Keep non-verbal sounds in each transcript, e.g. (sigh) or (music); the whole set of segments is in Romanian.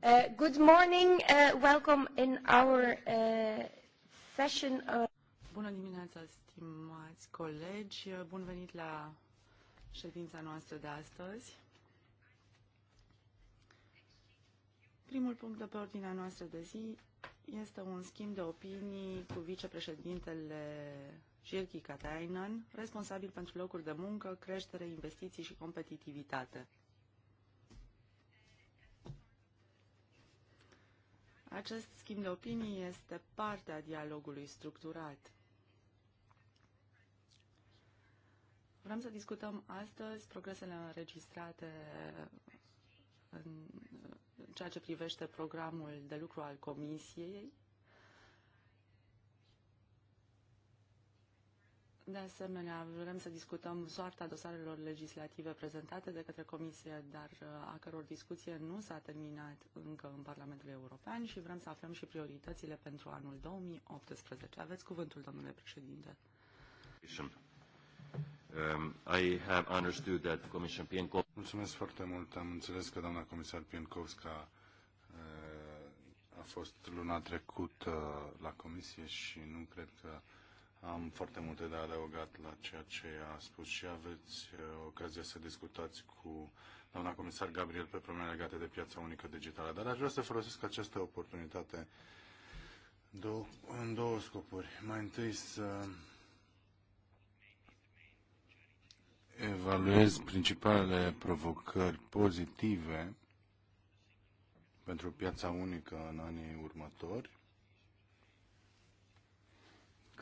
Uh, good morning, uh, welcome in our uh, session. Bună dimineața, stimați colegi. Bun venit la ședința noastră de astăzi. Primul punct de pe ordinea noastră de zi este un schimb de opinii cu vicepreședintele Jirki Katainen, responsabil pentru locuri de muncă, creștere, investiții și competitivitate. Acest schimb de opinii este parte a dialogului structurat. Vrem să discutăm astăzi progresele înregistrate în ceea ce privește programul de lucru al Comisiei De asemenea, vrem să discutăm soarta dosarelor legislative prezentate de către Comisie, dar uh, a căror discuție nu s-a terminat încă în Parlamentul European și vrem să aflăm și prioritățile pentru anul 2018. Aveți cuvântul, domnule președinte. Um, I have understood that Commission Mulțumesc foarte mult. Am înțeles că doamna comisar Pienkovska uh, a fost luna trecută uh, la comisie și nu cred că am foarte multe de adăugat la ceea ce a spus și aveți uh, ocazia să discutați cu doamna comisar Gabriel pe probleme legate de piața unică digitală. Dar aș vrea să folosesc această oportunitate în două scopuri. Mai întâi să evaluez principalele provocări pozitive pentru piața unică în anii următori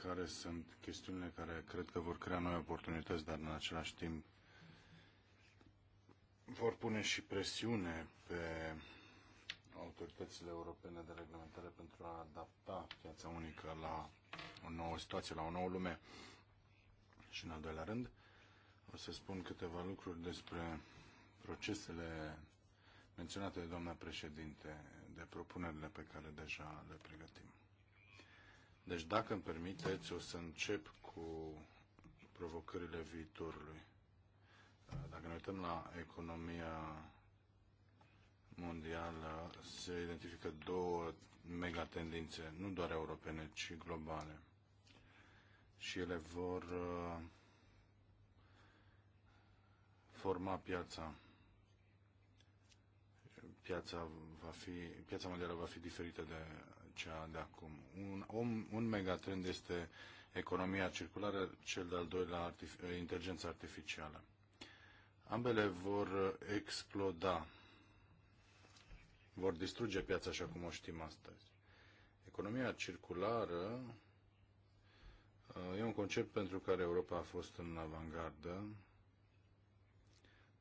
care sunt chestiunile care cred că vor crea noi oportunități, dar în același timp vor pune și presiune pe autoritățile europene de reglementare pentru a adapta piața unică la o nouă situație, la o nouă lume. Și în al doilea rând, o să spun câteva lucruri despre procesele menționate de doamna președinte, de propunerile pe care deja le pregătim. Deci, dacă îmi permiteți, o să încep cu provocările viitorului. Dacă ne uităm la economia mondială, se identifică două megatendințe, nu doar europene, ci globale. Și ele vor uh, forma piața. Piața, va fi, piața mondială va fi diferită de cea de acum. Un, om, un megatrend este economia circulară, cel de-al doilea artific, eh, inteligența artificială. Ambele vor exploda, vor distruge piața așa cum o știm astăzi. Economia circulară eh, e un concept pentru care Europa a fost în avangardă.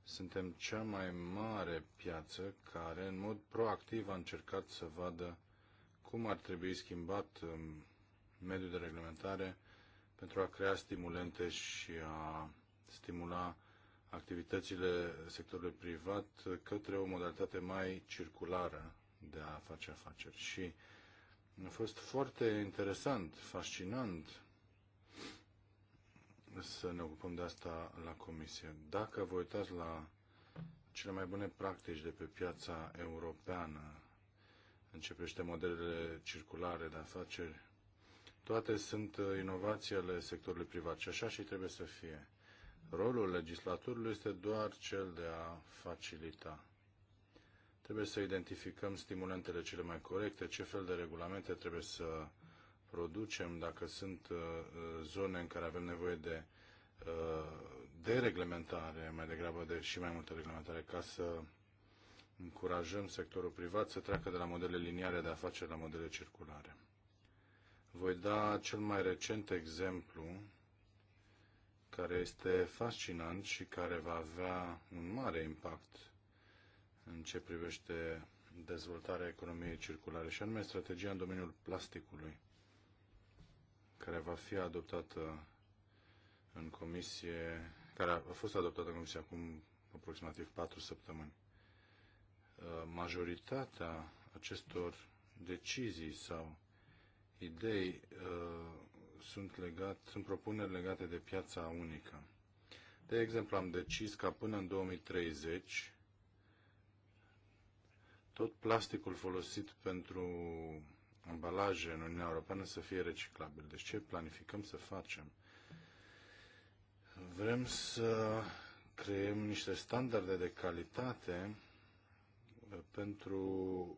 Suntem cea mai mare piață care, în mod proactiv, a încercat să vadă cum ar trebui schimbat um, mediul de reglementare pentru a crea stimulente și a stimula activitățile sectorului privat către o modalitate mai circulară de a face afaceri. Și a fost foarte interesant, fascinant să ne ocupăm de asta la comisie. Dacă vă uitați la cele mai bune practici de pe piața europeană începește modelele circulare de afaceri. Toate sunt uh, inovații ale sectorului privat și așa și trebuie să fie. Rolul legislatorului este doar cel de a facilita. Trebuie să identificăm stimulentele cele mai corecte, ce fel de regulamente trebuie să producem, dacă sunt uh, uh, zone în care avem nevoie de dereglementare mai degrabă de și mai multă reglementare ca să încurajăm sectorul privat să treacă de la modele liniare de afaceri la modele circulare. Voi da cel mai recent exemplu care este fascinant și care va avea un mare impact în ce privește dezvoltarea economiei circulare și anume strategia în domeniul plasticului care va fi adoptată în comisie, care a fost adoptată în comisie acum aproximativ 4 săptămâni majoritatea acestor decizii sau idei uh, sunt, legat, sunt propuneri legate de piața unică. De exemplu, am decis ca până în 2030 tot plasticul folosit pentru ambalaje în Uniunea Europeană să fie reciclabil. Deci ce planificăm să facem? Vrem să creăm niște standarde de calitate pentru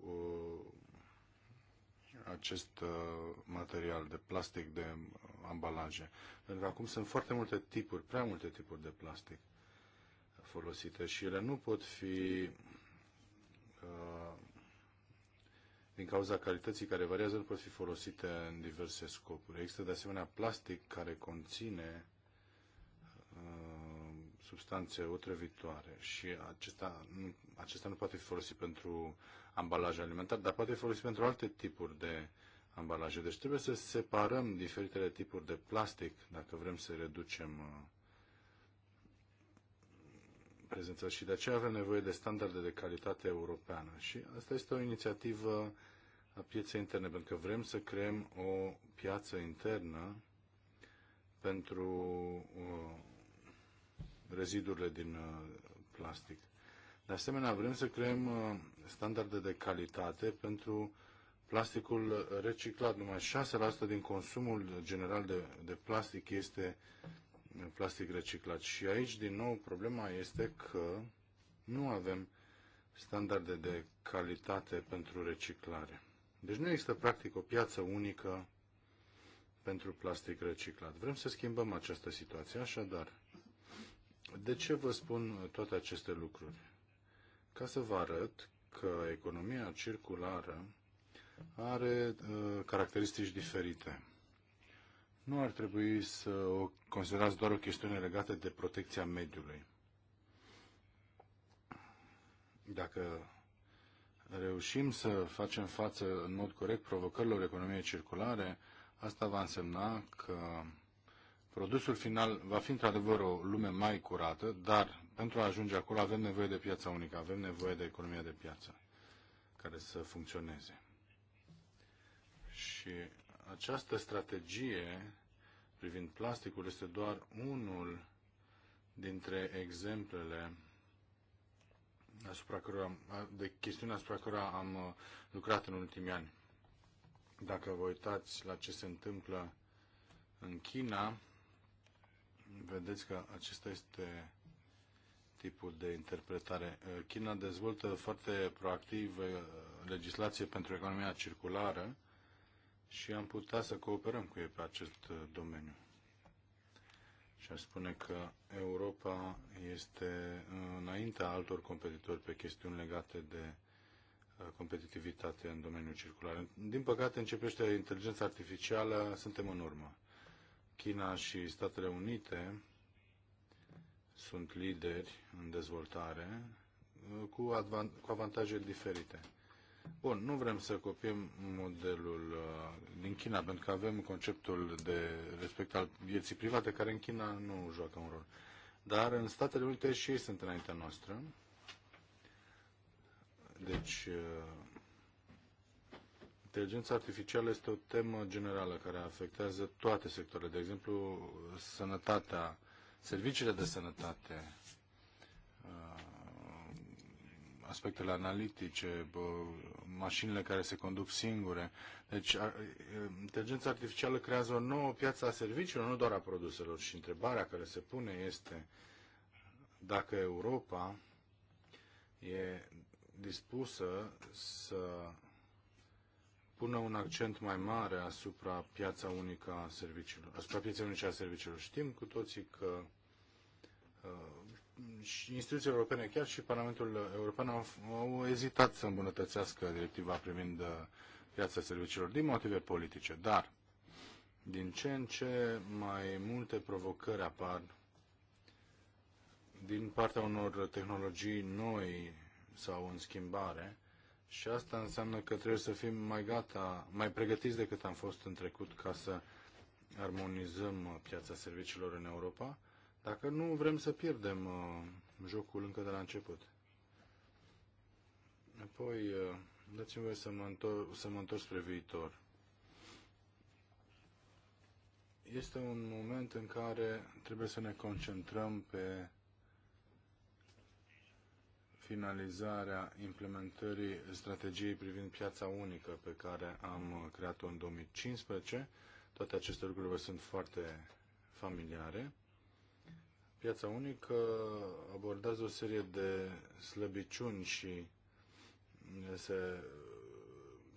uh, acest uh, material de plastic, de ambalaje. Pentru că acum sunt foarte multe tipuri, prea multe tipuri de plastic folosite și ele nu pot fi uh, din cauza calității care variază, nu pot fi folosite în diverse scopuri. Există de asemenea plastic care conține substanțe otrăvitoare și acesta, acesta nu poate fi folosit pentru ambalaje alimentare, dar poate fi folosit pentru alte tipuri de ambalaje. Deci trebuie să separăm diferitele tipuri de plastic dacă vrem să reducem uh, prezența și de aceea avem nevoie de standarde de calitate europeană și asta este o inițiativă a pieței interne, pentru că vrem să creăm o piață internă pentru uh, rezidurile din uh, plastic. De asemenea, vrem să creăm uh, standarde de calitate pentru plasticul reciclat. Numai 6% din consumul general de, de plastic este uh, plastic reciclat. Și aici, din nou, problema este că nu avem standarde de calitate pentru reciclare. Deci nu există, practic, o piață unică pentru plastic reciclat. Vrem să schimbăm această situație, așadar de ce vă spun toate aceste lucruri? Ca să vă arăt că economia circulară are uh, caracteristici diferite. Nu ar trebui să o considerați doar o chestiune legată de protecția mediului. Dacă reușim să facem față în mod corect provocărilor economiei circulare, asta va însemna că Produsul final va fi într-adevăr o lume mai curată, dar pentru a ajunge acolo avem nevoie de piața unică, avem nevoie de economia de piață care să funcționeze. Și această strategie privind plasticul este doar unul dintre exemplele asupra cărora, de chestiuni asupra cărora am uh, lucrat în ultimii ani. Dacă vă uitați la ce se întâmplă în China, vedeți că acesta este tipul de interpretare. Uh, China dezvoltă foarte proactiv uh, legislație pentru economia circulară și am putea să cooperăm cu ei pe acest uh, domeniu. Și aș spune că Europa este înaintea altor competitori pe chestiuni legate de competitivitate în domeniul circular. Din păcate, începește inteligența artificială, suntem în urmă. China și Statele Unite sunt lideri în dezvoltare uh, cu, advan- cu avantaje diferite. Bun, nu vrem să copiem modelul uh, din China, pentru că avem conceptul de respect al vieții private, care în China nu joacă un rol. Dar în Statele Unite și ei sunt înaintea noastră. Deci, uh, Inteligența artificială este o temă generală care afectează toate sectoarele, de exemplu, sănătatea, serviciile de sănătate, uh, aspectele analitice, mașinile care se conduc singure. Deci, inteligența artificială creează o nouă piață a serviciilor, nu doar a produselor. Și întrebarea care se pune este dacă Europa e dispusă să pună un accent mai mare asupra piața unică a serviciilor. Asupra piața unice a serviciilor. Știm cu toții că uh, și instituțiile europene, chiar și Parlamentul European au, au ezitat să îmbunătățească directiva privind uh, piața serviciilor din motive politice, dar din ce în ce mai multe provocări apar din partea unor tehnologii noi sau în schimbare și asta înseamnă că trebuie să fim mai gata, mai pregătiți decât am fost în trecut ca să armonizăm piața serviciilor în Europa, dacă nu vrem să pierdem uh, jocul încă de la început. Apoi, uh, dați-mi voi să mă, întor- să mă întorc spre viitor. Este un moment în care trebuie să ne concentrăm pe finalizarea implementării strategiei privind piața unică pe care am creat-o în 2015. Toate aceste lucruri vă sunt foarte familiare. Piața unică abordează o serie de slăbiciuni și se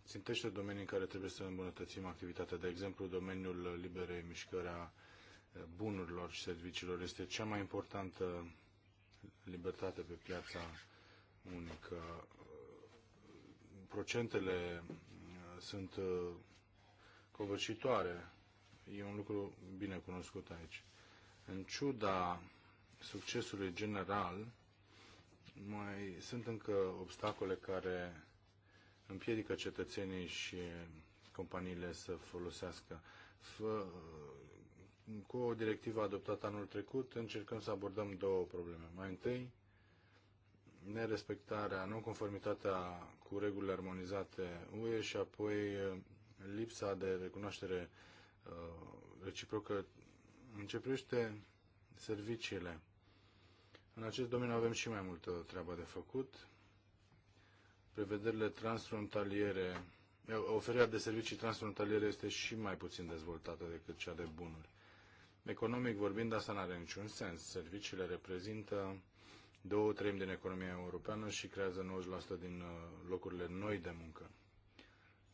țintește domenii în care trebuie să îmbunătățim activitatea. De exemplu, domeniul liberei mișcări a bunurilor și serviciilor este cea mai importantă libertate pe piața unică. Procentele uh, sunt uh, covârșitoare. E un lucru bine cunoscut aici. În ciuda succesului general, mai sunt încă obstacole care împiedică cetățenii și companiile să folosească. Uh, cu o directivă adoptată anul trecut, încercăm să abordăm două probleme. Mai întâi, nerespectarea, nonconformitatea cu regulile armonizate UE și apoi uh, lipsa de recunoaștere uh, reciprocă începește serviciile. În acest domeniu avem și mai multă treabă de făcut. Prevederile transfrontaliere, uh, oferirea de servicii transfrontaliere este și mai puțin dezvoltată decât cea de bunuri. Economic vorbind, asta nu are niciun sens. Serviciile reprezintă două treimi din economia europeană și creează 90% din uh, locurile noi de muncă.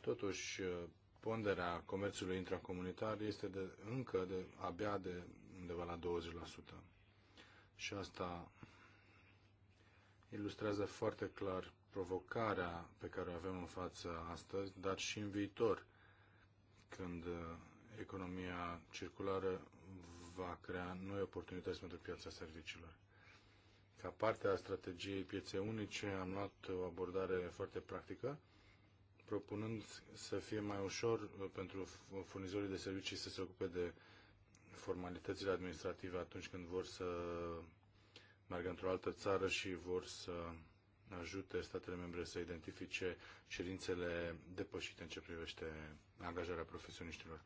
Totuși, uh, ponderea comerțului intracomunitar este de, încă de, abia de undeva la 20%. Și asta ilustrează foarte clar provocarea pe care o avem în față astăzi, dar și în viitor, când uh, economia circulară va crea noi oportunități pentru piața serviciilor. Ca parte a strategiei pieței unice am luat o abordare foarte practică, propunând să fie mai ușor uh, pentru furnizorii de servicii să se ocupe de formalitățile administrative atunci când vor să meargă într-o altă țară și vor să ajute statele membre să identifice cerințele depășite în ce privește angajarea profesioniștilor.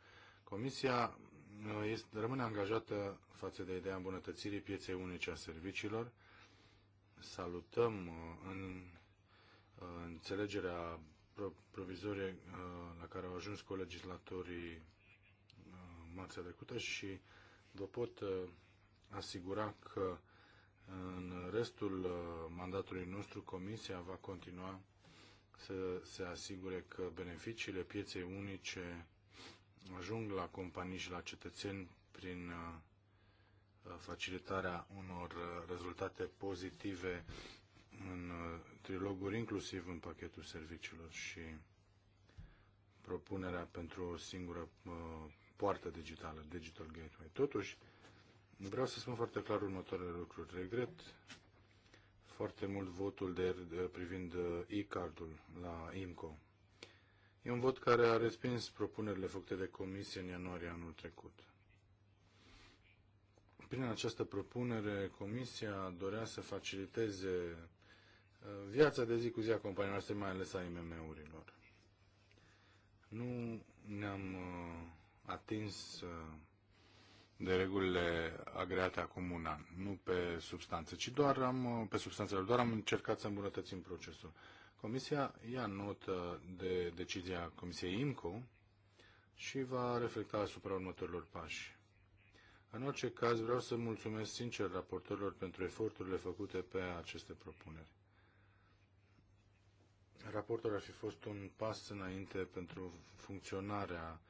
Comisia uh, este, rămâne angajată față de ideea îmbunătățirii pieței unice a serviciilor salutăm uh, în uh, înțelegerea provizorie uh, la care au ajuns colegislatorii marțea trecută și vă pot asigura că în restul mandatului nostru Comisia va continua să se asigure că beneficiile pieței unice ajung la companii și la cetățeni prin Uh, facilitarea unor uh, rezultate pozitive în uh, triloguri, inclusiv în pachetul serviciilor și propunerea pentru o singură poartă digitală, Digital Gateway. Totuși, vreau să spun foarte clar următoarele lucruri. Regret foarte mult votul de, de privind e-cardul la IMCO. E un vot care a respins propunerile făcute de comisie în ianuarie anul trecut. Prin această propunere, Comisia dorea să faciliteze uh, viața de zi cu zi a companiilor noastre, mai ales a IMM-urilor. Nu ne-am uh, atins uh, de regulile agreate acum un an, nu pe substanță, ci doar am, pe substanțele, doar am încercat să îmbunătățim procesul. Comisia ia notă de decizia Comisiei IMCO și va reflecta asupra următorilor pași. În orice caz, vreau să mulțumesc sincer raportorilor pentru eforturile făcute pe aceste propuneri. Raportul ar fi fost un pas înainte pentru funcționarea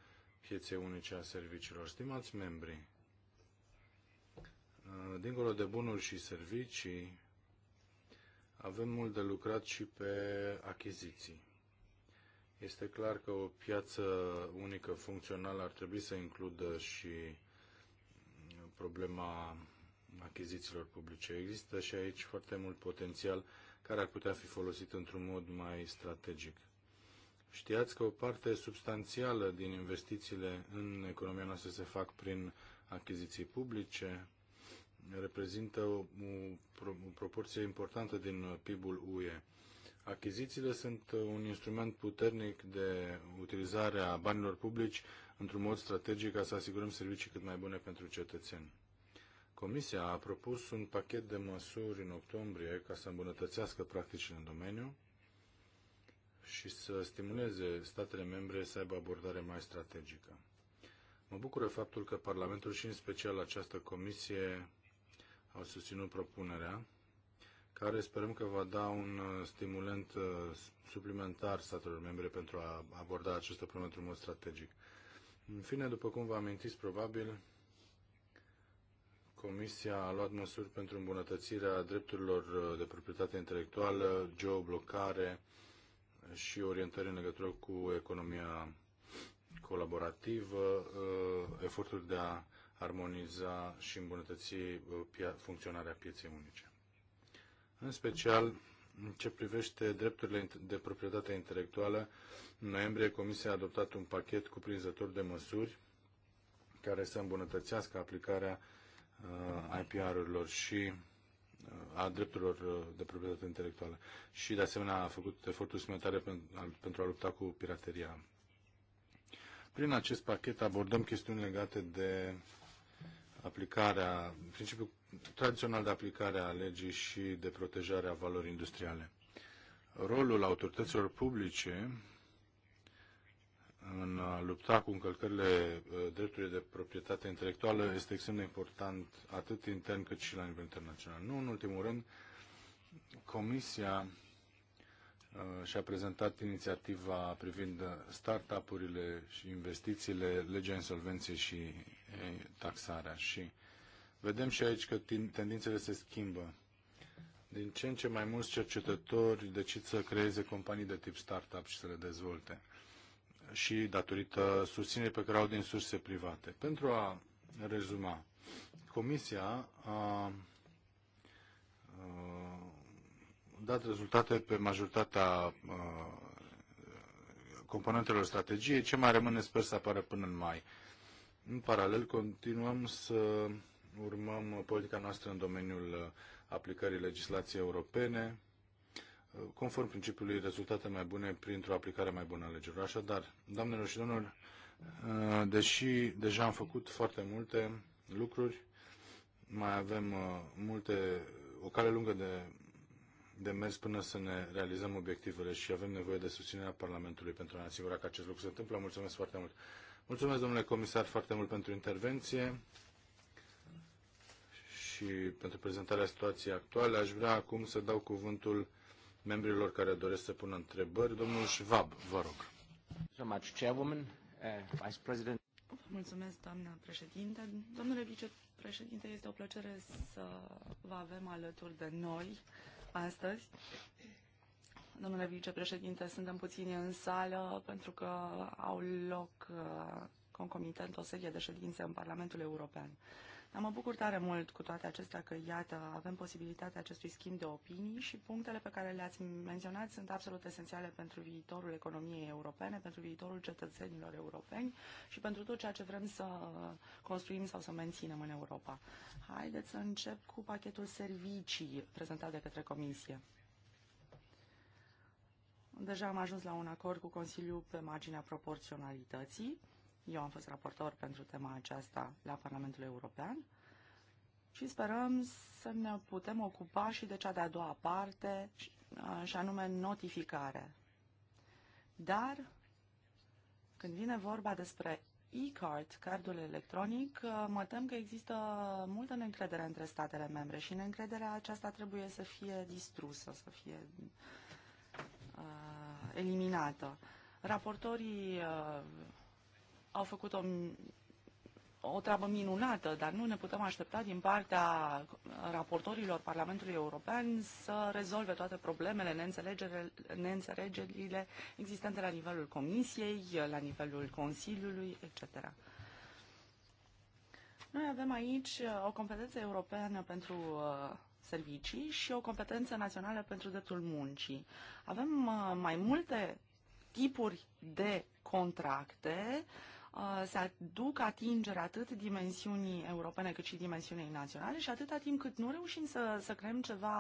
pieței unice a serviciilor. Stimați membri, dincolo de bunuri și servicii, avem mult de lucrat și pe achiziții. Este clar că o piață unică funcțională ar trebui să includă și problema achizițiilor publice. Există și aici foarte mult potențial care ar putea fi folosit într-un mod mai strategic. Știați că o parte substanțială din investițiile în economia noastră se fac prin achiziții publice, reprezintă o, o proporție importantă din PIB-ul UE. Achizițiile sunt un instrument puternic de utilizare a banilor publici într-un mod strategic ca să asigurăm servicii cât mai bune pentru cetățeni. Comisia a propus un pachet de măsuri în octombrie ca să îmbunătățească practicile în domeniu și să stimuleze statele membre să aibă abordare mai strategică. Mă bucură faptul că Parlamentul și în special această comisie au susținut propunerea, care sperăm că va da un uh, stimulent uh, suplimentar statelor membre pentru a aborda această problemă într-un mod strategic. În fine, după cum vă amintiți, probabil, Comisia a luat măsuri pentru îmbunătățirea drepturilor uh, de proprietate intelectuală, geoblocare și orientări în legătură cu economia colaborativă, uh, eforturi de a armoniza și îmbunătăți uh, funcționarea pieței unice. În special, în ce privește drepturile de proprietate intelectuală, în noiembrie Comisia a adoptat un pachet cuprinzător de măsuri care să îmbunătățească aplicarea uh, IPR-urilor și uh, a drepturilor uh, de proprietate intelectuală. Și, de asemenea, a făcut eforturi suplimentare pentru a lupta cu pirateria. Prin acest pachet abordăm chestiuni legate de aplicarea, principiul tradițional de aplicare a legii și de protejare a valorii industriale. Rolul autorităților publice în a lupta cu încălcările uh, drepturilor de proprietate intelectuală este extrem de important atât intern cât și la nivel internațional. Nu în ultimul rând, Comisia uh, și-a prezentat inițiativa privind startup-urile și investițiile, legea insolvenței și taxarea și vedem și aici că tendințele se schimbă. Din ce în ce mai mulți cercetători decid să creeze companii de tip startup și să le dezvolte și datorită susținerii pe care au din surse private. Pentru a rezuma, Comisia a dat rezultate pe majoritatea componentelor strategiei. Ce mai rămâne sper să apară până în mai. În paralel, continuăm să urmăm politica noastră în domeniul aplicării legislației europene, conform principiului rezultate mai bune printr-o aplicare mai bună a legilor. Așadar, doamnelor și domnilor, deși deja am făcut foarte multe lucruri, mai avem uh, multe, o cale lungă de, de mers până să ne realizăm obiectivele și avem nevoie de susținerea Parlamentului pentru a ne asigura că acest lucru se întâmplă. Mulțumesc foarte mult! Mulțumesc, domnule comisar, foarte mult pentru intervenție și pentru prezentarea situației actuale. Aș vrea acum să dau cuvântul membrilor care doresc să pună întrebări. Domnul Schwab, vă rog. Uh, vă mulțumesc, doamnă președinte. Domnule vicepreședinte, este o plăcere să vă avem alături de noi astăzi domnule vicepreședinte, suntem puțini în sală pentru că au loc uh, concomitent o serie de ședințe în Parlamentul European. Dar mă bucur tare mult cu toate acestea că, iată, avem posibilitatea acestui schimb de opinii și punctele pe care le-ați menționat sunt absolut esențiale pentru viitorul economiei europene, pentru viitorul cetățenilor europeni și pentru tot ceea ce vrem să construim sau să menținem în Europa. Haideți să încep cu pachetul servicii prezentat de către Comisie. Deja am ajuns la un acord cu Consiliul pe marginea proporționalității. Eu am fost raportor pentru tema aceasta la Parlamentul European și sperăm să ne putem ocupa și de cea de-a doua parte, și anume notificare. Dar, când vine vorba despre e-card, cardul electronic, mă tem că există multă neîncredere între statele membre și neîncrederea aceasta trebuie să fie distrusă, să fie uh, eliminată. Raportorii uh, au făcut o, o treabă minunată, dar nu ne putem aștepta din partea raportorilor Parlamentului European să rezolve toate problemele, neînțelegerile existente la nivelul Comisiei, la nivelul Consiliului, etc. Noi avem aici uh, o competență europeană pentru uh, servicii și o competență națională pentru dreptul muncii. Avem uh, mai multe tipuri de contracte uh, se aduc atingere atât dimensiunii europene cât și dimensiunii naționale și atâta timp cât nu reușim să, să creăm ceva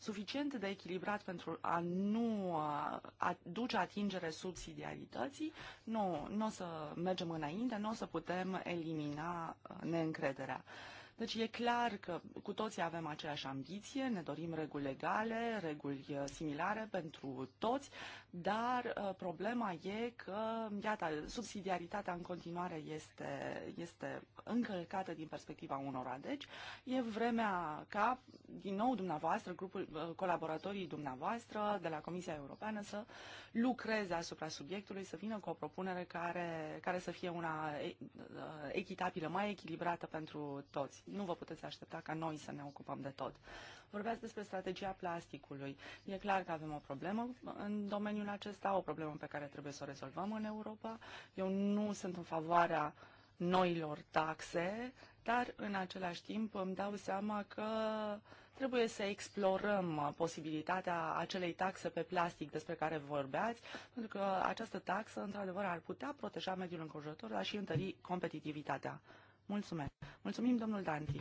suficient de echilibrat pentru a nu uh, aduce atingere subsidiarității, nu, nu o să mergem înainte, nu o să putem elimina neîncrederea. Deci e clar că cu toții avem aceeași ambiție, ne dorim reguli legale, reguli uh, similare pentru toți, dar uh, problema e că, iată, subsidiaritatea în continuare este, este încălcată din perspectiva unora. Deci, e vremea ca, din nou, dumneavoastră, grupul, uh, colaboratorii dumneavoastră de la Comisia Europeană să lucreze asupra subiectului, să vină cu o propunere care, care să fie una uh, echitabilă, mai echilibrată pentru toți. Nu vă puteți aștepta ca noi să ne ocupăm de tot. Vorbeați despre strategia plasticului. E clar că avem o problemă în domeniul acesta, o problemă pe care trebuie să o rezolvăm în Europa. Eu nu sunt în favoarea noilor taxe, dar în același timp îmi dau seama că trebuie să explorăm posibilitatea acelei taxe pe plastic despre care vorbeați, pentru că această taxă, într-adevăr, ar putea proteja mediul înconjurător, dar și întări competitivitatea Mulțumesc. Mulțumim, domnul Danti.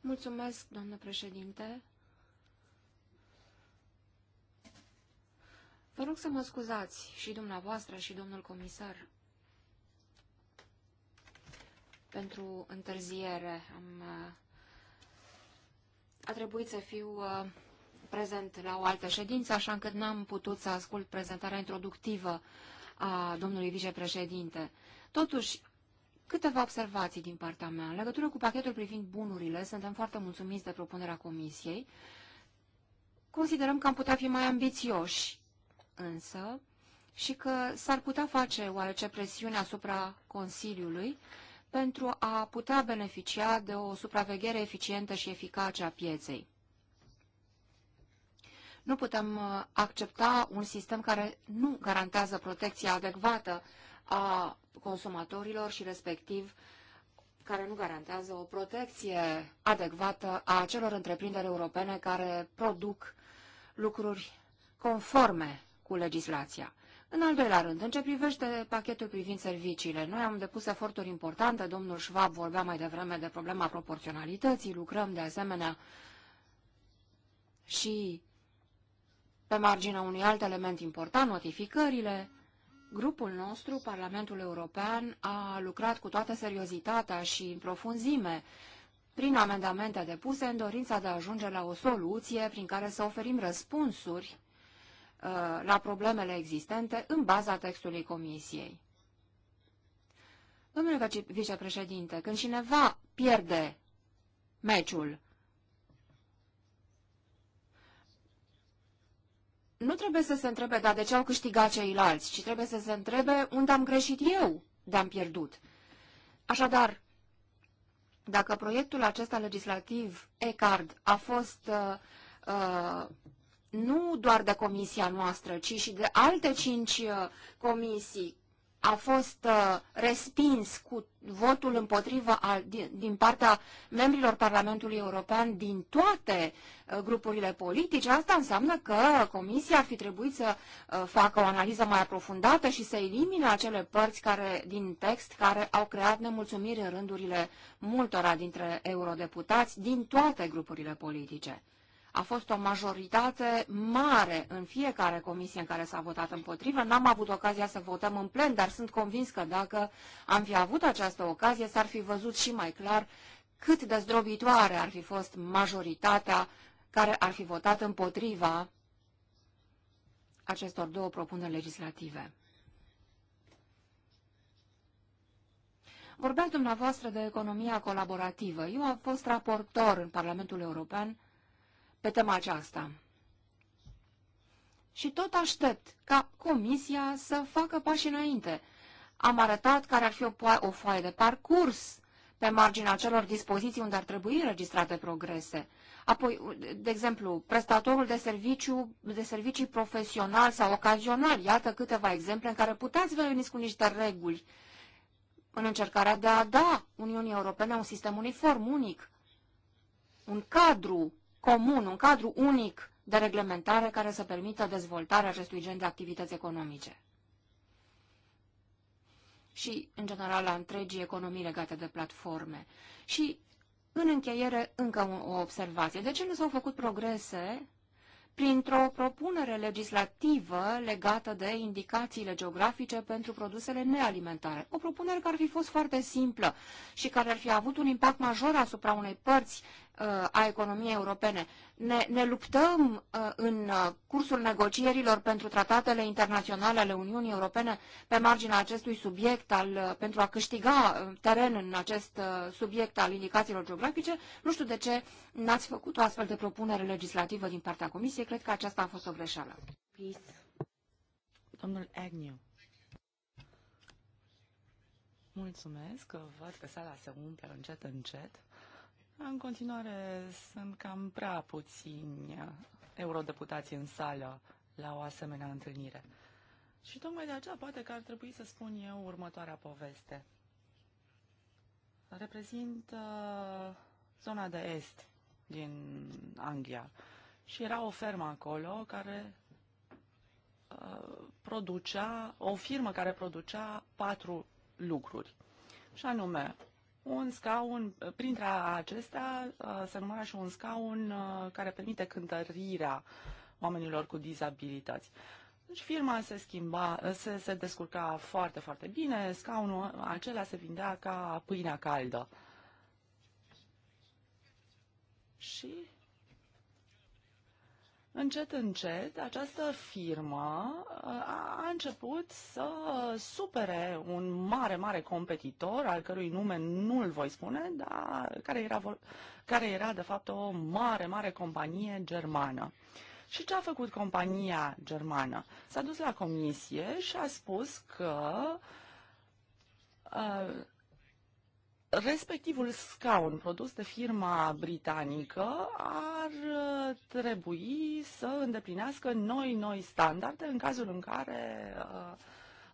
Mulțumesc, doamnă președinte. Vă rog să mă scuzați și dumneavoastră și domnul comisar pentru întârziere. Am, a trebuit să fiu a, prezent la o altă ședință, așa încât n-am putut să ascult prezentarea introductivă a domnului vicepreședinte. Totuși, Câteva observații din partea mea. În legătură cu pachetul privind bunurile, suntem foarte mulțumiți de propunerea Comisiei. Considerăm că am putea fi mai ambițioși, însă, și că s-ar putea face oarece presiune asupra Consiliului pentru a putea beneficia de o supraveghere eficientă și eficace a pieței. Nu putem uh, accepta un sistem care nu garantează protecția adecvată a consumatorilor și respectiv care nu garantează o protecție adecvată a acelor întreprinderi europene care produc lucruri conforme cu legislația. În al doilea rând, în ce privește pachetul privind serviciile, noi am depus eforturi importante, domnul Schwab vorbea mai devreme de problema proporționalității, lucrăm de asemenea și pe marginea unui alt element important, notificările, Grupul nostru, Parlamentul European, a lucrat cu toată seriozitatea și în profunzime prin amendamente depuse în dorința de a ajunge la o soluție prin care să oferim răspunsuri uh, la problemele existente în baza textului Comisiei. Domnule vicepreședinte, când cineva pierde meciul nu trebuie să se întrebe, dar de ce au câștigat ceilalți, ci trebuie să se întrebe unde am greșit eu de am pierdut. Așadar, dacă proiectul acesta legislativ, ECARD, a fost uh, uh, nu doar de comisia noastră, ci și de alte cinci uh, comisii a fost uh, respins cu votul împotrivă al, din, din partea membrilor Parlamentului European din toate uh, grupurile politice, asta înseamnă că Comisia ar fi trebuit să uh, facă o analiză mai aprofundată și să elimine acele părți care, din text care au creat nemulțumiri în rândurile multora dintre eurodeputați din toate grupurile politice. A fost o majoritate mare în fiecare comisie în care s-a votat împotrivă. N-am avut ocazia să votăm în plen, dar sunt convins că dacă am fi avut această ocazie, s-ar fi văzut și mai clar cât de zdrobitoare ar fi fost majoritatea care ar fi votat împotriva acestor două propuneri legislative. Vorbeați dumneavoastră de economia colaborativă. Eu am fost raportor în Parlamentul European pe tema aceasta. Și tot aștept ca comisia să facă pași înainte. Am arătat care ar fi o, o foaie de parcurs pe marginea celor dispoziții unde ar trebui înregistrate progrese. Apoi, de exemplu, prestatorul de, serviciu, de servicii profesional sau ocazional, iată câteva exemple în care puteți veni cu niște reguli în încercarea de a da Uniunii Europene un sistem uniform, unic, un cadru comun, un cadru unic de reglementare care să permită dezvoltarea acestui gen de activități economice și, în general, la întregii economii legate de platforme. Și, în încheiere, încă o observație. De ce nu s-au făcut progrese printr-o propunere legislativă legată de indicațiile geografice pentru produsele nealimentare. O propunere care ar fi fost foarte simplă și care ar fi avut un impact major asupra unei părți Uh, a economiei europene. Ne, ne luptăm uh, în uh, cursul negocierilor pentru tratatele internaționale ale Uniunii Europene pe marginea acestui subiect al, pentru a câștiga teren în acest subiect al indicațiilor geografice. Nu știu de ce n-ați făcut o astfel de propunere legislativă din partea Comisiei. Cred că aceasta a fost o greșeală. Peace. Domnul Agnew. Mulțumesc, văd că sala se umple încet, încet. În continuare, sunt cam prea puțini eurodeputații în sală la o asemenea întâlnire. Și tocmai de aceea poate că ar trebui să spun eu următoarea poveste. Reprezint uh, zona de est din Anglia și era o fermă acolo care uh, producea, o firmă care producea patru lucruri. Și anume, un scaun, printre acestea uh, se numără și un scaun uh, care permite cântărirea oamenilor cu dizabilități. Deci firma se schimba, uh, se, se descurca foarte, foarte bine, scaunul acela se vindea ca pâinea caldă. Și încet, încet, această firmă uh, a început să supere un mare, mare competitor, al cărui nume nu-l voi spune, dar care era, care era, de fapt, o mare, mare companie germană. Și ce a făcut compania germană? S-a dus la comisie și a spus că uh, respectivul scaun produs de firma britanică ar uh, trebui să îndeplinească noi, noi standarde în cazul în care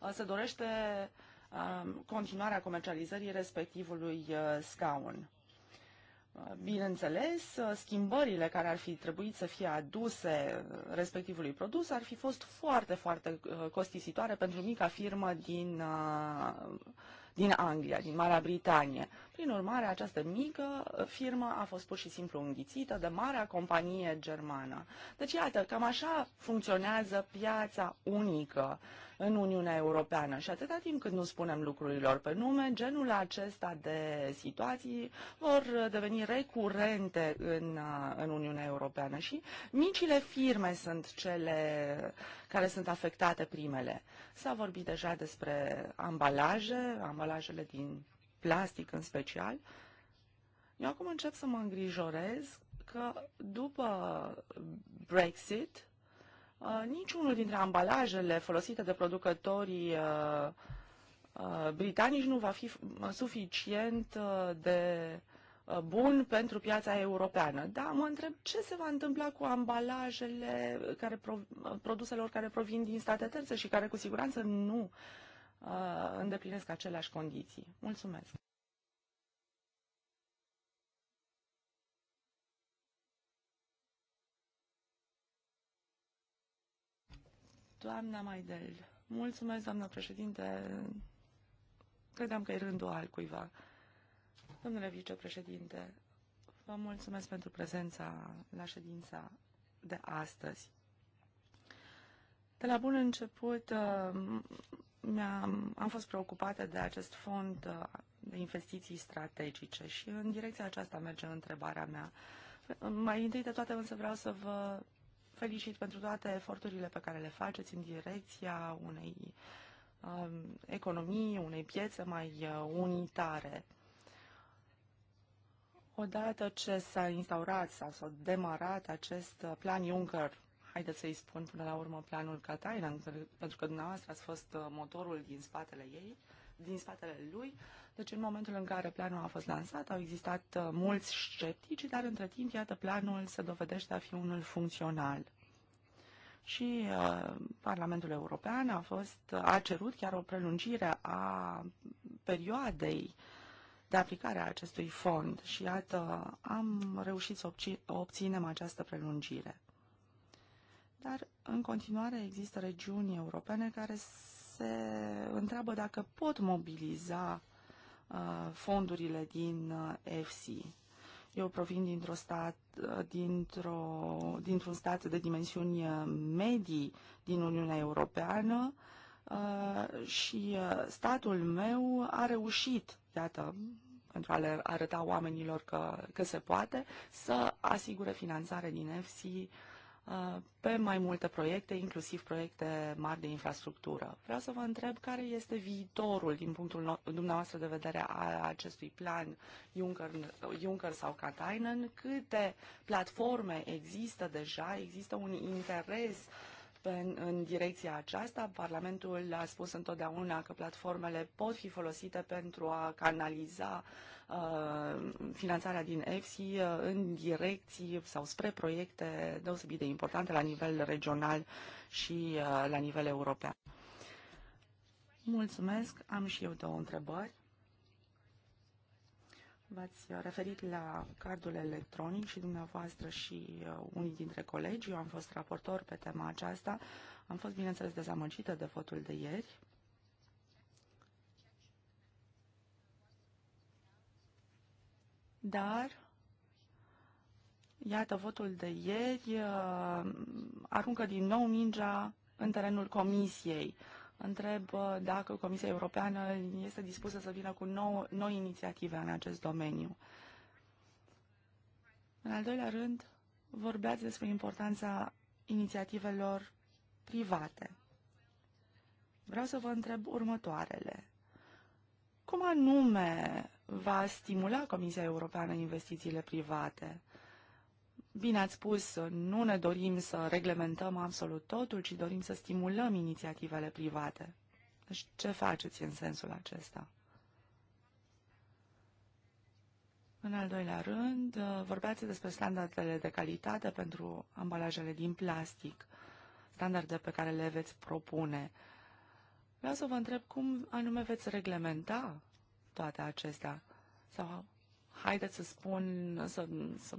uh, se dorește uh, continuarea comercializării respectivului scaun. Bineînțeles, schimbările care ar fi trebuit să fie aduse respectivului produs ar fi fost foarte, foarte costisitoare pentru mica firmă din din Anglia, din Marea Britanie. Prin urmare, această mică firmă a fost pur și simplu înghițită de marea companie germană. Deci, iată, cam așa funcționează piața unică în Uniunea Europeană și atâta timp cât nu spunem lucrurilor pe nume, genul acesta de situații vor deveni recurente în, în Uniunea Europeană și micile firme sunt cele care sunt afectate primele. S-a vorbit deja despre ambalaje, ambalajele din plastic în special, eu acum încep să mă îngrijorez că după Brexit, uh, niciunul dintre ambalajele folosite de producătorii uh, uh, britanici nu va fi suficient de bun pentru piața europeană. Da, mă întreb ce se va întâmpla cu ambalajele care, produselor care provin din state terțe și care cu siguranță nu uh, Uh, îndeplinesc aceleași condiții. Mulțumesc! Doamna Maidel, mulțumesc, doamna președinte. Credeam că e rândul altcuiva. Domnule vicepreședinte, vă mulțumesc pentru prezența la ședința de astăzi. De la bun început uh, am am fost preocupată de acest fond uh, de investiții strategice și în direcția aceasta merge întrebarea mea. Mai întâi de toate însă vreau să vă felicit pentru toate eforturile pe care le faceți în direcția unei um, economii, unei piețe mai uh, unitare. Odată ce s-a instaurat sau s-a demarat acest uh, plan Juncker haideți să-i spun până la urmă planul Katainen, pentru că dumneavoastră ați fost uh, motorul din spatele ei, din spatele lui. Deci în momentul în care planul a fost lansat au existat uh, mulți sceptici, dar între timp, iată, planul se dovedește a fi unul funcțional. Și uh, Parlamentul European a, fost, uh, a cerut chiar o prelungire a perioadei de aplicare a acestui fond și iată, am reușit să obținem această prelungire dar în continuare există regiuni europene care se întreabă dacă pot mobiliza uh, fondurile din EFSI. Uh, Eu provin dintr-o stat, uh, dintr-o, dintr-un stat de dimensiuni medii din Uniunea Europeană și statul meu a reușit, iată, pentru a le arăta oamenilor că, că se poate, să asigure finanțare din EFSI uh, pe mai multe proiecte, inclusiv proiecte mari de infrastructură. Vreau să vă întreb care este viitorul din punctul dumneavoastră de vedere a acestui plan Juncker, Juncker sau Katainen, câte platforme există deja, există un interes uh, pe, în direcția aceasta. Parlamentul a spus întotdeauna că platformele pot fi folosite pentru a canaliza uh, finanțarea din EFSI uh, în direcții sau spre proiecte deosebit de importante la nivel regional și uh, la nivel european. Mulțumesc. Am și eu două întrebări. V-ați referit la cardul electronic și dumneavoastră și uh, unii dintre colegi. Eu am fost raportor pe tema aceasta. Am fost, bineînțeles, dezamăgită de votul de ieri. Dar, iată, votul de ieri uh, aruncă din nou mingea în terenul comisiei întreb uh, dacă Comisia Europeană este dispusă să vină cu nou, noi inițiative în acest domeniu. În al doilea rând, vorbeați despre importanța inițiativelor private. Vreau să vă întreb următoarele. Cum anume va stimula Comisia Europeană investițiile private? Bine ați spus, nu ne dorim să reglementăm absolut totul, ci dorim să stimulăm inițiativele private. Deci ce faceți în sensul acesta? În al doilea rând, vorbeați despre standardele de calitate pentru ambalajele din plastic, standarde pe care le veți propune. Vreau să vă întreb cum anume veți reglementa toate acestea sau haideți să spun, să, să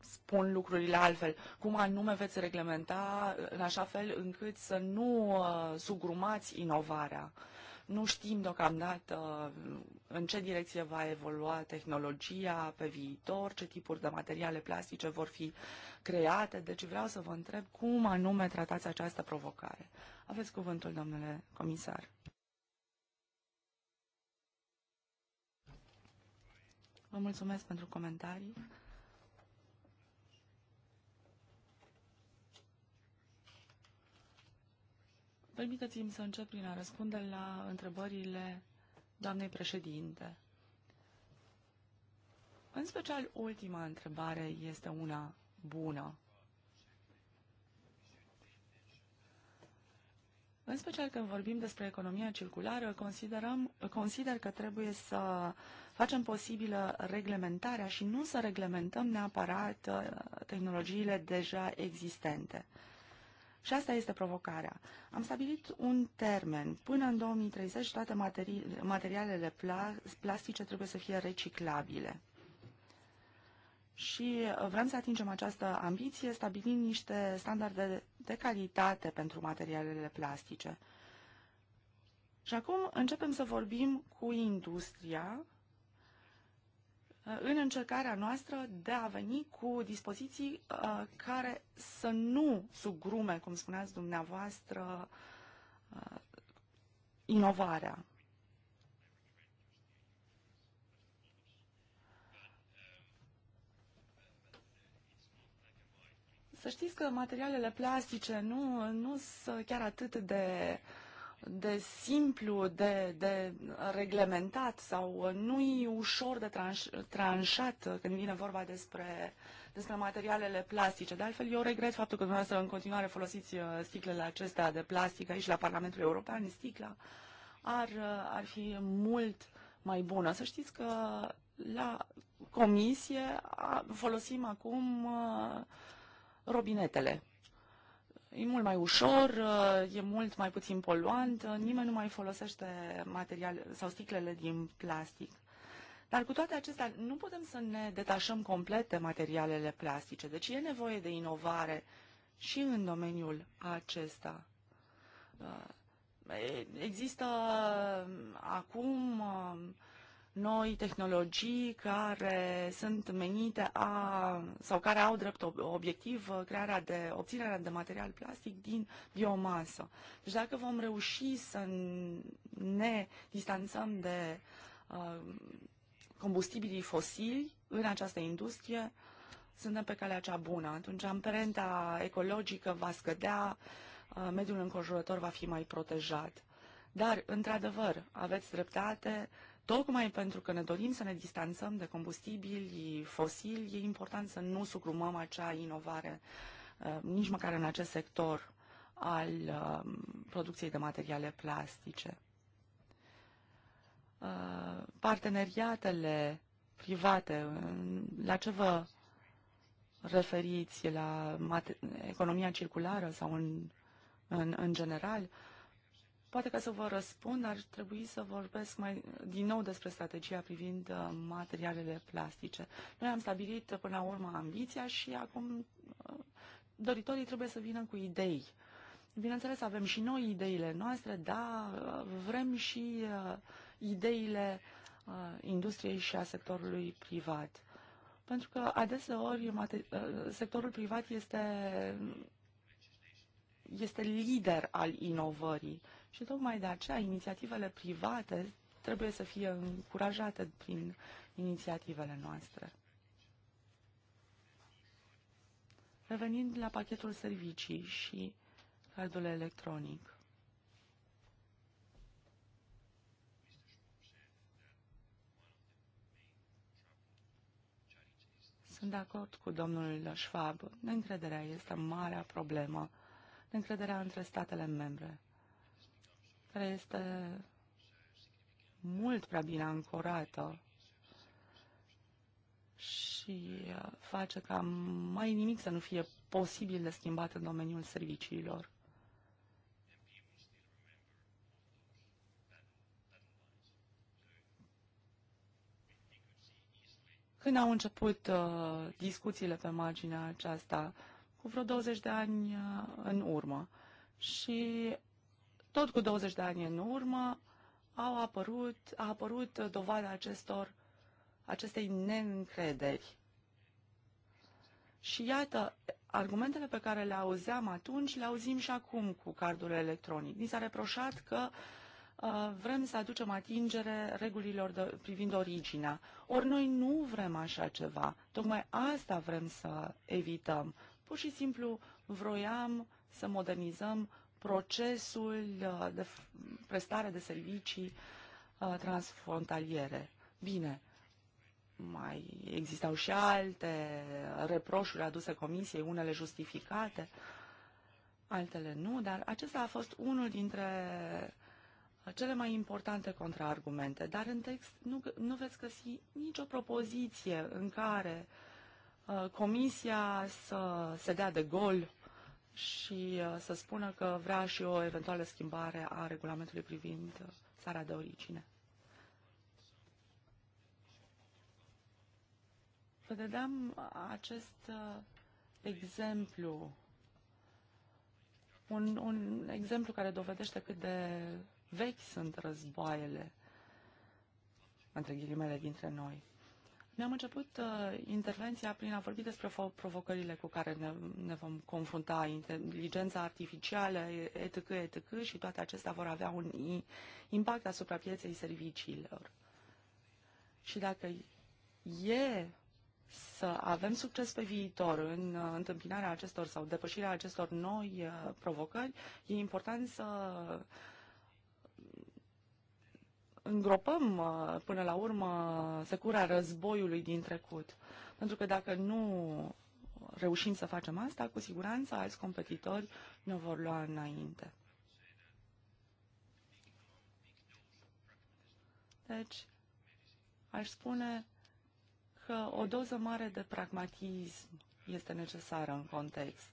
spun lucrurile altfel. Cum anume veți reglementa în așa fel încât să nu uh, sugrumați inovarea? Nu știm deocamdată uh, în ce direcție va evolua tehnologia pe viitor, ce tipuri de materiale plastice vor fi create, deci vreau să vă întreb cum anume tratați această provocare. Aveți cuvântul, domnule comisar. Vă mulțumesc pentru comentarii. Permiteți-mi să încep prin a răspunde la întrebările doamnei președinte. În special, ultima întrebare este una bună. În special când vorbim despre economia circulară, considerăm, consider că trebuie să facem posibilă reglementarea și nu să reglementăm neapărat uh, tehnologiile deja existente. Și asta este provocarea. Am stabilit un termen. Până în 2030 toate materi- materialele plastice trebuie să fie reciclabile și uh, vrem să atingem această ambiție stabilind niște standarde de calitate pentru materialele plastice. Și acum începem să vorbim cu industria uh, în încercarea noastră de a veni cu dispoziții uh, care să nu sugrume, cum spuneați dumneavoastră, inovarea. Să știți că materialele plastice nu, nu sunt chiar atât de de simplu, de, de reglementat sau nu e ușor de tranș, tranșat când vine vorba despre, despre materialele plastice. De altfel, eu regret faptul că dumneavoastră în continuare folosiți uh, sticlele acestea de plastic aici la Parlamentul European. Sticla ar, uh, ar fi mult mai bună. Să știți că la comisie folosim acum uh, robinetele. E mult mai ușor, e mult mai puțin poluant, nimeni nu mai folosește materiale sau sticlele din plastic. Dar cu toate acestea, nu putem să ne detașăm complet de materialele plastice. Deci e nevoie de inovare și în domeniul acesta. Uh, există acum uh, noi tehnologii care sunt menite a, sau care au drept obiectiv uh, crearea de, obținerea de material plastic din biomasă. Deci dacă vom reuși să ne distanțăm de uh, combustibilii fosili în această industrie, suntem pe calea cea bună. Atunci amprenta ecologică va scădea, uh, mediul înconjurător va fi mai protejat. Dar, într-adevăr, aveți dreptate, Tocmai pentru că ne dorim să ne distanțăm de combustibili fosili, e important să nu sugrumăm acea inovare, uh, nici măcar în acest sector al uh, producției de materiale plastice. Uh, parteneriatele private, la ce vă referiți, la economia circulară sau în, în, în general, uh, Poate că să vă răspund, ar trebui să vorbesc mai, din nou despre strategia privind uh, materialele plastice. Noi am stabilit uh, până la urmă ambiția și acum uh, doritorii trebuie să vină cu idei. Bineînțeles, avem și noi ideile noastre, dar uh, vrem și uh, ideile uh, industriei și a sectorului privat. Pentru că adeseori uh, sectorul privat este, este lider al inovării. Uh, și tocmai de aceea inițiativele private trebuie să fie încurajate prin inițiativele noastre. Revenind la pachetul servicii și cardul electronic. Sunt de acord cu domnul Schwab. Neîncrederea este marea problemă. Neîncrederea între statele membre care este mult prea bine ancorată și uh, face ca mai nimic să nu fie posibil de schimbat în domeniul serviciilor. Când au început uh, discuțiile pe marginea aceasta, cu vreo 20 de ani uh, în urmă, și tot cu 20 de ani în urmă, au apărut, a apărut dovada acestor, acestei neîncrederi. Și iată, argumentele pe care le auzeam atunci, le auzim și acum cu cardul electronic. Ni s-a reproșat că uh, vrem să aducem atingere regulilor de, privind originea. Ori noi nu vrem așa ceva. Tocmai asta vrem să evităm. Pur și simplu vroiam să modernizăm procesul uh, de prestare de servicii uh, transfrontaliere. Bine, mai existau și alte reproșuri aduse comisiei, unele justificate, altele nu, dar acesta a fost unul dintre cele mai importante contraargumente. Dar în text nu, nu veți găsi nicio propoziție în care uh, comisia să se dea de gol și uh, să spună că vrea și o eventuală schimbare a regulamentului privind țara uh, de origine. Vedem acest uh, exemplu, un, un exemplu care dovedește cât de vechi sunt războaiele, între ghilimele, dintre noi ne am început uh, intervenția prin a vorbi despre provocările cu care ne, ne vom confrunta, inteligența artificială, etc., etc., și toate acestea vor avea un impact asupra pieței serviciilor. Și dacă e să avem succes pe viitor în uh, întâmpinarea acestor sau depășirea acestor noi uh, provocări, e important să uh, îngropăm uh, până la urmă secura războiului din trecut. Pentru că dacă nu reușim să facem asta, cu siguranță alți competitori ne vor lua înainte. Deci, aș spune că o doză mare de pragmatism este necesară în context.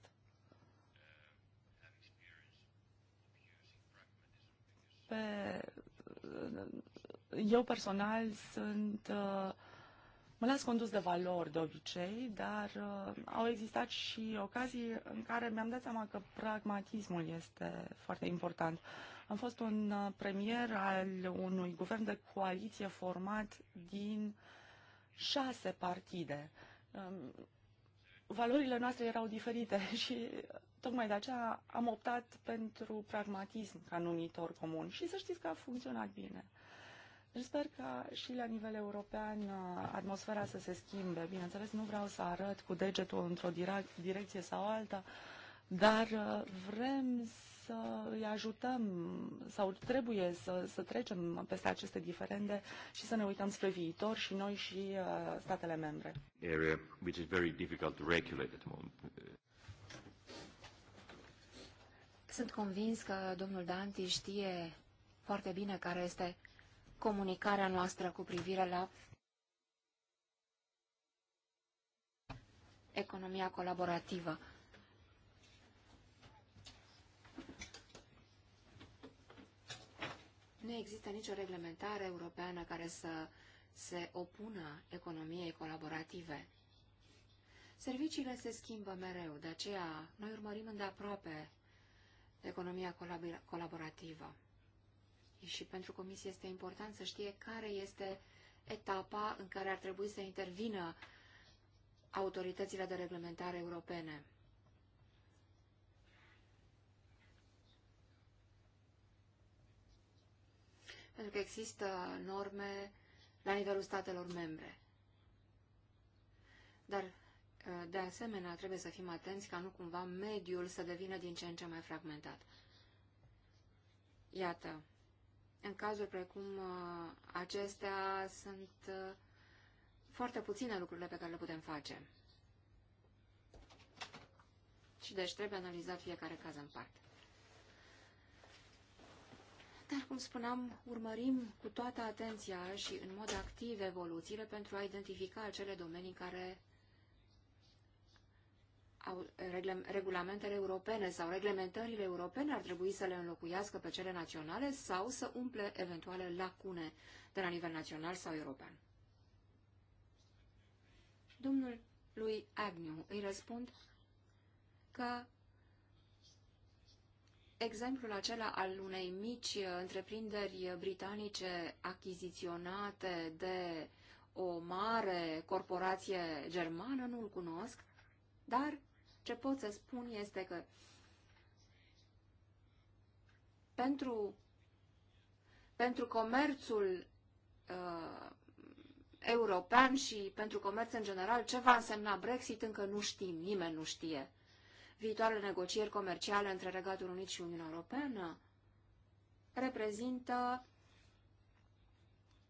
Pe eu personal sunt uh, mă las condus de valori de obicei, dar uh, au existat și ocazii în care mi-am dat seama că pragmatismul este foarte important. Am fost un uh, premier al unui guvern de coaliție format din șase partide. Um, valorile noastre erau diferite (laughs) și Tocmai de aceea am optat pentru pragmatism ca numitor comun și să știți că a funcționat bine. Deci sper că și la nivel european uh, atmosfera să se schimbe. Bineînțeles, nu vreau să arăt cu degetul într-o direcție sau alta, dar uh, vrem să îi ajutăm sau trebuie să, să trecem peste aceste diferende și să ne uităm spre viitor și noi și uh, statele membre. Area which is very difficult to regulate at the moment. Sunt convins că domnul Danti știe foarte bine care este comunicarea noastră cu privire la economia colaborativă. Nu există nicio reglementare europeană care să se opună economiei colaborative. Serviciile se schimbă mereu, de aceea noi urmărim îndeaproape economia colaborativă. Și pentru comisie este important să știe care este etapa în care ar trebui să intervină autoritățile de reglementare europene. Pentru că există norme la nivelul statelor membre. Dar de asemenea, trebuie să fim atenți ca nu cumva mediul să devină din ce în ce mai fragmentat. Iată, în cazuri precum uh, acestea sunt uh, foarte puține lucrurile pe care le putem face. Și deci trebuie analizat fiecare caz în parte. Dar, cum spuneam, urmărim cu toată atenția și în mod activ evoluțiile pentru a identifica acele domenii care regulamentele europene sau reglementările europene ar trebui să le înlocuiască pe cele naționale sau să umple eventuale lacune de la nivel național sau european. Domnul lui Agnew îi răspund că exemplul acela al unei mici întreprinderi britanice achiziționate de o mare corporație germană nu-l cunosc, dar ce pot să spun este că pentru, pentru comerțul uh, european și pentru comerț în general, ce va însemna Brexit încă nu știm, nimeni nu știe. Viitoarele negocieri comerciale între Regatul Unit și Uniunea Europeană reprezintă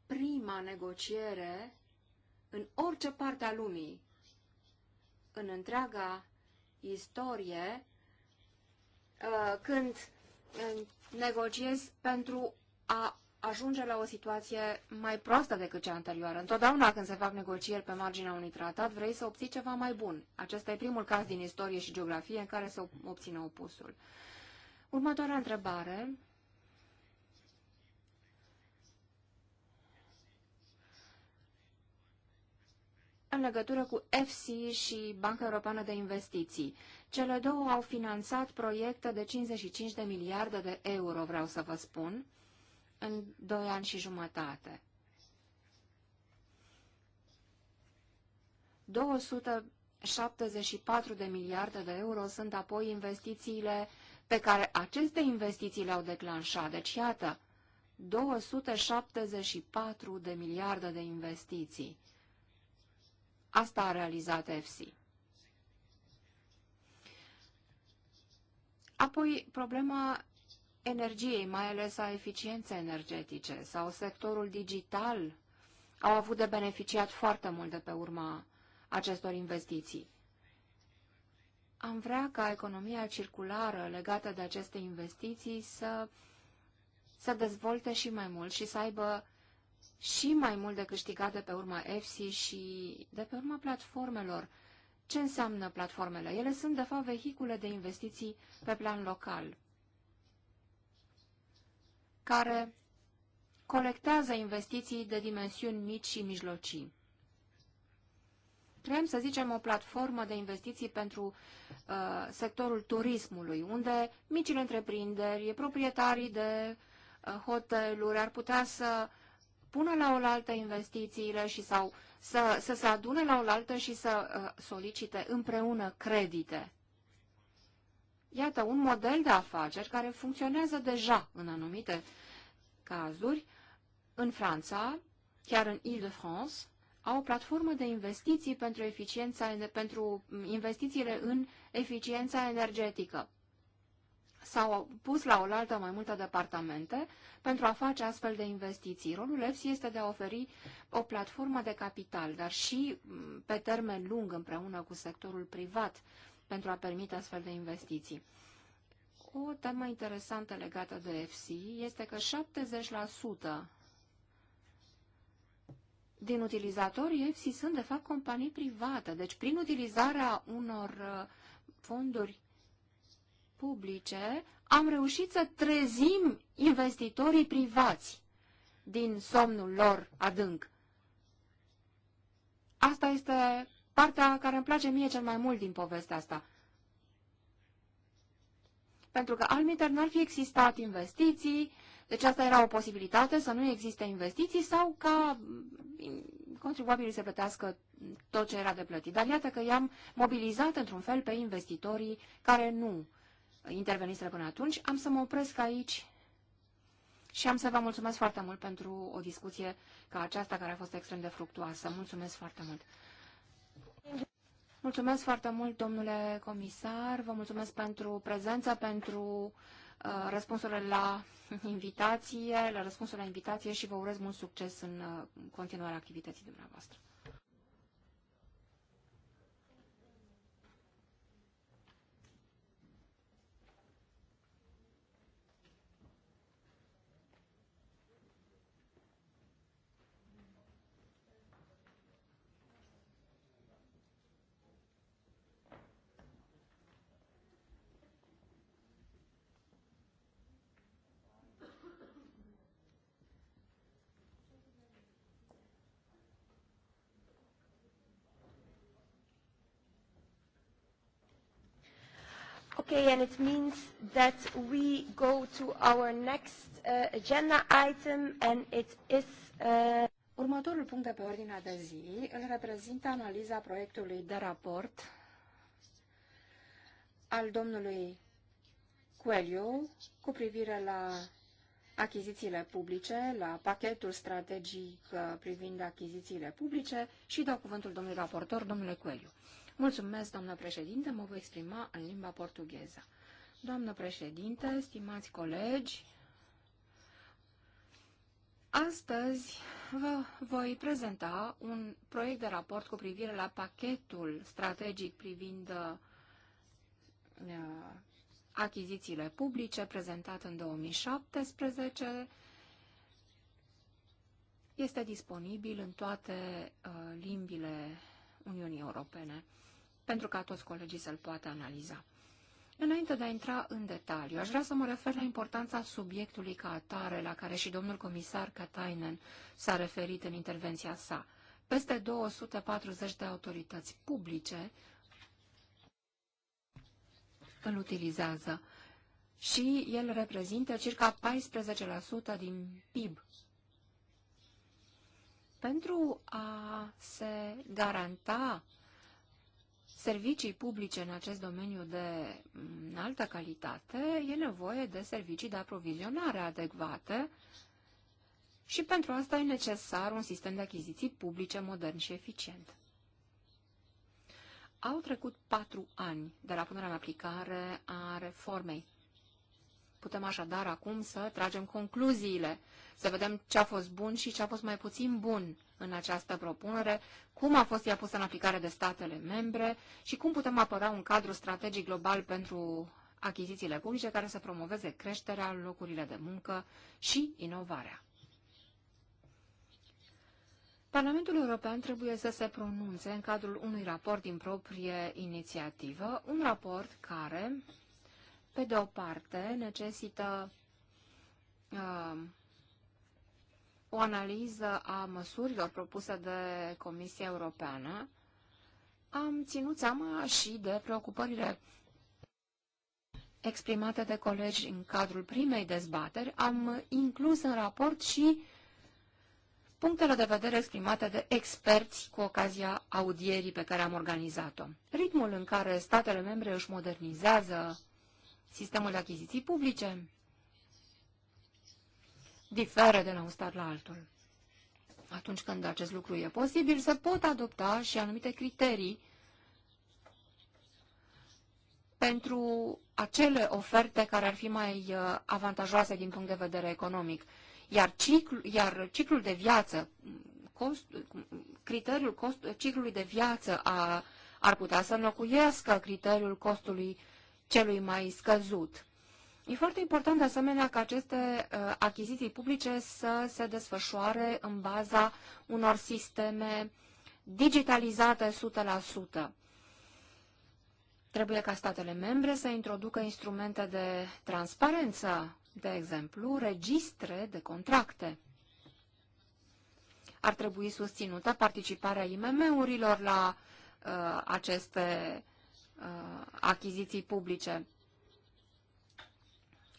prima negociere în orice parte a lumii, în întreaga istorie uh, când uh, negociezi pentru a ajunge la o situație mai proastă decât cea anterioară. Întotdeauna când se fac negocieri pe marginea unui tratat, vrei să obții ceva mai bun. Acesta e primul caz din istorie și geografie în care se obține opusul. Următoarea întrebare în legătură cu EFSI și Banca Europeană de Investiții. Cele două au finanțat proiecte de 55 de miliarde de euro, vreau să vă spun, în doi ani și jumătate. 274 de miliarde de euro sunt apoi investițiile pe care aceste investiții le-au declanșat. Deci, iată, 274 de miliarde de investiții. Asta a realizat FC. Apoi, problema energiei, mai ales a eficienței energetice sau sectorul digital, au avut de beneficiat foarte mult de pe urma acestor investiții. Am vrea ca economia circulară legată de aceste investiții să se dezvolte și mai mult și să aibă și mai mult de câștigat de pe urma EFSI și de pe urma platformelor. Ce înseamnă platformele? Ele sunt, de fapt, vehicule de investiții pe plan local, care colectează investiții de dimensiuni mici și mijlocii. Creăm, să zicem, o platformă de investiții pentru uh, sectorul turismului, unde micile întreprinderi, proprietarii de uh, hoteluri ar putea să uh, pună la oaltă investițiile și sau să, să se adune la oaltă și să uh, solicite împreună credite. Iată, un model de afaceri care funcționează deja în anumite cazuri. În Franța, chiar în Ile-de-France, au o platformă de investiții pentru, eficiența, pentru investițiile în eficiența energetică s-au pus la oaltă mai multe departamente pentru a face astfel de investiții. Rolul EFSI este de a oferi o platformă de capital, dar și mm, pe termen lung împreună cu sectorul privat pentru a permite astfel de investiții. O temă interesantă legată de EFSI este că 70% din utilizatorii EFSI sunt, de fapt, companii private. Deci, prin utilizarea unor uh, fonduri publice, am reușit să trezim investitorii privați din somnul lor adânc. Asta este partea care îmi place mie cel mai mult din povestea asta. Pentru că almiter n-ar fi existat investiții, deci asta era o posibilitate să nu existe investiții sau ca mm, contribuabilii să plătească tot ce era de plătit. Dar iată că i-am mobilizat într-un fel pe investitorii care nu interveniseră până atunci. Am să mă opresc aici și am să vă mulțumesc foarte mult pentru o discuție ca aceasta care a fost extrem de fructuoasă. Mulțumesc foarte mult! Mulțumesc foarte mult, domnule comisar, vă mulțumesc pentru prezență, pentru uh, răspunsurile la invitație, la răspunsul la invitație și vă urez mult succes în uh, continuarea activității dumneavoastră. Okay, and it means that we go to our next uh, agenda item and it is... Uh... Următorul punct de pe ordinea de zi îl reprezintă analiza proiectului de raport al domnului Coelho cu privire la achizițiile publice, la pachetul strategic uh, privind achizițiile publice și dau cuvântul domnului raportor, domnule Coelho. Mulțumesc, doamnă președinte, mă voi exprima în limba portugheză. Doamnă președinte, stimați colegi, astăzi vă voi prezenta un proiect de raport cu privire la pachetul strategic privind uh, achizițiile publice prezentat în 2017. Este disponibil în toate uh, limbile Uniunii Europene pentru ca toți colegii să-l poată analiza. Înainte de a intra în detaliu, aș vrea să mă refer la importanța subiectului ca atare, la care și domnul comisar Katainen s-a referit în intervenția sa. Peste 240 de autorități publice îl utilizează și el reprezintă circa 14% din PIB. Pentru a se garanta servicii publice în acest domeniu de înaltă calitate, e nevoie de servicii de aprovizionare adecvate și pentru asta e necesar un sistem de achiziții publice modern și eficient. Au trecut patru ani de la punerea în aplicare a reformei Putem așadar acum să tragem concluziile, să vedem ce a fost bun și ce a fost mai puțin bun în această propunere, cum a fost ea pusă în aplicare de statele membre și cum putem apăra un cadru strategic global pentru achizițiile publice care să promoveze creșterea, locurile de muncă și inovarea. Parlamentul European trebuie să se pronunțe în cadrul unui raport din proprie inițiativă, un raport care pe de o parte, necesită uh, o analiză a măsurilor propuse de Comisia Europeană, am ținut seama și de preocupările exprimate de colegi în cadrul primei dezbateri, am inclus în raport și punctele de vedere exprimate de experți cu ocazia audierii pe care am organizat-o. Ritmul în care statele membre își modernizează sistemul de achiziții publice diferă de la un stat la altul. Atunci când acest lucru e posibil, se pot adopta și anumite criterii pentru acele oferte care ar fi mai uh, avantajoase din punct de vedere economic. Iar, ciclu, iar ciclul de viață, cost, criteriul cost, ciclului de viață a, ar putea să înlocuiască criteriul costului uh, celui mai scăzut. E foarte important, de asemenea, ca aceste uh, achiziții publice să se desfășoare în baza unor sisteme digitalizate 100%. Trebuie ca statele membre să introducă instrumente de transparență, de exemplu, registre de contracte. Ar trebui susținută participarea IMM-urilor la uh, aceste Uh, achiziții publice.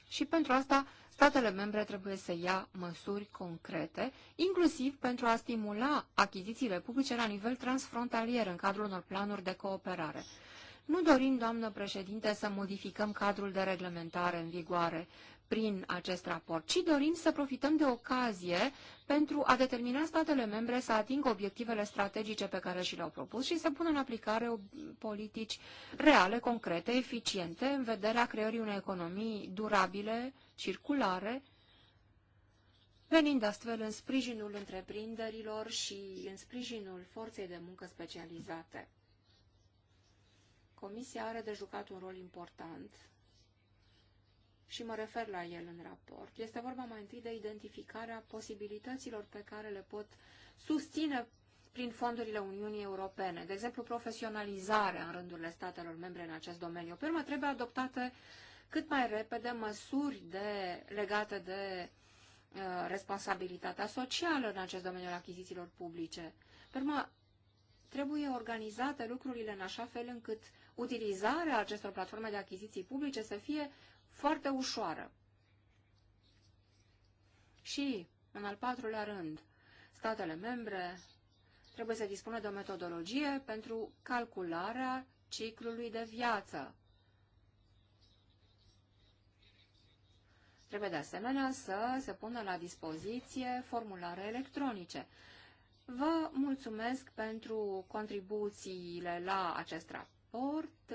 Și pentru asta statele membre trebuie să ia măsuri concrete, inclusiv pentru a stimula achizițiile publice la nivel transfrontalier în cadrul unor planuri de cooperare. Nu dorim, doamnă președinte, să modificăm cadrul de reglementare în vigoare prin acest raport, ci dorim să profităm de ocazie pentru a determina statele membre să atingă obiectivele strategice pe care și le-au propus și să pună în aplicare politici reale, concrete, eficiente, în vederea creării unei economii durabile, circulare, venind astfel în sprijinul întreprinderilor și în sprijinul forței de muncă specializate. Comisia are de jucat un rol important și mă refer la el în raport. Este vorba mai întâi de identificarea posibilităților pe care le pot susține prin fondurile Uniunii Europene, de exemplu profesionalizarea în rândurile statelor membre în acest domeniu. Pe urmă, trebuie adoptate cât mai repede măsuri de, legate de uh, responsabilitatea socială în acest domeniu al achizițiilor publice. Pe urmă, trebuie organizate lucrurile în așa fel încât utilizarea acestor platforme de achiziții publice să fie foarte ușoară. Și, în al patrulea rând, statele membre trebuie să dispună de o metodologie pentru calcularea ciclului de viață. Trebuie de asemenea să se pună la dispoziție formulare electronice. Vă mulțumesc pentru contribuțiile la acest raport,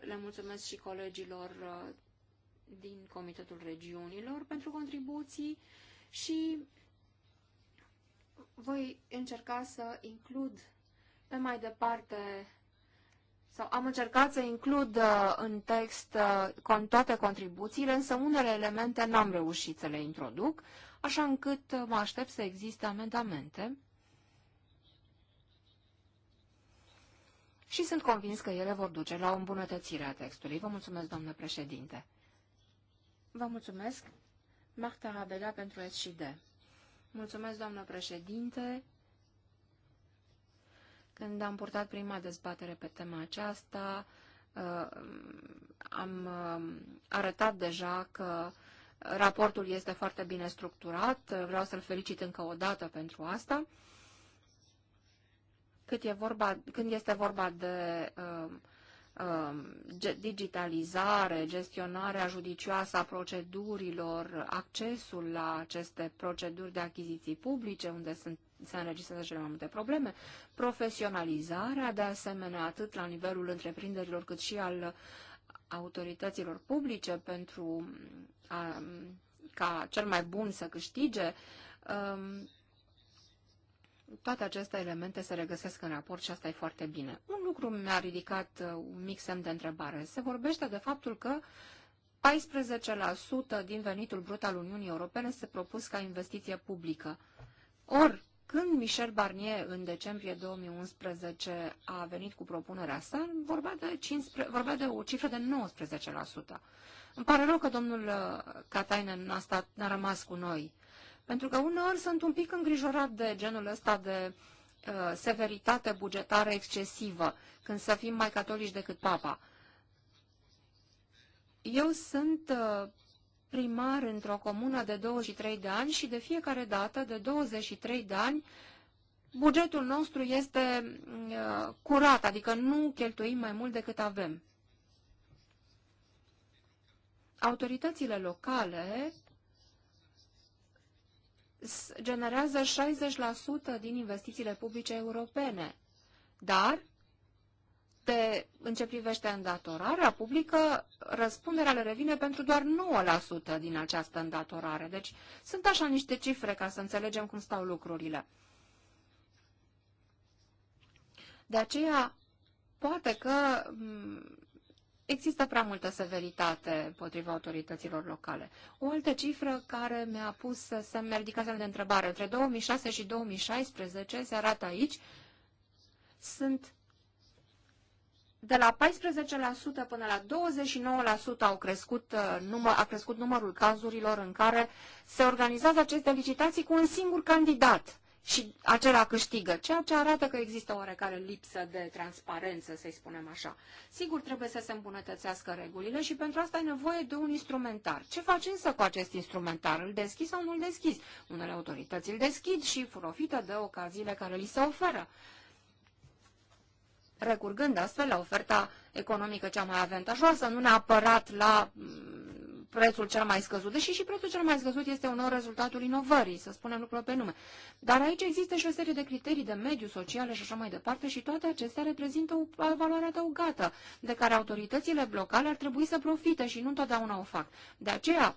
le mulțumesc și colegilor din Comitetul Regiunilor pentru contribuții și voi încerca să includ pe mai departe sau am încercat să includ uh, în text uh, toate contribuțiile, însă unele elemente n-am reușit să le introduc, așa încât uh, mă aștept să existe amendamente. Și sunt convins că ele vor duce la o îmbunătățire a textului. Vă mulțumesc, domnule președinte. Vă mulțumesc, Marta Rabela, pentru SCD. Mulțumesc, doamnă președinte. Când am purtat prima dezbatere pe tema aceasta, uh, am uh, arătat deja că raportul este foarte bine structurat. Vreau să-l felicit încă o dată pentru asta. Cât e vorba, când este vorba de uh, Um, digitalizare, gestionarea judicioasă a procedurilor, accesul la aceste proceduri de achiziții publice, unde sunt, se înregistrează cele mai multe probleme, profesionalizarea, de asemenea, atât la nivelul întreprinderilor cât și al autorităților publice pentru a, um, ca cel mai bun să câștige, um, toate aceste elemente se regăsesc în raport și asta e foarte bine. Un lucru mi-a ridicat uh, un mic semn de întrebare. Se vorbește de faptul că 14% din venitul brut al Uniunii Europene se propus ca investiție publică. Or, când Michel Barnier, în decembrie 2011, a venit cu propunerea sa, vorbea de, 15, vorbea de o cifră de 19%. Îmi pare rău că domnul uh, Katainen n-a, stat, n-a rămas cu noi. Pentru că uneori sunt un pic îngrijorat de genul ăsta de uh, severitate bugetară excesivă, când să fim mai catolici decât papa. Eu sunt uh, primar într-o comună de 23 de ani și de fiecare dată, de 23 de ani, bugetul nostru este uh, curat, adică nu cheltuim mai mult decât avem. Autoritățile locale generează 60% din investițiile publice europene. Dar, de, în ce privește îndatorarea publică, răspunderea le revine pentru doar 9% din această îndatorare. Deci sunt așa niște cifre ca să înțelegem cum stau lucrurile. De aceea, poate că există prea multă severitate potriva autorităților locale. O altă cifră care mi-a pus să-mi ridic astfel de întrebare. Între 2006 și 2016, se arată aici, sunt de la 14% până la 29% au crescut, uh, număr, a crescut numărul cazurilor în care se organizează aceste licitații cu un singur candidat și acela câștigă, ceea ce arată că există oarecare lipsă de transparență, să-i spunem așa. Sigur, trebuie să se îmbunătățească regulile și pentru asta e nevoie de un instrumentar. Ce faci însă cu acest instrumentar? Îl deschizi sau nu îl deschizi? Unele autorități îl deschid și profită de ocaziile care li se oferă recurgând astfel la oferta economică cea mai avantajoasă, nu neapărat la mm, prețul cel mai scăzut, deși și prețul cel mai scăzut este unor rezultatul inovării, să spunem lucrurile pe nume. Dar aici există și o serie de criterii de mediu, sociale și așa mai departe și toate acestea reprezintă o valoare adăugată de care autoritățile locale ar trebui să profite și nu întotdeauna o fac. De aceea,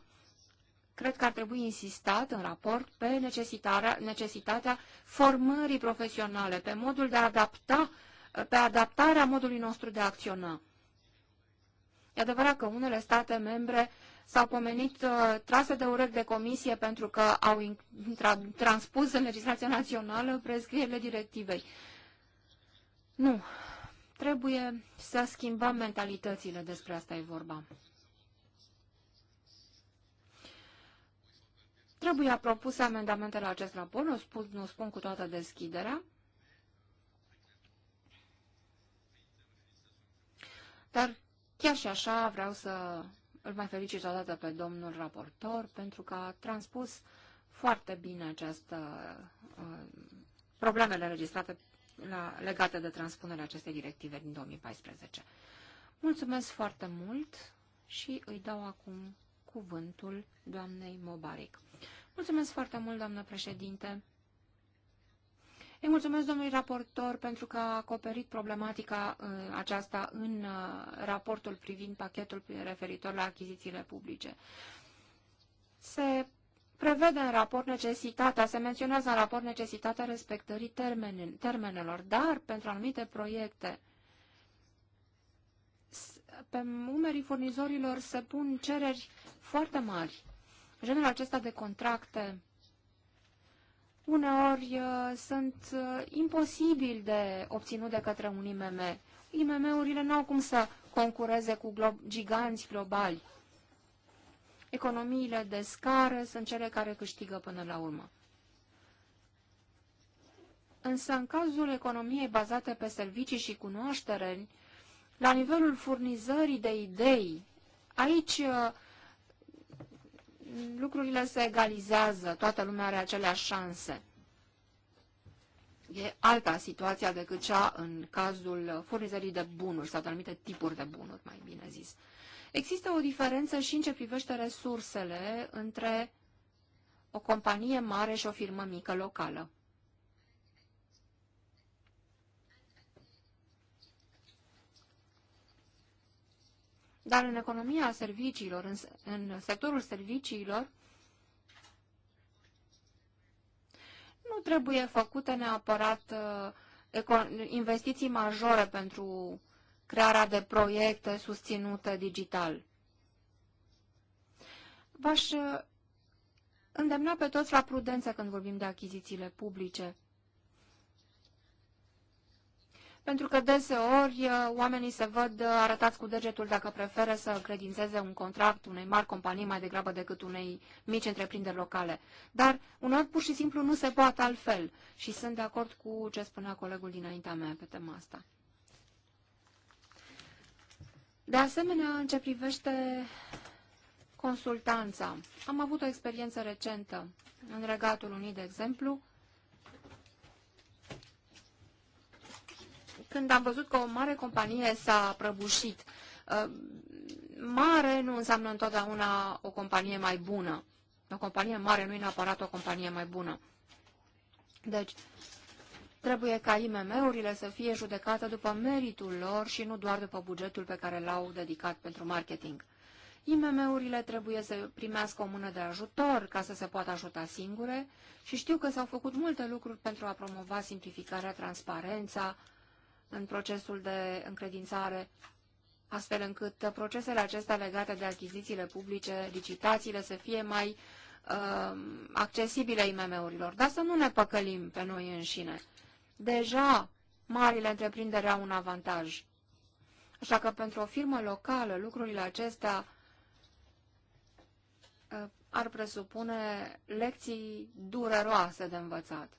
cred că ar trebui insistat în raport pe necesitarea, necesitatea formării profesionale, pe modul de a adapta, pe adaptarea modului nostru de a acționa. E adevărat că unele state membre S-au pomenit uh, trase de urechi de comisie pentru că au transpus în legislația națională prescrierile directivei. Nu. Trebuie să schimbăm mentalitățile, despre asta e vorba. Trebuie propuse amendamente la acest raport, nu spun, nu spun cu toată deschiderea, dar chiar și așa vreau să îl mai felicit odată pe domnul raportor pentru că a transpus foarte bine această uh, problemele registrate la, legate de transpunerea acestei directive din 2014. Mulțumesc foarte mult și îi dau acum cuvântul doamnei Mobaric. Mulțumesc foarte mult, doamnă președinte. Îi mulțumesc domnului raportor pentru că a acoperit problematica uh, aceasta în uh, raportul privind pachetul referitor la achizițiile publice. Se prevede în raport necesitatea, se menționează în raport necesitatea respectării termen, termenelor, dar pentru anumite proiecte pe umerii furnizorilor se pun cereri foarte mari. Genul acesta de contracte uneori uh, sunt uh, imposibil de obținut de către un IMM. IMM-urile nu au cum să concureze cu glo- giganți globali. Economiile de scară sunt cele care câștigă până la urmă. Însă, în cazul economiei bazate pe servicii și cunoaștere, la nivelul furnizării de idei, aici uh, lucrurile se egalizează, toată lumea are aceleași șanse. E alta situația decât cea în cazul furnizării de bunuri sau de anumite tipuri de bunuri, mai bine zis. Există o diferență și în ce privește resursele între o companie mare și o firmă mică locală. Dar în economia serviciilor, în, în sectorul serviciilor, nu trebuie făcute neapărat uh, investiții majore pentru crearea de proiecte susținute digital. V-aș uh, îndemna pe toți la prudență când vorbim de achizițiile publice pentru că deseori uh, oamenii se văd uh, arătați cu degetul dacă preferă să credințeze un contract unei mari companii mai degrabă decât unei mici întreprinderi locale. Dar uneori pur și simplu nu se poate altfel și sunt de acord cu ce spunea colegul dinaintea mea pe tema asta. De asemenea, în ce privește consultanța, am avut o experiență recentă în Regatul Unit, de exemplu, când am văzut că o mare companie s-a prăbușit. Ă, mare nu înseamnă întotdeauna o companie mai bună. O companie mare nu e neapărat o companie mai bună. Deci, trebuie ca IMM-urile să fie judecate după meritul lor și nu doar după bugetul pe care l-au dedicat pentru marketing. IMM-urile trebuie să primească o mână de ajutor ca să se poată ajuta singure și știu că s-au făcut multe lucruri pentru a promova simplificarea, transparența în procesul de încredințare, astfel încât procesele acestea legate de achizițiile publice, licitațiile, să fie mai uh, accesibile IMM-urilor. Dar să nu ne păcălim pe noi înșine. Deja marile întreprinderi au un avantaj. Așa că pentru o firmă locală lucrurile acestea uh, ar presupune lecții dureroase de învățat.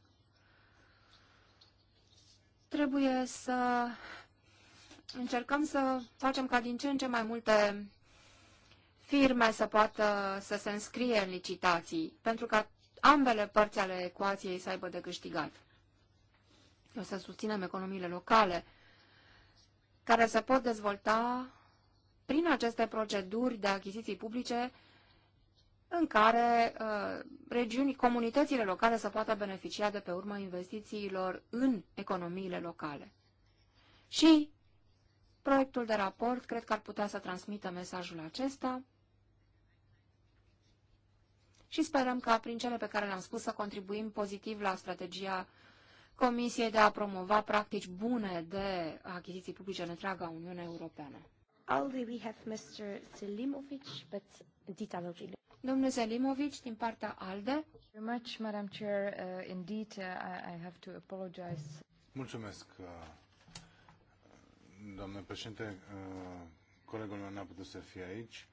Trebuie să încercăm să facem ca din ce în ce mai multe firme să poată să se înscrie în licitații, pentru ca ambele părți ale ecuației să aibă de câștigat. O să susținem economiile locale, care se pot dezvolta prin aceste proceduri de achiziții publice în care uh, regiunii, comunitățile locale să poată beneficia de pe urma investițiilor în economiile locale. Și proiectul de raport cred că ar putea să transmită mesajul acesta și sperăm ca prin cele pe care le-am spus să contribuim pozitiv la strategia Comisiei de a promova practici bune de achiziții publice în întreaga Uniune Europeană. Aldi, we have Mr. Selimovic, but Domnul Zelimovic, din partea ALDE. Mulțumesc, uh, doamnă președinte. Uh, colegul meu n-a putut să fie aici,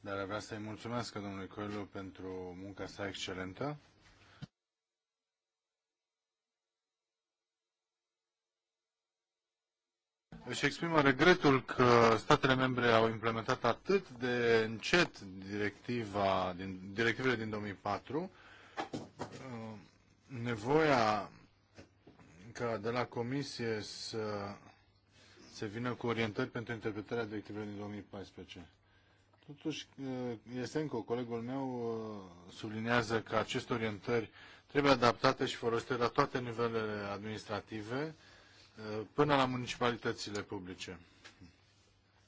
dar vreau să-i mulțumesc domnului Coelho pentru munca sa excelentă. își exprimă regretul că statele membre au implementat atât de încet directiva din, directivele din 2004. Uh, nevoia ca de la Comisie să se vină cu orientări pentru interpretarea directivelor din 2014. Totuși, Iesenco, uh, colegul meu, uh, sublinează că aceste orientări trebuie adaptate și folosite la toate nivelele administrative, până la municipalitățile publice.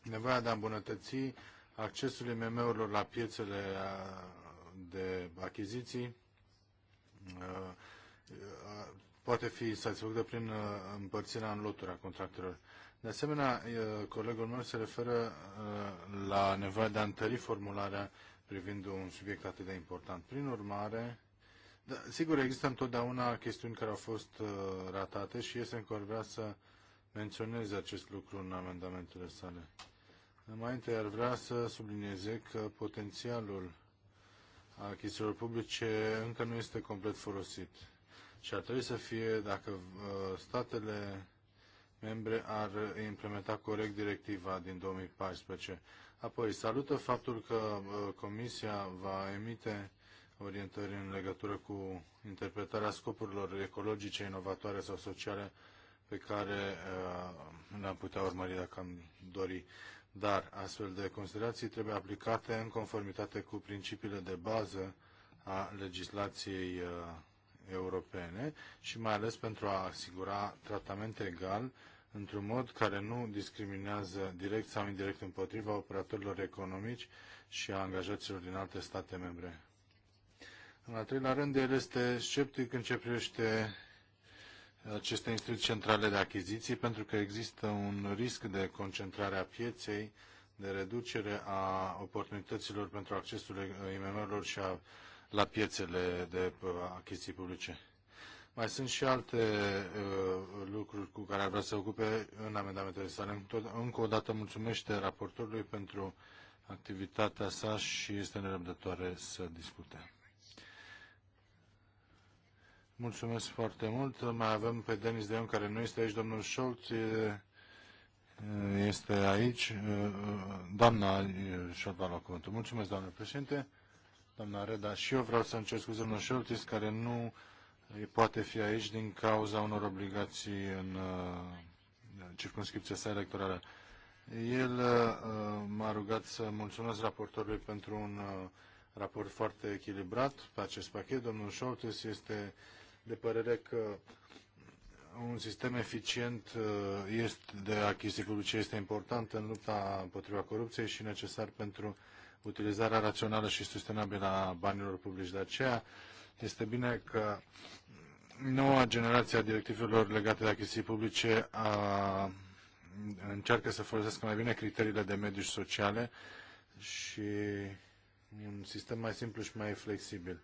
Nevoia de a îmbunătăți accesul IMM-urilor la piețele de achiziții poate fi satisfăcută prin împărțirea în loturi a contractelor. De asemenea, colegul meu se referă la nevoia de a întări formularea privind un subiect atât de important. Prin urmare, da, sigur, există întotdeauna chestiuni care au fost uh, ratate și este încă vrea să menționeze acest lucru în amendamentele sale. Mai întâi ar vrea să sublinieze că potențialul achizițiilor publice încă nu este complet folosit și ar trebui să fie, dacă uh, statele membre ar implementa corect directiva din 2014. Apoi, salută faptul că uh, Comisia va emite orientări în legătură cu interpretarea scopurilor ecologice, inovatoare sau sociale pe care le-am uh, putea urmări dacă am dori. Dar astfel de considerații trebuie aplicate în conformitate cu principiile de bază a legislației uh, europene și mai ales pentru a asigura tratament egal într-un mod care nu discriminează direct sau indirect împotriva operatorilor economici și a angajaților din alte state membre. În al treilea rând, el este sceptic în ce privește aceste instituții centrale de achiziții, pentru că există un risc de concentrare a pieței, de reducere a oportunităților pentru accesul IMM-urilor și a, la piețele de uh, achiziții publice. Mai sunt și alte uh, lucruri cu care ar vrea să se ocupe în amendamentele sale. Încă o dată mulțumește raportorului pentru activitatea sa și este nerăbdătoare să discutăm. Mulțumesc foarte mult. Mai avem pe Denis Deon care nu este aici, domnul Scholz este aici. Doamna Scholz va lua cuvântul. Mulțumesc, doamnă președinte. Doamna Reda, și eu vreau să încerc cu domnul Scholz, care nu poate fi aici din cauza unor obligații în circunscripția sa electorală. El m-a rugat să mulțumesc raportorului pentru un raport foarte echilibrat pe acest pachet. Domnul Scholz este de părere că un sistem eficient uh, este, de achiziții publice este important în lupta împotriva corupției și necesar pentru utilizarea rațională și sustenabilă a banilor publici. De aceea este bine că noua generație a directivelor legate de achiziții publice a, încearcă să folosească mai bine criteriile de mediu și sociale și un sistem mai simplu și mai flexibil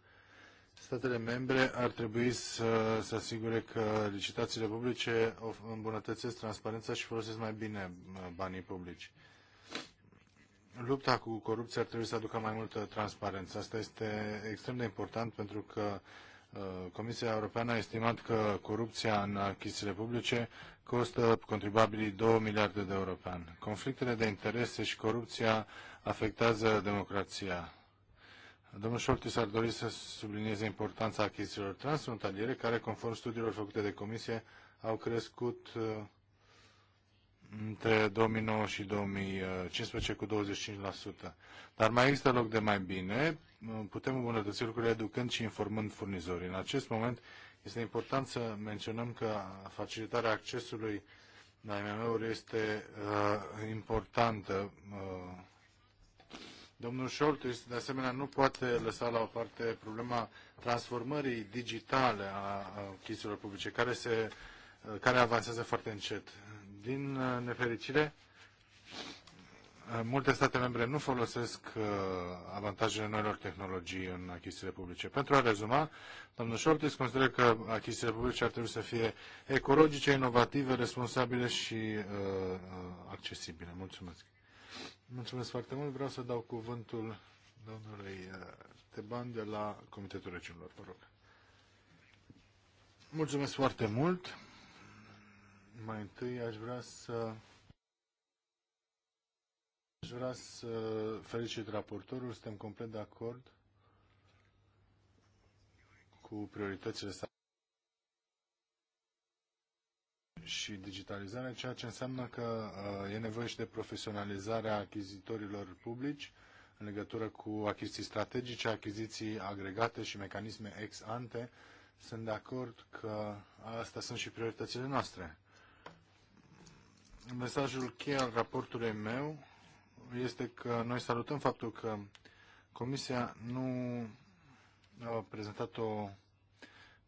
statele membre ar trebui să se asigure că licitațiile publice îmbunătățesc transparența și folosesc mai bine banii publici. Lupta cu corupția ar trebui să aducă mai multă transparență. Asta este extrem de important pentru că uh, Comisia Europeană a estimat că corupția în achizițiile publice costă contribuabilii 2 miliarde de euro pe an. Conflictele de interese și corupția afectează democrația Domnul Șoltis ar dori să sublinieze importanța achizițiilor transfrontaliere, care, conform studiilor făcute de comisie, au crescut uh, între 2009 și 2015 cu 25%. Dar mai există loc de mai bine. Uh, putem îmbunătăți lucrurile educând și informând furnizorii. În acest moment este important să menționăm că facilitarea accesului la IMM-uri este uh, importantă. Uh, Domnul Scholtes, de asemenea, nu poate lăsa la o parte problema transformării digitale a achizițiilor publice, care, se, care avansează foarte încet. Din uh, nefericire, uh, multe state membre nu folosesc uh, avantajele noilor tehnologii în achizițiile publice. Pentru a rezuma, domnul Șortis consideră că achizițiile publice ar trebui să fie ecologice, inovative, responsabile și uh, accesibile. Mulțumesc. Mulțumesc foarte mult. Vreau să dau cuvântul domnului uh, Teban de la Comitetul Regiunilor. Vă rog. Mulțumesc foarte mult. Mai întâi aș vrea să aș vrea să felicit raportorul. Suntem complet de acord cu prioritățile sale. și digitalizare, ceea ce înseamnă că uh, e nevoie și de profesionalizarea achizitorilor publici în legătură cu achiziții strategice, achiziții agregate și mecanisme ex ante. Sunt de acord că astea sunt și prioritățile noastre. Mesajul cheie al raportului meu este că noi salutăm faptul că Comisia nu a prezentat o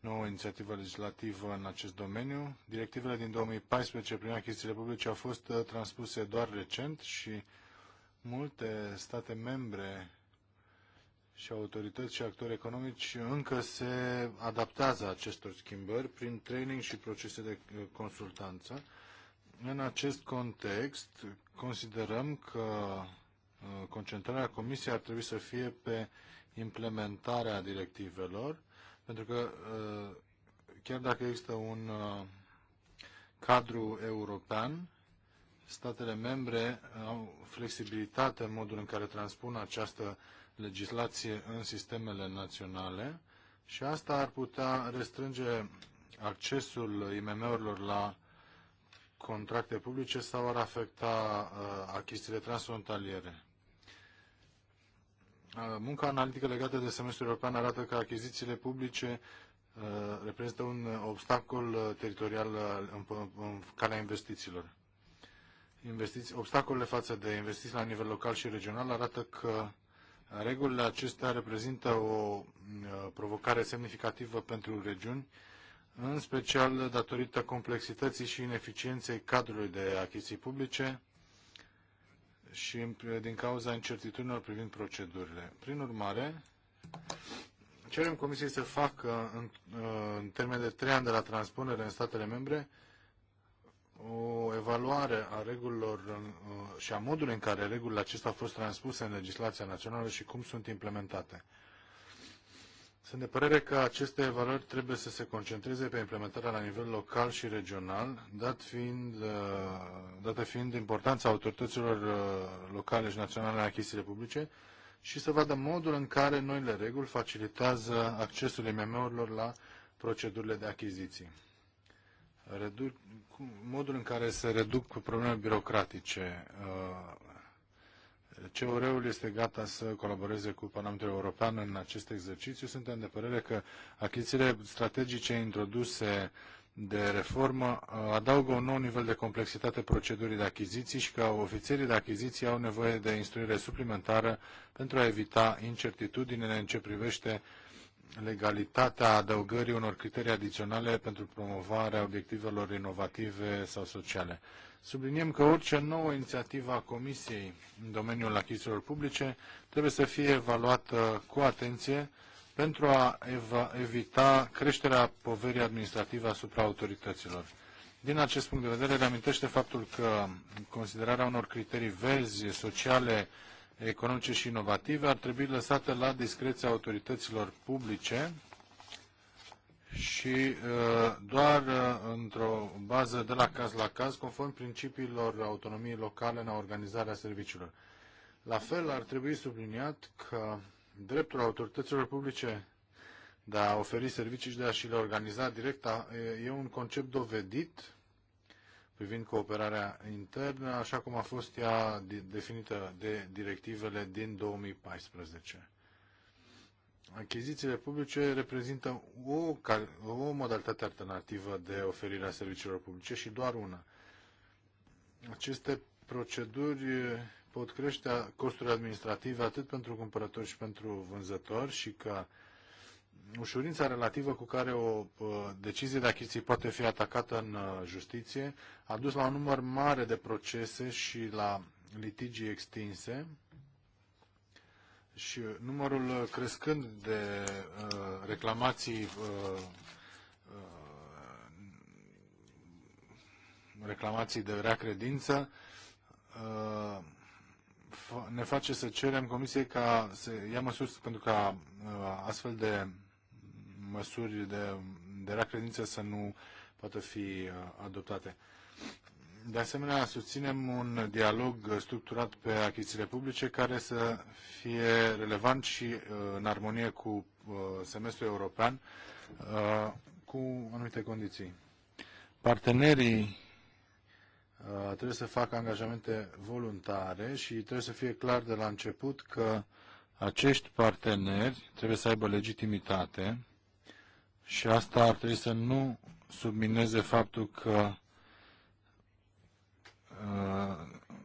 nouă inițiativă legislativă în acest domeniu. Directivele din 2014 prin achizițiile publice au fost uh, transpuse doar recent și multe state membre și autorități și actori economici încă se adaptează acestor schimbări prin training și procese de uh, consultanță. În acest context, considerăm că uh, concentrarea Comisiei ar trebui să fie pe implementarea directivelor pentru că uh, chiar dacă există un uh, cadru european, statele membre au flexibilitate în modul în care transpun această legislație în sistemele naționale și asta ar putea restrânge accesul IMM-urilor la contracte publice sau ar afecta uh, achizițiile transfrontaliere. Uh, munca analitică legată de semestrul european arată că achizițiile publice uh, reprezintă un obstacol uh, teritorial în calea investițiilor. Investiți, obstacolele față de investiții la nivel local și regional arată că regulile acestea reprezintă o provocare semnificativă pentru regiuni, în special datorită complexității și ineficienței cadrului de achiziții publice, și uh, din cauza incertitudinilor privind procedurile. Prin urmare, cerem Comisiei să facă în, uh, în termen de trei ani de la transpunere în statele membre o evaluare a regulilor uh, și a modului în care regulile acestea au fost transpuse în legislația națională și cum sunt implementate. Sunt de părere că aceste evaluări trebuie să se concentreze pe implementarea la nivel local și regional, dat fiind, uh, dată fiind importanța autorităților uh, locale și naționale în achizițiile publice și să vadă modul în care noile reguli facilitează accesul IMM-urilor la procedurile de achiziții. Reduc, modul în care se reduc problemele birocratice uh, CEOR-ul este gata să colaboreze cu Parlamentul European în acest exercițiu. Suntem de părere că achizițiile strategice introduse de reformă uh, adaugă un nou nivel de complexitate procedurii de achiziții și că ofițerii de achiziții au nevoie de instruire suplimentară pentru a evita incertitudinile în ce privește legalitatea adăugării unor criterii adiționale pentru promovarea obiectivelor inovative sau sociale. Subliniem că orice nouă inițiativă a Comisiei în domeniul achizițiilor publice trebuie să fie evaluată cu atenție pentru a evita creșterea poverii administrative asupra autorităților. Din acest punct de vedere, reamintește faptul că considerarea unor criterii verzi, sociale, economice și inovative ar trebui lăsată la discreția autorităților publice și uh, doar uh, într-o bază de la caz la caz, conform principiilor autonomiei locale în organizarea serviciilor. La fel, ar trebui subliniat că dreptul autorităților publice de a oferi servicii și de a și le organiza direct e un concept dovedit privind cooperarea internă, așa cum a fost ea definită de directivele din 2014 achizițiile publice reprezintă o, o modalitate alternativă de oferire a serviciilor publice și doar una. Aceste proceduri pot crește costurile administrative atât pentru cumpărători și pentru vânzători și că ușurința relativă cu care o uh, decizie de achiziție poate fi atacată în uh, justiție a dus la un număr mare de procese și la litigii extinse, și numărul uh, crescând de uh, reclamații uh, uh, reclamații de rea credință uh, ne face să cerem Comisiei ca să ia măsuri pentru ca uh, astfel de măsuri de, de rea credință să nu poată fi uh, adoptate. De asemenea, susținem un dialog structurat pe achizițiile publice care să fie relevant și uh, în armonie cu uh, semestrul european uh, cu anumite condiții. Partenerii trebuie să facă angajamente voluntare și trebuie să fie clar de la început că acești parteneri trebuie să aibă legitimitate și asta ar trebui să nu submineze faptul că Uh,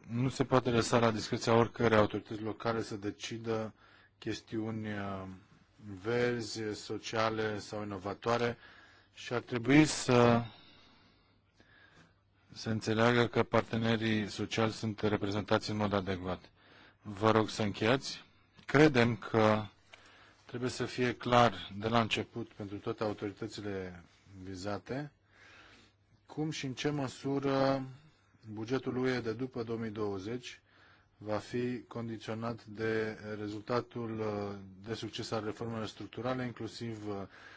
nu se poate lăsa la discreția oricărei autorități locale să decidă chestiuni uh, verzi, sociale sau inovatoare și ar trebui să se înțeleagă că partenerii sociali sunt reprezentați în mod adecvat. Vă rog să încheiați. Credem că trebuie să fie clar de la început pentru toate autoritățile vizate cum și în ce măsură bugetul UE de după 2020 va fi condiționat de rezultatul uh, de succes al reformelor structurale, inclusiv uh,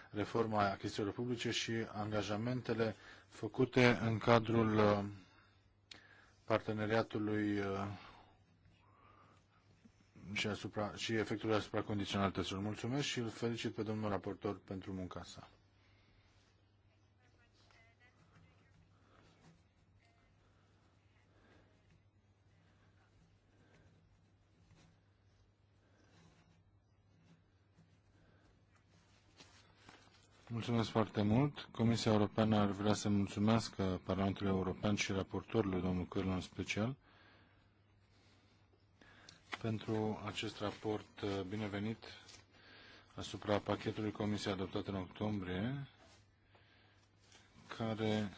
reforma achizițiilor publice și angajamentele făcute în cadrul uh, parteneriatului și, asupra, și efectul asupra condiționalităților. Mulțumesc și îl felicit pe domnul raportor pentru munca sa. Mulțumesc foarte mult. Comisia Europeană ar vrea să mulțumesc Parlamentului European și raportorului, domnul Călă în special, pentru acest raport uh, binevenit asupra pachetului Comisiei adoptat în octombrie, care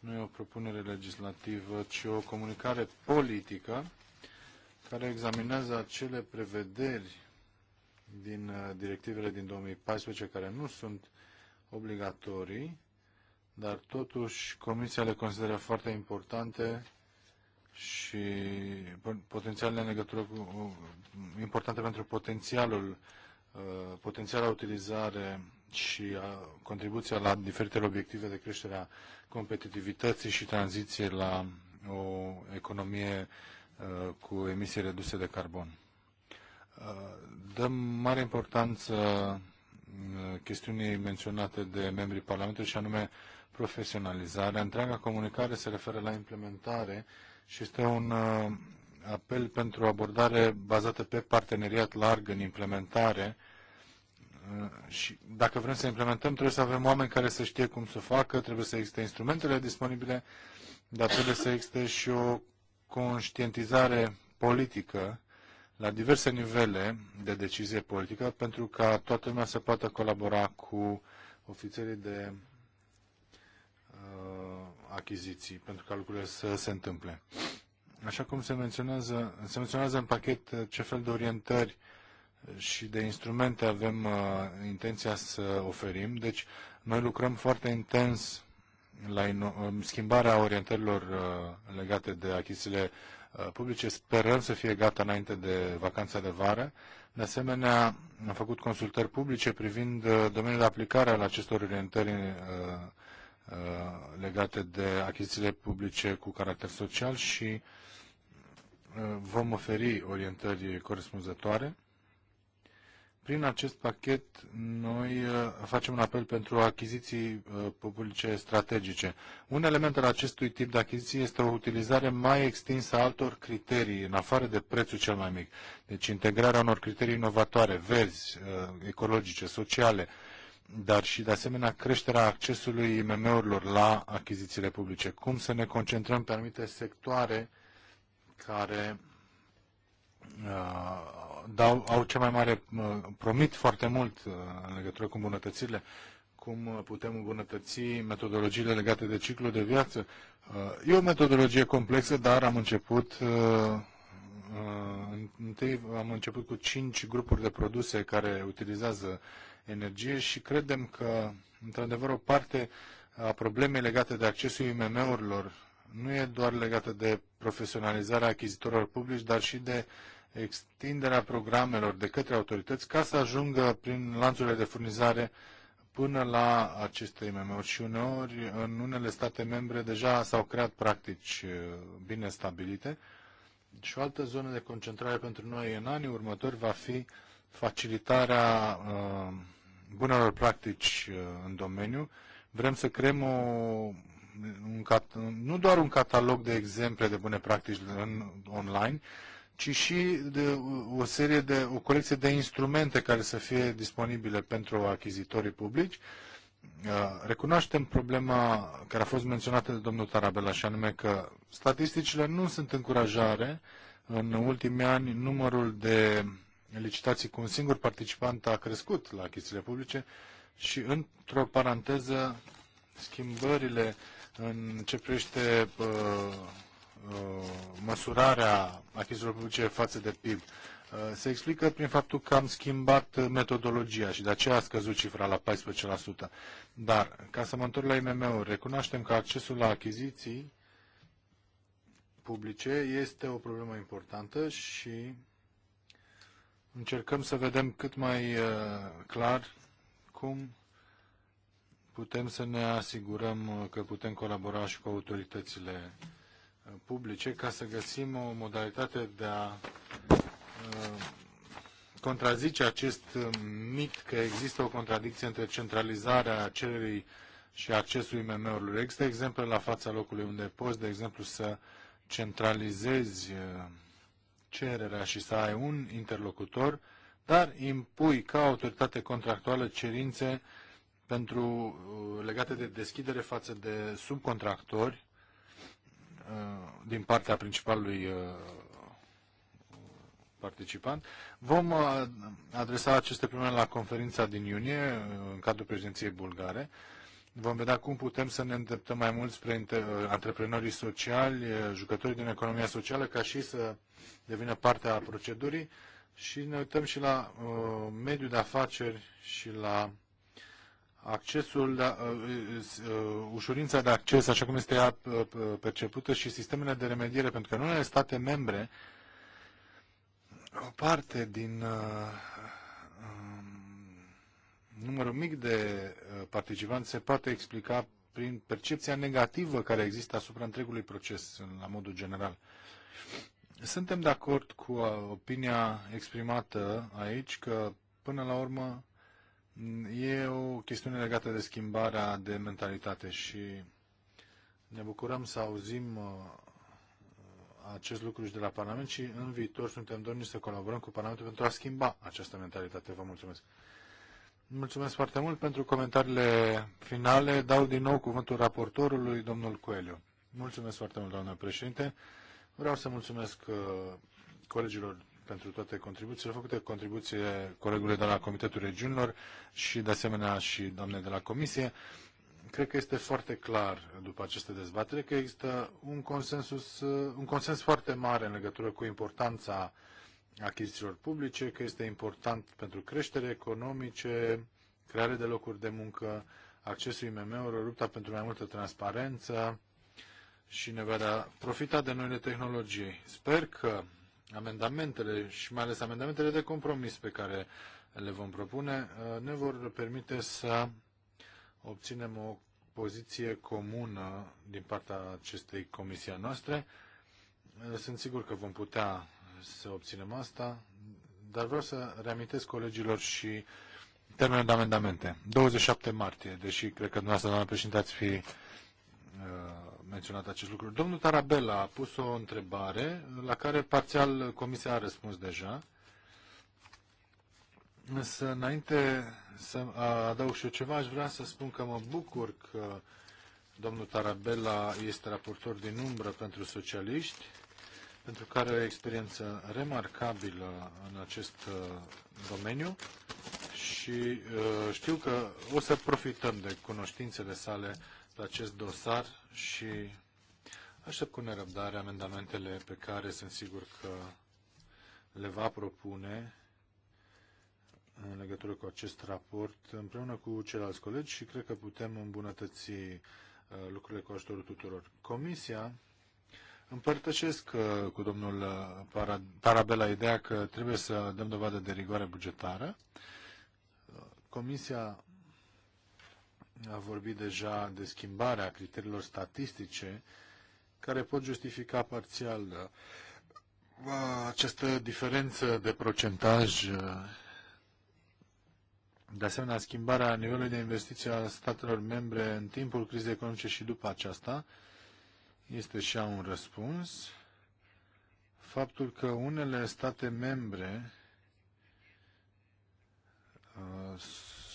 nu e o propunere legislativă, ci o comunicare politică care examinează acele prevederi din uh, directivele din 2014 care nu sunt obligatorii, dar totuși Comisia le consideră foarte importante și potențialele în legătură cu, uh, importante pentru potențialul uh, potențiala utilizare și contribuția la diferitele obiective de creștere a competitivității și tranziție la o economie cu emisii reduse de carbon. Uh, dăm mare importanță uh, chestiunii menționate de membrii Parlamentului și anume profesionalizarea. Întreaga comunicare se referă la implementare și este un uh, apel pentru o abordare bazată pe parteneriat larg în implementare și dacă vrem să implementăm, trebuie să avem oameni care să știe cum să facă, trebuie să existe instrumentele disponibile, dar trebuie să existe și o conștientizare politică la diverse nivele de decizie politică pentru ca toată lumea să poată colabora cu ofițerii de uh, achiziții pentru ca lucrurile să se întâmple. Așa cum se menționează, se menționează în pachet ce fel de orientări și de instrumente avem uh, intenția să oferim. Deci, noi lucrăm foarte intens la ino- uh, schimbarea orientărilor uh, legate de achizițiile Uh, publice. Sperăm să fie gata înainte de vacanța de vară. De asemenea, am făcut consultări publice privind uh, domeniul de aplicare al acestor orientări uh, legate de achizițiile publice cu caracter social și vom oferi orientări corespunzătoare. Prin acest pachet noi uh, facem un apel pentru achiziții uh, publice strategice. Un element al acestui tip de achiziții este o utilizare mai extinsă a altor criterii, în afară de prețul cel mai mic. Deci integrarea unor criterii inovatoare, verzi, uh, ecologice, sociale, dar și de asemenea creșterea accesului IMM-urilor la achizițiile publice. Cum să ne concentrăm pe anumite sectoare care uh, dau, au cea mai mare, promit foarte mult uh, în legătură cu îmbunătățirile, cum uh, putem îmbunătăți metodologiile legate de ciclul de viață. Uh, e o metodologie complexă, dar am început întâi am început cu cinci grupuri de produse care utilizează energie și credem că, într-adevăr, o parte a problemei legate de accesul IMM-urilor nu e doar legată de profesionalizarea achizitorilor publici, dar și de uh, extinderea programelor de către autorități ca să ajungă prin lanțurile de furnizare până la aceste IMM-uri și uneori în unele state membre deja s-au creat practici uh, bine stabilite și o altă zonă de concentrare pentru noi în anii următori va fi facilitarea uh, bunelor practici uh, în domeniu. Vrem să creăm o, un, cat, nu doar un catalog de exemple de bune practici în, online, ci și de o serie de o colecție de instrumente care să fie disponibile pentru achizitorii publici. Uh, recunoaștem problema care a fost menționată de domnul Tarabela și anume că statisticile nu sunt încurajare. În ultimii ani, numărul de licitații cu un singur participant a crescut la achizițiile publice și, într-o paranteză, schimbările în ce privește uh, Uh, măsurarea achizițiilor publice față de PIB uh, se explică prin faptul că am schimbat uh, metodologia și de aceea a scăzut cifra la 14%. Dar, ca să mă întorc la IMM-uri, recunoaștem că accesul la achiziții publice este o problemă importantă și încercăm să vedem cât mai clar cum putem să ne asigurăm că putem colabora și cu autoritățile publice ca să găsim o modalitate de a uh, contrazice acest uh, mit că există o contradicție între centralizarea cererii și accesul IMM-urilor. Există exemple la fața locului unde poți, de exemplu, să centralizezi uh, cererea și să ai un interlocutor, dar impui ca autoritate contractuală cerințe pentru legate de deschidere față de subcontractori Uh, din partea principalului uh, participant. Vom uh, adresa aceste probleme la conferința din iunie, în cadrul președinției bulgare. Vom vedea cum putem să ne îndreptăm mai mult spre antreprenorii sociali, jucătorii din economia socială, ca și să devină parte a procedurii și ne uităm și la uh, mediul de afaceri și la accesul, la, uh, uh, uh, ușurința de acces, așa cum este ea percepută, și sistemele de remediere, pentru că în unele state membre, o parte din um, numărul mic de participanți se poate explica prin percepția negativă care există asupra întregului proces, la modul general. Suntem de acord cu opinia exprimată aici că, până la urmă, E o chestiune legată de schimbarea de mentalitate și ne bucurăm să auzim uh, uh, acest lucru și de la Parlament și în viitor suntem dorni să colaborăm cu Parlamentul pentru a schimba această mentalitate. Vă mulțumesc! Mulțumesc foarte mult pentru comentariile finale. Dau din nou cuvântul raportorului, domnul Coelho. Mulțumesc foarte mult, doamnă președinte. Vreau să mulțumesc uh, colegilor pentru toate contribuțiile făcute, contribuție colegului de la Comitetul Regiunilor și de asemenea și doamnei de la Comisie. Cred că este foarte clar după aceste dezbatere că există un, consensus, un consens foarte mare în legătură cu importanța achizițiilor publice, că este important pentru creștere economice, creare de locuri de muncă, accesul IMM-urilor, lupta pentru mai multă transparență și nevoia de a profita de noile tehnologii. Sper că amendamentele și mai ales amendamentele de compromis pe care le vom propune uh, ne vor permite să obținem o poziție comună din partea acestei comisii a noastre. Uh, sunt sigur că vom putea să obținem asta, dar vreau să reamintesc colegilor și termenul de amendamente. 27 martie, deși cred că dumneavoastră, doamna președinte, ați fi uh, menționat acest lucru. Domnul Tarabella a pus o întrebare la care parțial Comisia a răspuns deja. Însă, înainte să adaug și eu ceva, aș vrea să spun că mă bucur că domnul Tarabella este raportor din umbră pentru socialiști, pentru care are o experiență remarcabilă în acest uh, domeniu și uh, știu că o să profităm de cunoștințele sale la acest dosar și aștept cu nerăbdare amendamentele pe care sunt sigur că le va propune în legătură cu acest raport împreună cu ceilalți colegi și cred că putem îmbunătăți uh, lucrurile cu ajutorul tuturor. Comisia împărtășesc uh, cu domnul uh, Parabela ideea că trebuie să dăm dovadă de rigoare bugetară. Comisia a vorbit deja de schimbarea criteriilor statistice care pot justifica parțial da, uh, această diferență de procentaj. Uh, de asemenea, schimbarea nivelului de investiție a statelor membre în timpul crizei economice și după aceasta este și un răspuns. Faptul că unele state membre uh,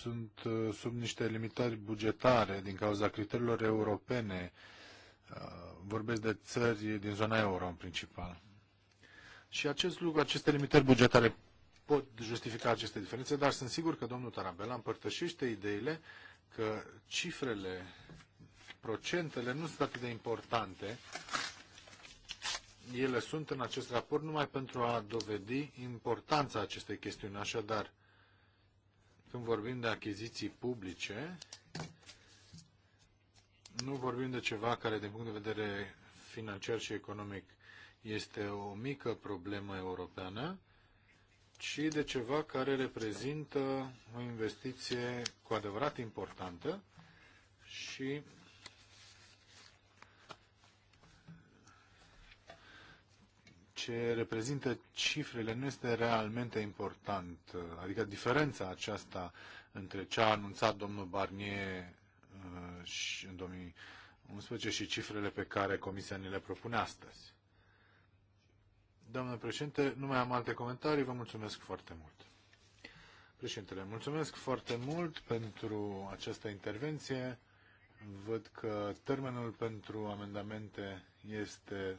sunt uh, sub niște limitări bugetare din cauza criteriilor europene. Uh, vorbesc de țări din zona euro în principal. Și acest lucru, aceste limitări bugetare pot justifica aceste diferențe, dar sunt sigur că domnul Tarabella împărtășește ideile că cifrele, procentele nu sunt atât de importante. Ele sunt în acest raport numai pentru a dovedi importanța acestei chestiuni. Așadar, când vorbim de achiziții publice, nu vorbim de ceva care, din punct de vedere financiar și economic, este o mică problemă europeană, ci de ceva care reprezintă o investiție cu adevărat importantă și ce reprezintă cifrele nu este realmente important. Adică diferența aceasta între ce a anunțat domnul Barnier uh, și în 2011 și cifrele pe care Comisia ne le propune astăzi. Domnule președinte, nu mai am alte comentarii. Vă mulțumesc foarte mult. Președintele, mulțumesc foarte mult pentru această intervenție. Văd că termenul pentru amendamente este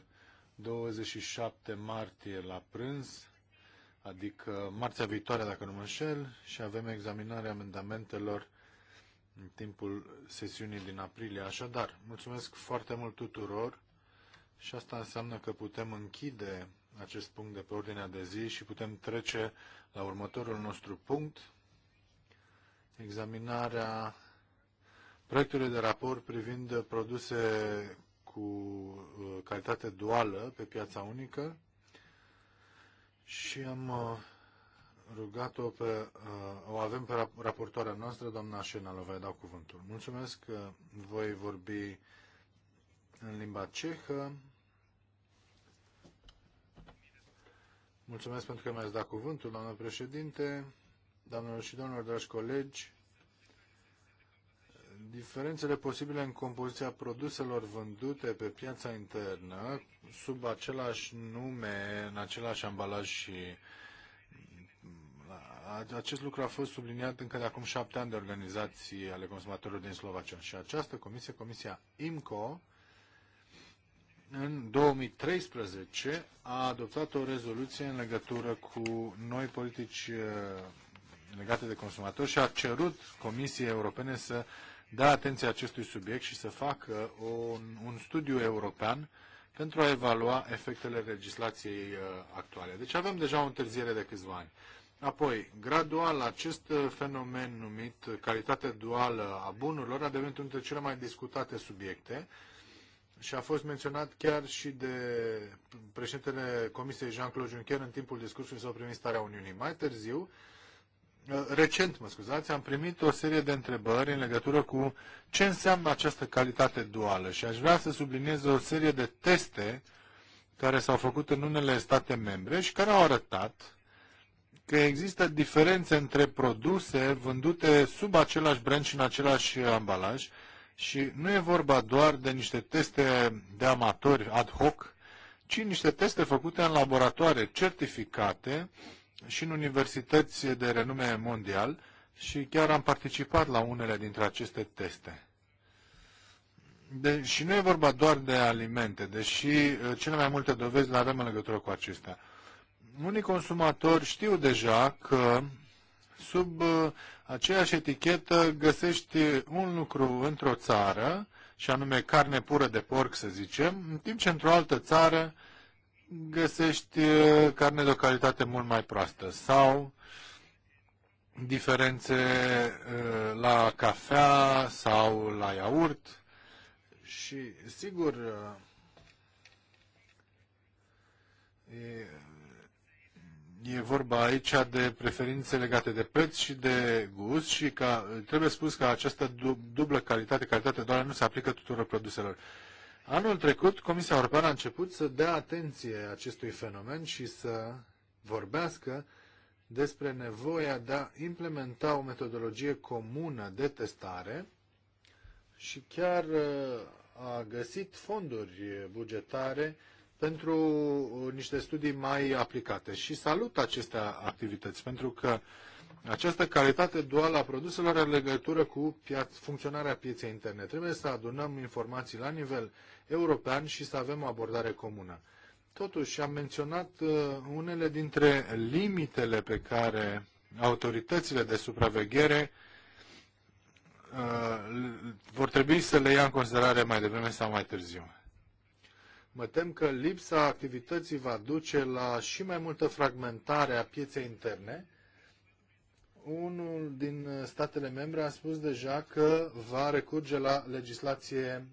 27 martie la prânz, adică marțea viitoare, dacă nu mă înșel, și avem examinarea amendamentelor în timpul sesiunii din aprilie. Așadar, mulțumesc foarte mult tuturor și asta înseamnă că putem închide acest punct de pe ordinea de zi și putem trece la următorul nostru punct, examinarea proiectului de raport privind produse cu uh, calitate duală pe piața unică și am uh, rugat-o pe, uh, o avem pe raportoarea noastră, doamna Șenală, voi dau cuvântul. Mulțumesc că voi vorbi în limba cehă. Mulțumesc pentru că mi-ați dat cuvântul, doamnă președinte, doamnelor și domnilor, dragi colegi diferențele posibile în compoziția produselor vândute pe piața internă sub același nume, în același ambalaj și acest lucru a fost subliniat încă de acum șapte ani de organizații ale consumatorilor din Slovacia. Și această comisie, Comisia IMCO, în 2013 a adoptat o rezoluție în legătură cu noi politici eh, legate de consumatori și a cerut Comisiei Europene să dea atenție acestui subiect și să facă un, un studiu european pentru a evalua efectele legislației uh, actuale. Deci avem deja o întârziere de câțiva ani. Apoi, gradual, acest uh, fenomen numit calitate duală a bunurilor a devenit unul dintre cele mai discutate subiecte și a fost menționat chiar și de președintele Comisiei Jean-Claude Juncker în timpul discursului său privind starea Uniunii. Mai târziu, recent, mă scuzați, am primit o serie de întrebări în legătură cu ce înseamnă această calitate duală și aș vrea să subliniez o serie de teste care s-au făcut în unele state membre și care au arătat că există diferențe între produse vândute sub același brand și în același ambalaj și nu e vorba doar de niște teste de amatori ad hoc, ci niște teste făcute în laboratoare certificate și în universități de renume mondial și chiar am participat la unele dintre aceste teste. De, și nu e vorba doar de alimente, deși uh, cele mai multe dovezi le avem în legătură cu acestea. Unii consumatori știu deja că sub uh, aceeași etichetă găsești un lucru într-o țară, și anume carne pură de porc, să zicem, în timp ce într-o altă țară găsești uh, carne de o calitate mult mai proastă sau diferențe uh, la cafea sau la iaurt și sigur uh, e, e vorba aici de preferințe legate de preț și de gust și ca, trebuie spus că această dublă calitate, calitate doar nu se aplică tuturor produselor. Anul trecut, Comisia Europeană a început să dea atenție acestui fenomen și să vorbească despre nevoia de a implementa o metodologie comună de testare și chiar uh, a găsit fonduri bugetare pentru uh, niște studii mai aplicate. Și salut aceste activități, pentru că această calitate duală a produselor are legătură cu funcționarea pieței interne. Trebuie să adunăm informații la nivel european și să avem o abordare comună. Totuși, am menționat uh, unele dintre limitele pe care autoritățile de supraveghere uh, vor trebui să le ia în considerare mai devreme sau mai târziu. Mă tem că lipsa activității va duce la și mai multă fragmentare a pieței interne. Unul din statele membre a spus deja că va recurge la legislație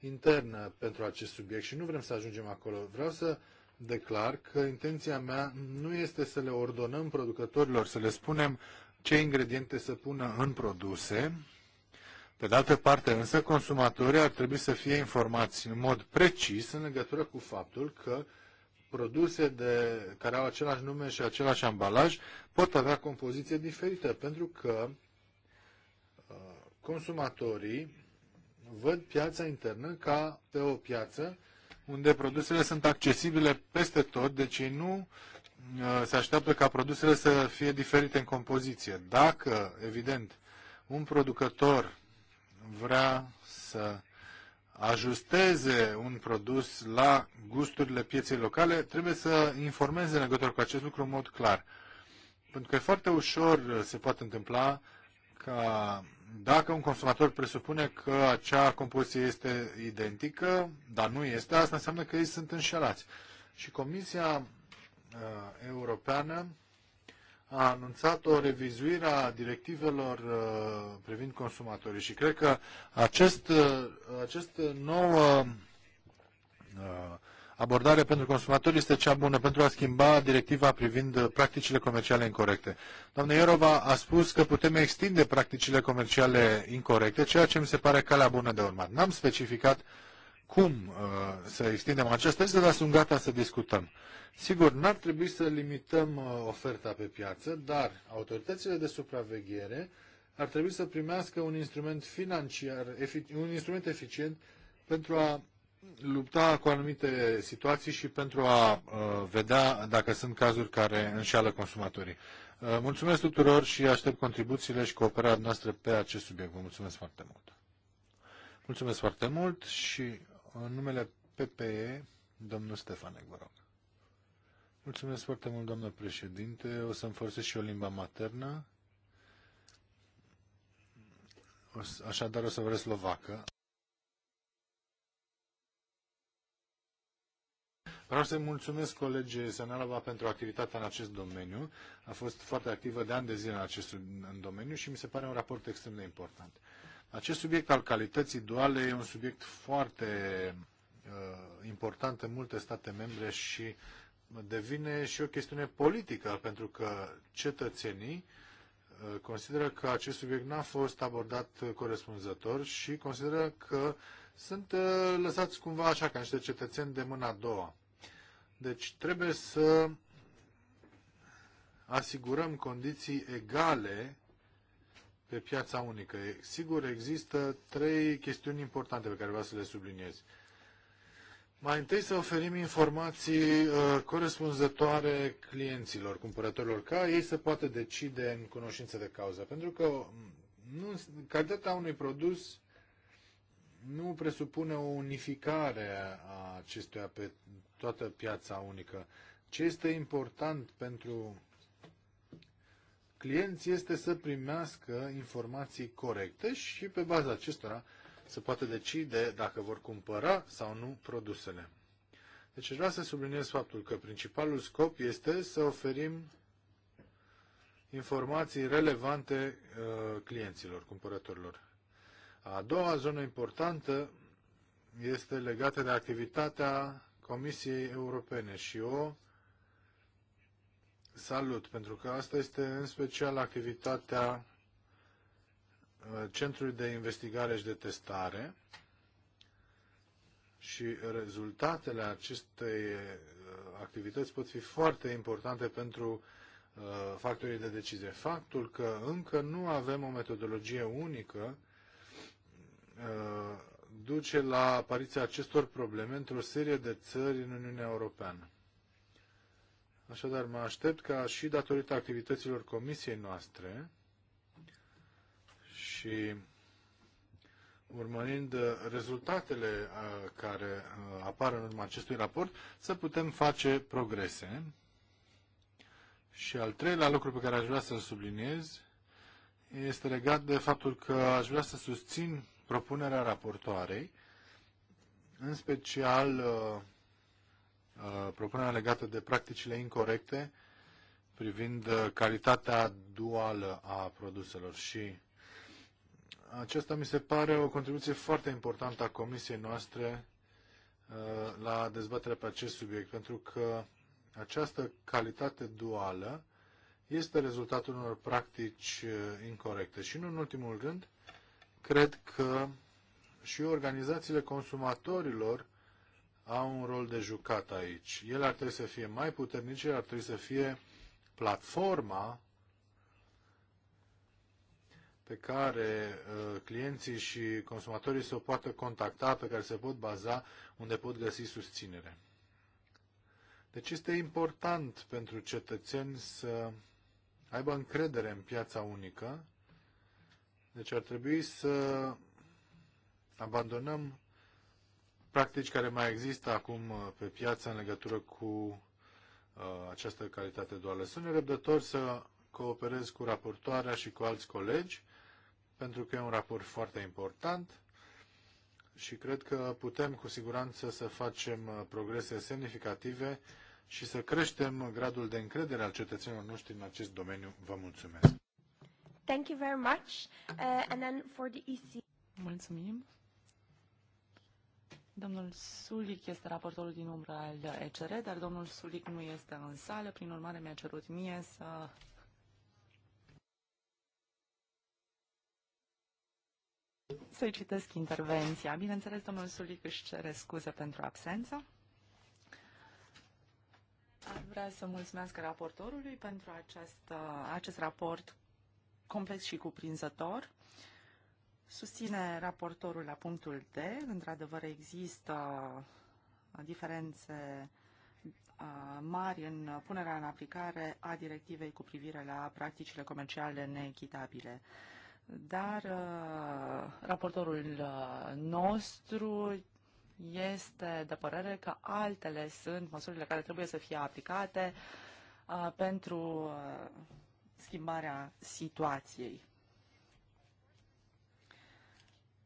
internă pentru acest subiect și nu vrem să ajungem acolo. Vreau să declar că intenția mea nu este să le ordonăm producătorilor, să le spunem ce ingrediente să pună în produse. Pe de altă parte, însă, consumatorii ar trebui să fie informați în mod precis în legătură cu faptul că produse de, care au același nume și același ambalaj pot avea compoziție diferită, pentru că uh, consumatorii văd piața internă ca pe o piață unde produsele sunt accesibile peste tot, deci ei nu uh, se așteaptă ca produsele să fie diferite în compoziție. Dacă, evident, un producător vrea să ajusteze un produs la gusturile pieței locale, trebuie să informeze legător cu acest lucru în mod clar. Pentru că e foarte ușor uh, se poate întâmpla ca dacă un consumator presupune că acea compoziție este identică, dar nu este, asta înseamnă că ei sunt înșelați. Și Comisia uh, Europeană a anunțat o revizuire a directivelor uh, privind consumatorii și cred că acest, uh, acest nou abordare pentru consumatori este cea bună pentru a schimba directiva privind uh, practicile comerciale incorrecte. Doamna Iorova a spus că putem extinde practicile comerciale incorrecte, ceea ce mi se pare calea bună de urmat. N-am specificat cum uh, să extindem această este, dar sunt gata să discutăm. Sigur, n-ar trebui să limităm uh, oferta pe piață, dar autoritățile de supraveghere ar trebui să primească un instrument financiar, un instrument eficient pentru a lupta cu anumite situații și pentru a uh, vedea dacă sunt cazuri care înșeală consumatorii. Uh, mulțumesc tuturor și aștept contribuțiile și cooperarea noastră pe acest subiect. Vă mulțumesc foarte mult. Mulțumesc foarte mult și uh, în numele PPE, domnul Stefanec, vă rog. Mulțumesc foarte mult, doamnă președinte. O să-mi folosesc și o limba maternă. O să, așadar o să vorbesc slovacă. Vreau să mulțumesc colegii Sanalova pentru activitatea în acest domeniu. A fost foarte activă de ani de zile în acest în domeniu și mi se pare un raport extrem de important. Acest subiect al calității duale e un subiect foarte uh, important în multe state membre și devine și o chestiune politică, pentru că cetățenii uh, consideră că acest subiect n-a fost abordat corespunzător și consideră că sunt uh, lăsați cumva așa, ca niște cetățeni de mâna a doua. Deci trebuie să asigurăm condiții egale pe piața unică. Sigur, există trei chestiuni importante pe care vreau să le subliniez. Mai întâi să oferim informații uh, corespunzătoare clienților, cumpărătorilor, ca ei să poată decide în cunoștință de cauză. Pentru că mm, nu, calitatea unui produs nu presupune o unificare a acestuia pe toată piața unică. Ce este important pentru clienți este să primească informații corecte și pe baza acestora să poată decide dacă vor cumpăra sau nu produsele. Deci vreau să subliniez faptul că principalul scop este să oferim informații relevante uh, clienților, cumpărătorilor. A doua zonă importantă este legată de activitatea Comisiei Europene și o salut, pentru că asta este în special activitatea uh, Centrului de Investigare și de Testare și rezultatele acestei uh, activități pot fi foarte importante pentru uh, factorii de decizie. Faptul că încă nu avem o metodologie unică duce la apariția acestor probleme într-o serie de țări în Uniunea Europeană. Așadar, mă aștept ca și datorită activităților comisiei noastre și urmărind rezultatele care apar în urma acestui raport, să putem face progrese. Și al treilea lucru pe care aș vrea să-l subliniez este legat de faptul că aș vrea să susțin propunerea raportoarei, în special uh, uh, propunerea legată de practicile incorrecte privind uh, calitatea duală a produselor și aceasta mi se pare o contribuție foarte importantă a comisiei noastre la dezbaterea pe acest subiect, pentru că această calitate duală este rezultatul unor practici incorrecte. Și nu în ultimul rând, cred că și organizațiile consumatorilor au un rol de jucat aici. Ele ar trebui să fie mai puternice, ar trebui să fie platforma pe care uh, clienții și consumatorii se o poată contacta, pe care se pot baza, unde pot găsi susținere. Deci este important pentru cetățeni să aibă încredere în piața unică deci ar trebui să abandonăm practici care mai există acum uh, pe piață în legătură cu uh, această calitate duală. Sunt nerăbdător să cooperez cu raportoarea și cu alți colegi, pentru că e un raport foarte important și cred că putem cu siguranță să facem uh, progrese semnificative și să creștem gradul de încredere al cetățenilor noștri în acest domeniu. Vă mulțumesc! Thank you very much. Uh, and then for the EC. Mulțumim. Domnul Sulic este raportorul din umbră al ECR, dar domnul Sulic nu este în sală, prin urmare mi-a cerut mie să să-i citesc intervenția. Bineînțeles, domnul Sulic își cere scuze pentru absență. Vreau vrea să mulțumesc raportorului pentru acest, acest raport complex și cuprinzător. Susține raportorul la punctul D. Într-adevăr, există diferențe mari în punerea în aplicare a directivei cu privire la practicile comerciale neechitabile. Dar raportorul nostru este de părere că altele sunt măsurile care trebuie să fie aplicate pentru schimbarea situației.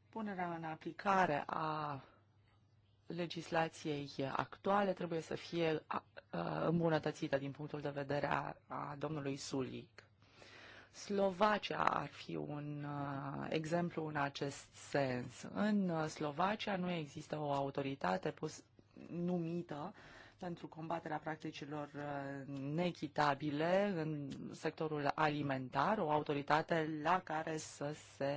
Punerea în aplicare a legislației actuale trebuie să fie îmbunătățită din punctul de vedere a, a domnului Sulic. Slovacia ar fi un uh, exemplu în acest sens. În Slovacia nu există o autoritate pus, numită uh, pentru combaterea practicilor uh, nechitabile în sectorul alimentar, o autoritate la care să se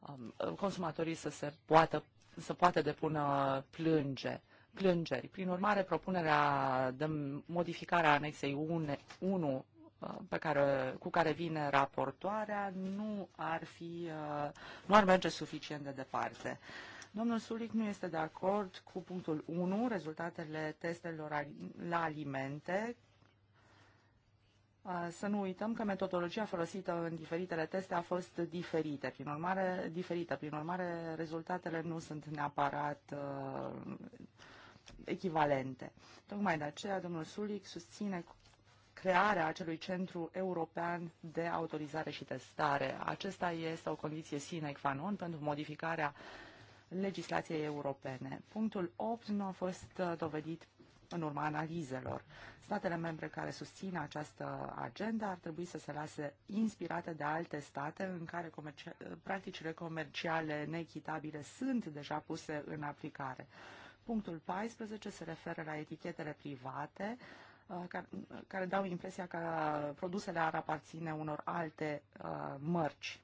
um, consumatorii să se poată să poată depună plânge, plângeri. Prin urmare, propunerea de modificare a anexei 1, 1 uh, pe care, cu care vine raportoarea nu ar fi, uh, nu ar merge suficient de departe. Domnul Sulic nu este de acord cu punctul 1, rezultatele testelor la alimente, să nu uităm că metodologia folosită în diferitele teste a fost diferită, prin urmare, diferită. Prin urmare, rezultatele nu sunt neapărat uh, echivalente. Tocmai de aceea, domnul Sulic susține crearea acelui centru european de autorizare și testare. Acesta este o condiție sine qua non pentru modificarea uh, legislației europene. Punctul 8 nu a fost uh, dovedit în urma analizelor. Statele membre care susțin această agenda ar trebui să se lase inspirate de alte state în care comerci- practicile comerciale neechitabile sunt deja puse în aplicare. Punctul 14 se referă la etichetele private, uh, care, care dau impresia că produsele ar aparține unor alte uh, mărci.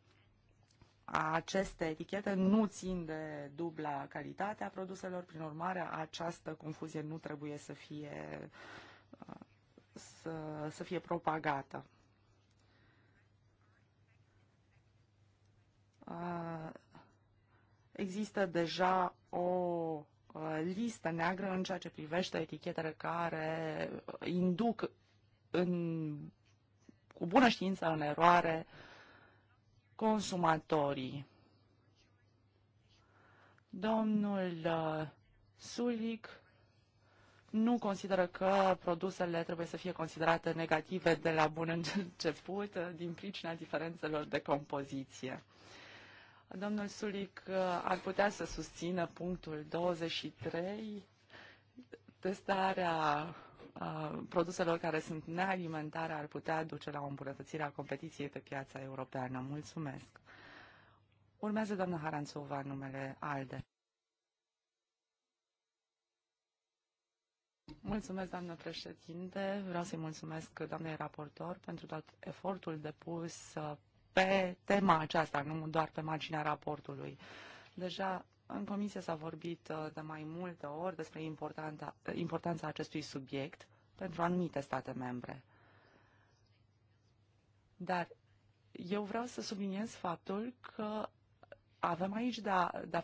Aceste etichete nu țin de dubla calitate a produselor, prin urmare această confuzie nu trebuie să fie, să, să fie propagată. Există deja o listă neagră în ceea ce privește etichetele care induc în, cu bună știință în eroare uh, consumatorii. Domnul uh, Sulic nu consideră că produsele trebuie să fie considerate negative de la bun început uh, din pricina diferențelor de compoziție. Domnul Sulic uh, ar putea să susțină punctul 23, testarea Uh, produselor care sunt nealimentare ar putea duce la o îmbunătățire a competiției pe piața europeană. Mulțumesc! Urmează doamna Haranțova numele ALDE. Mulțumesc, doamnă președinte. Vreau să-i mulțumesc doamnei raportor pentru tot efortul depus pe tema aceasta, nu doar pe marginea raportului. Deja în comisie s-a vorbit uh, de mai multe ori despre importanța, uh, importanța acestui subiect pentru anumite state membre. Dar eu vreau să subliniez faptul că avem aici de a, de, a,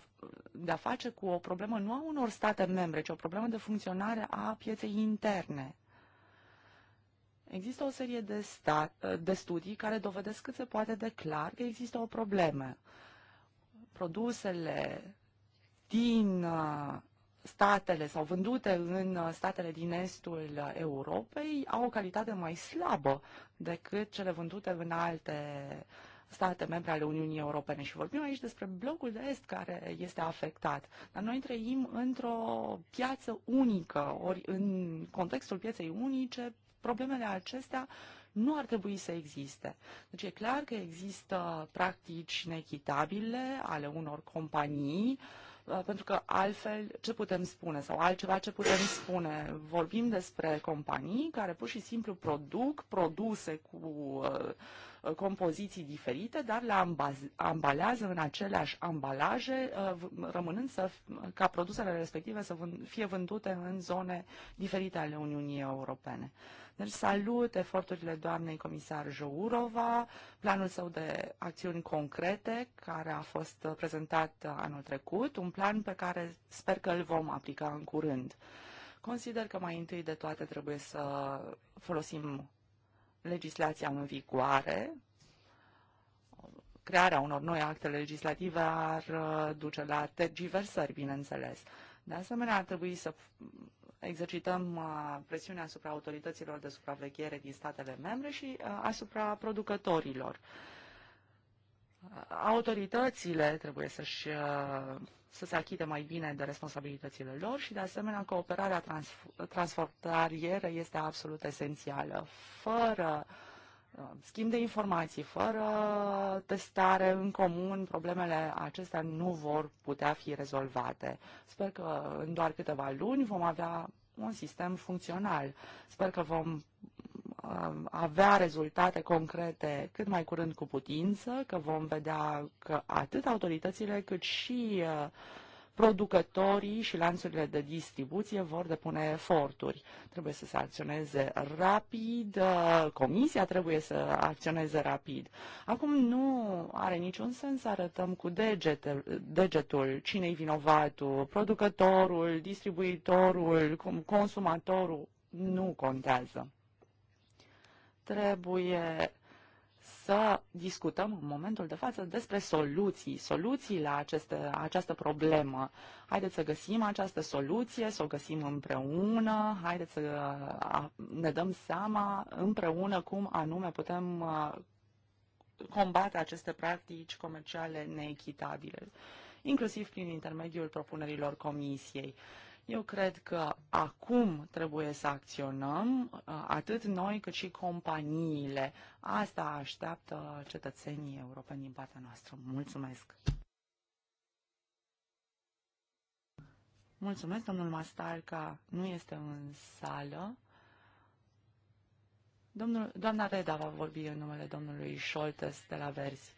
de a face cu o problemă nu a unor state membre, ci o problemă de funcționare a pieței interne. Există o serie de, stat, uh, de studii care dovedesc cât se poate declar că există o problemă. Produsele din uh, statele sau vândute în uh, statele din estul uh, Europei au o calitate mai slabă decât cele vândute în alte state membre ale Uniunii Europene și vorbim aici despre blocul de est care este afectat. Dar noi trăim într-o piață unică, ori în contextul pieței unice, problemele acestea nu ar trebui să existe. Deci e clar că există practici inechitabile ale unor companii uh, Uh, pentru că altfel ce putem spune sau altceva ce putem spune? Vorbim despre companii care pur și simplu produc produse cu uh, compoziții diferite, dar le ambalează în aceleași ambalaje, uh, rămânând să, ca produsele respective să fie vândute în zone diferite ale Uniunii Europene. Uh, deci salut eforturile doamnei comisar Jourova, planul său de acțiuni concrete care a fost prezentat anul trecut, un plan pe care sper că îl vom aplica în curând. Consider că mai întâi de toate trebuie să folosim legislația în vigoare, crearea unor noi acte legislative ar uh, duce la tergiversări, bineînțeles. De asemenea, ar trebui să exercităm uh, presiunea asupra autorităților de supraveghere din statele membre și uh, asupra producătorilor. Uh, autoritățile trebuie să-și, să se achite mai bine de responsabilitățile lor și, de asemenea, cooperarea trans, transfrontalieră este absolut esențială. Fără uh, schimb de informații, fără testare în comun, problemele acestea nu vor putea fi rezolvate. Sper că în doar câteva luni vom avea un sistem funcțional. Sper că vom uh, avea rezultate concrete cât mai curând cu putință, că vom vedea că atât autoritățile cât și uh, producătorii și lanțurile de distribuție vor depune eforturi. Trebuie să se acționeze rapid, uh, comisia trebuie să acționeze rapid. Acum nu are niciun sens să arătăm cu degetul, degetul cine-i vinovatul, producătorul, distribuitorul, consumatorul, nu contează. Trebuie să discutăm în momentul de față despre soluții, soluții la aceste, această problemă. Haideți să găsim această soluție, să o găsim împreună, haideți să ne dăm seama împreună cum anume putem combate aceste practici comerciale neechitabile inclusiv prin intermediul propunerilor comisiei. Eu cred că acum trebuie să acționăm, atât noi cât și companiile. Asta așteaptă cetățenii europeni din partea noastră. Mulțumesc! Mulțumesc, domnul Mastarca, nu este în sală. Domnul, doamna Reda va vorbi în numele domnului Scholtes de la Versi.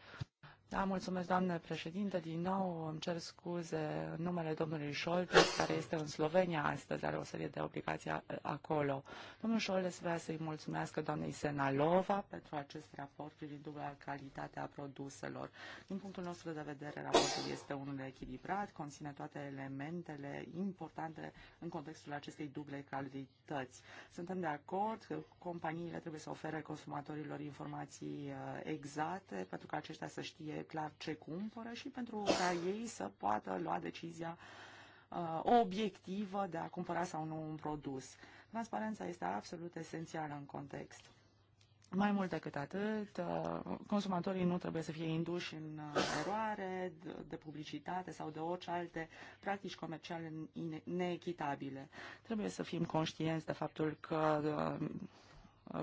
Da, mulțumesc, doamnă președinte. Din nou îmi cer scuze în numele domnului Scholtes, care este în Slovenia astăzi, are o serie de obligații acolo. Domnul Scholtes vrea să-i mulțumească doamnei Senalova pentru acest raport privind calitatea produselor. Din punctul nostru de vedere, raportul este unul echilibrat, conține toate elementele importante în contextul acestei duble calități. Suntem de acord că companiile trebuie să ofere consumatorilor informații uh, exacte pentru că aceștia să știe știe clar ce cumpără și pentru ca ei să poată lua decizia uh, obiectivă de a cumpăra sau nu un produs. Transparența este absolut esențială în context. Mai mult decât atât, uh, consumatorii nu trebuie să fie induși în uh, eroare de publicitate sau de orice alte practici comerciale neechitabile. Trebuie să fim conștienți de faptul că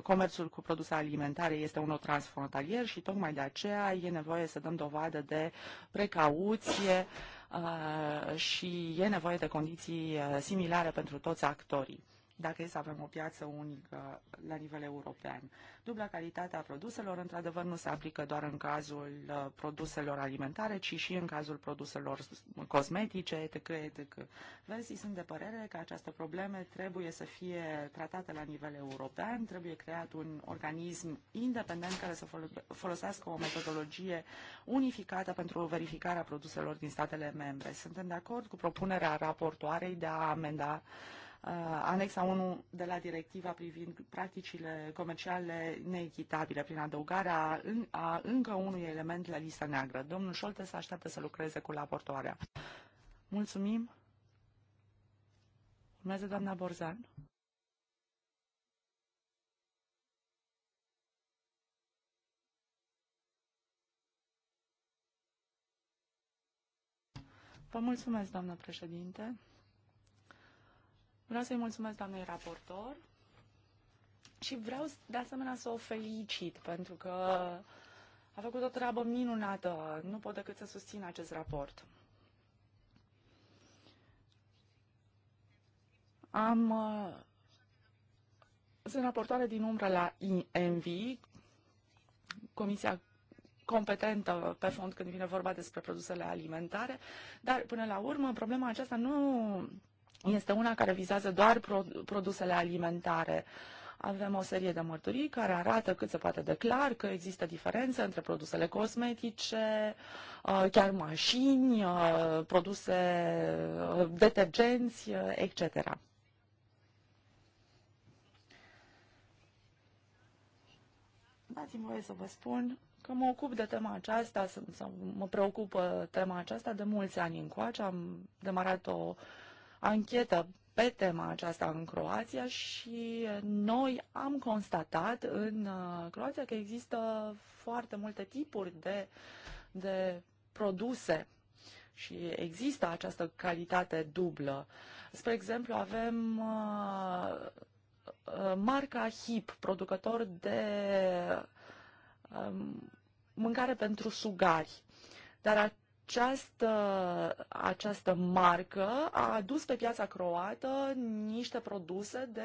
comerțul cu produse alimentare este unul transfrontalier și tocmai de aceea e nevoie să dăm dovadă de precauție uh, și e nevoie de condiții uh, similare pentru toți actorii dacă e să avem o piață unică la nivel european. Dubla calitate a produselor, într-adevăr, nu se aplică doar în cazul uh, produselor alimentare, ci și în cazul produselor cosmetice, etc. etc. Vezi, sunt de părere că această problemă trebuie să fie tratată la nivel european, trebuie creat un organism independent care să folosească o metodologie unificată pentru verificarea produselor din statele membre. Suntem de acord cu propunerea raportoarei de a amenda uh, Uh, anexa 1 de la directiva privind practicile comerciale neechitabile prin adăugarea în, a încă unui element la lista neagră. Domnul Șolte se așteaptă să lucreze cu raportoarea. Mulțumim. Urmează doamna Borzan. Vă mulțumesc, doamnă președinte. Vreau să-i mulțumesc doamnei raportor și vreau de asemenea să o felicit pentru că a făcut o treabă minunată. Nu pot decât să susțin acest raport. Am uh, sunt raportoare din umbră la ENVI, comisia competentă pe fond când vine vorba despre produsele alimentare, dar până la urmă problema aceasta nu este una care vizează doar produsele alimentare. Avem o serie de mărturii care arată cât se poate de clar că există diferențe între produsele cosmetice, uh, chiar mașini, uh, produse uh, detergenți, etc. Dați-mi voie să vă spun că mă ocup de tema aceasta, sau mă preocupă tema aceasta de mulți ani încoace. Am demarat o uh, anchetă pe tema aceasta în Croația și noi am constatat în uh, Croația că există foarte multe tipuri de, de produse și există această calitate dublă. Spre exemplu, avem uh, uh, marca HIP, producător de um, mâncare pentru sugari. Dar această, această marcă a adus pe piața croată niște produse de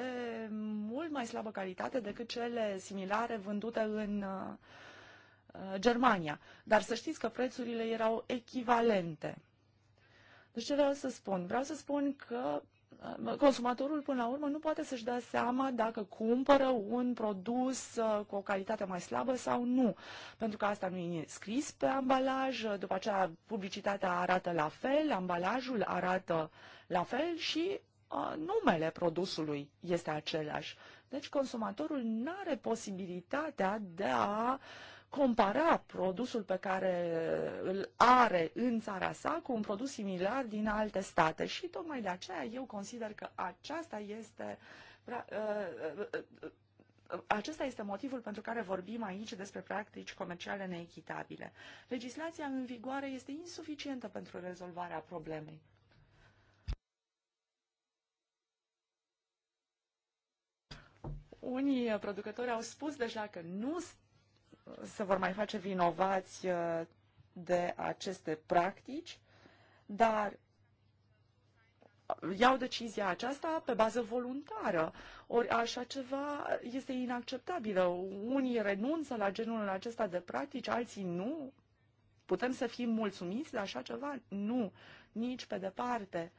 mult mai slabă calitate decât cele similare vândute în uh, Germania. Dar să știți că prețurile erau echivalente. Deci ce vreau să spun? Vreau să spun că Uh, consumatorul până la urmă nu poate să-și dea seama dacă cumpără un produs uh, cu o calitate mai slabă sau nu, pentru că asta nu e scris pe ambalaj, uh, după aceea publicitatea arată la fel, ambalajul arată la fel și numele produsului este același. Deci consumatorul nu are posibilitatea de a uh, compara produsul pe care îl are în țara sa cu un produs similar din alte state. Și tocmai de aceea eu consider că aceasta este ă, ă, ă, acesta este motivul pentru care vorbim aici despre practici comerciale neechitabile. Legislația în vigoare este insuficientă pentru rezolvarea problemei. Unii producători au spus deja că nu se vor mai face vinovați uh, de aceste practici, dar iau decizia aceasta pe bază voluntară. Ori așa ceva este inacceptabilă. Unii renunță la genul acesta de practici, alții nu. Putem să fim mulțumiți de așa ceva? Nu, nici pe departe.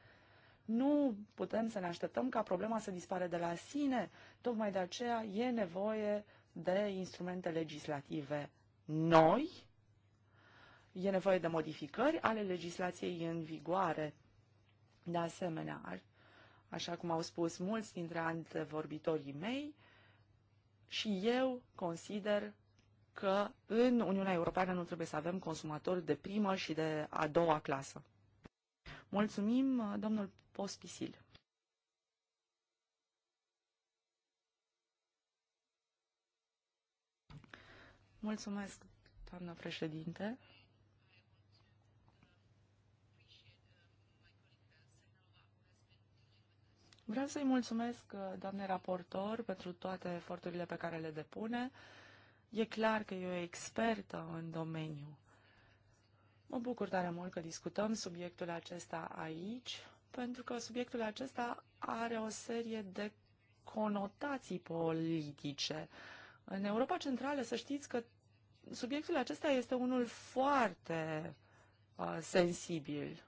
Nu putem să ne așteptăm ca problema să dispare de la sine. Tocmai de aceea e nevoie de instrumente legislative noi, e nevoie de modificări ale legislației în vigoare. De asemenea, așa cum au spus mulți dintre antevorbitorii mei, și eu consider că în Uniunea Europeană nu trebuie să avem consumatori de primă și de a doua clasă. Mulțumim, domnul Pospisil. Mulțumesc, doamnă președinte. Vreau să-i mulțumesc, uh, doamne raportor, pentru toate eforturile pe care le depune. E clar că e o expertă în domeniu. Mă bucur tare mult că discutăm subiectul acesta aici, pentru că subiectul acesta are o serie de conotații politice. Uh, în Europa Centrală să știți că subiectul acesta este unul foarte uh, sensibil.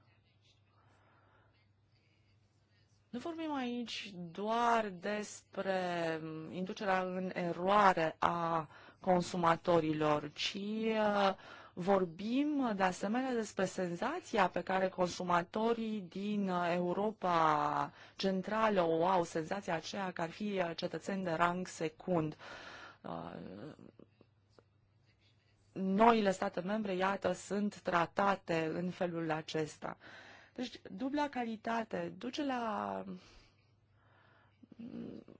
Nu vorbim aici doar despre um, inducerea în eroare a consumatorilor, ci uh, vorbim de asemenea despre senzația pe care consumatorii din uh, Europa Centrală o au, senzația aceea că ar fi uh, cetățeni de rang secund. Uh, noile state membre, iată, sunt tratate în felul acesta. Deci, dubla calitate duce la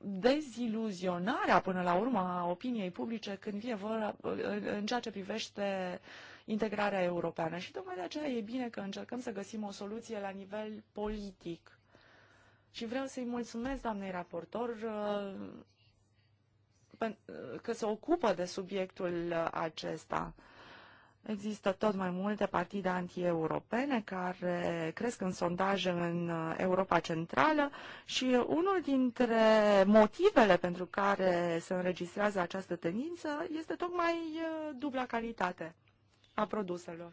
deziluzionarea până la urmă a opiniei publice când vine vorba în ceea ce privește integrarea europeană. Și tocmai de aceea e bine că încercăm să găsim o soluție la nivel politic. Și vreau să-i mulțumesc, doamnei raportor, că se ocupă de subiectul acesta. Există tot mai multe partide antieuropene care cresc în sondaje în Europa Centrală și unul dintre motivele pentru care se înregistrează această tendință este tocmai uh, dubla calitate a produselor.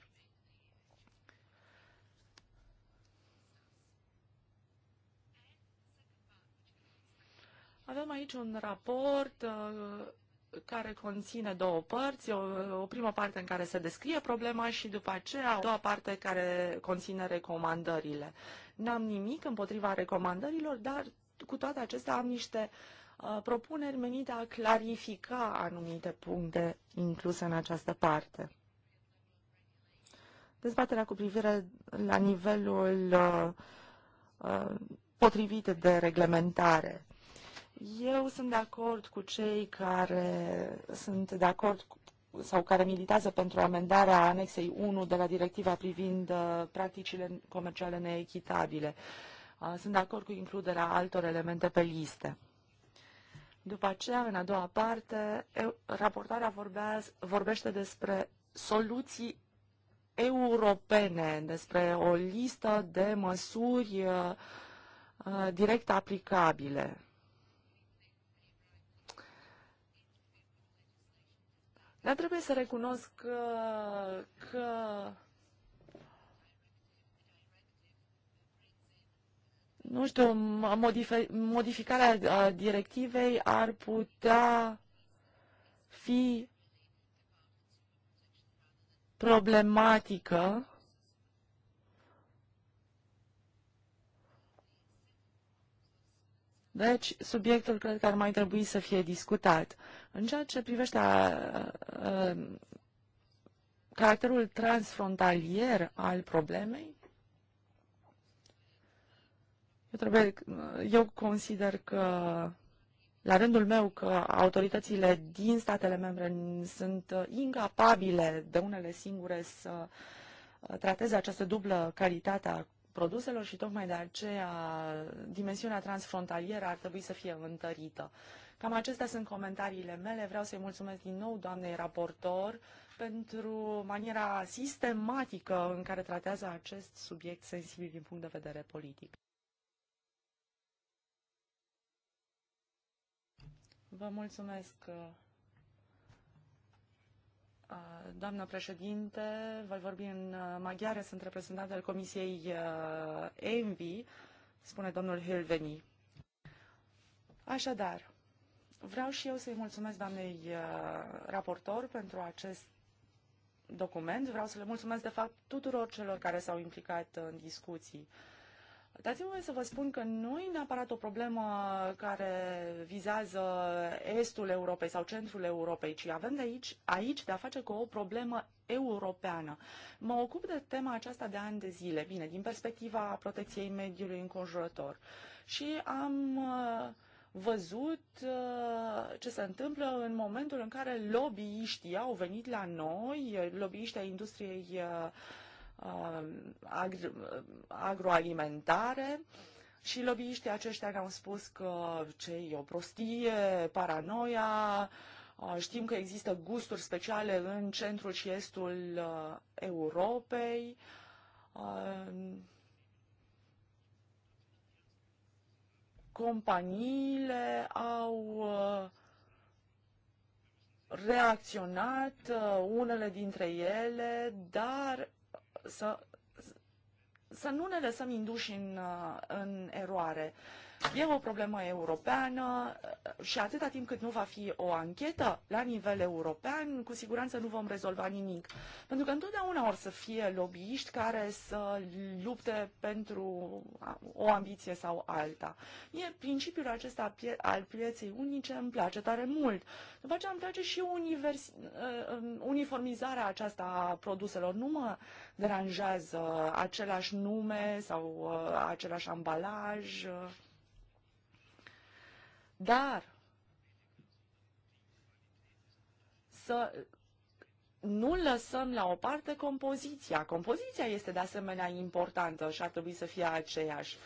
Avem aici un raport uh, care conține două părți, o, o primă parte în care se descrie problema și după aceea a doua parte care conține recomandările. N-am nimic împotriva recomandărilor, dar cu toate acestea am niște uh, propuneri menite a clarifica anumite puncte incluse în această parte. Dezbaterea cu privire la nivelul uh, uh, potrivit de reglementare eu sunt de acord cu cei care sunt de acord cu, sau care militează pentru amendarea anexei 1 de la directiva privind uh, practicile comerciale neechitabile. Uh, sunt de acord cu includerea altor elemente pe liste. După aceea, în a doua parte, raportarea vorbește despre soluții europene, despre o listă de măsuri uh, direct aplicabile. Dar trebuie să recunosc că, că nu știu, modifi- modificarea directivei ar putea fi problematică Deci, subiectul cred că ar mai trebui să fie discutat. În ceea ce privește a, a, caracterul transfrontalier al problemei, eu, trebuie, eu consider că, la rândul meu, că autoritățile din statele membre sunt incapabile de unele singure să trateze această dublă calitate a produselor și tocmai de aceea dimensiunea transfrontalieră ar trebui să fie întărită. Cam acestea sunt comentariile mele. Vreau să-i mulțumesc din nou doamnei raportor pentru maniera sistematică în care tratează acest subiect sensibil din punct de vedere politic. Vă mulțumesc Uh, Doamna președinte, voi vorbi în uh, maghiară, sunt reprezentant al Comisiei uh, ENVI, spune domnul Hilveni. Așadar, vreau și eu să-i mulțumesc doamnei raportor pentru acest document. Vreau să le mulțumesc, de fapt, tuturor celor care s-au implicat în discuții. Uh, Dați-mi să vă spun că nu e neapărat o problemă care vizează estul Europei sau centrul Europei, ci avem de aici, aici de a face cu o problemă europeană. Mă ocup de tema aceasta de ani de zile, bine, din perspectiva protecției mediului înconjurător. Și am uh, văzut uh, ce se întâmplă în momentul în care lobbyiștii au venit la noi, lobbyiștii industriei uh, Um, agri, agroalimentare și lobbyiștii aceștia ne-au spus că ce e o prostie, paranoia, uh, știm că există gusturi speciale în centrul și estul uh, Europei. Uh, companiile au reacționat, unele dintre ele, dar să, să nu ne lăsăm induși în, în eroare. E o problemă europeană uh, și atâta timp cât nu va fi o anchetă la nivel european, cu siguranță nu vom rezolva nimic. Pentru că întotdeauna or să fie lobbyiști care să lupte pentru o ambiție sau alta. E principiul acesta al pieței unice îmi place tare mult. După aceea îmi place și univers, uh, um, uniformizarea aceasta a produselor. Nu mă deranjează același nume sau uh, același ambalaj. Dar să nu lăsăm la o parte compoziția. Compoziția este de asemenea importantă și ar trebui să fie aceeași.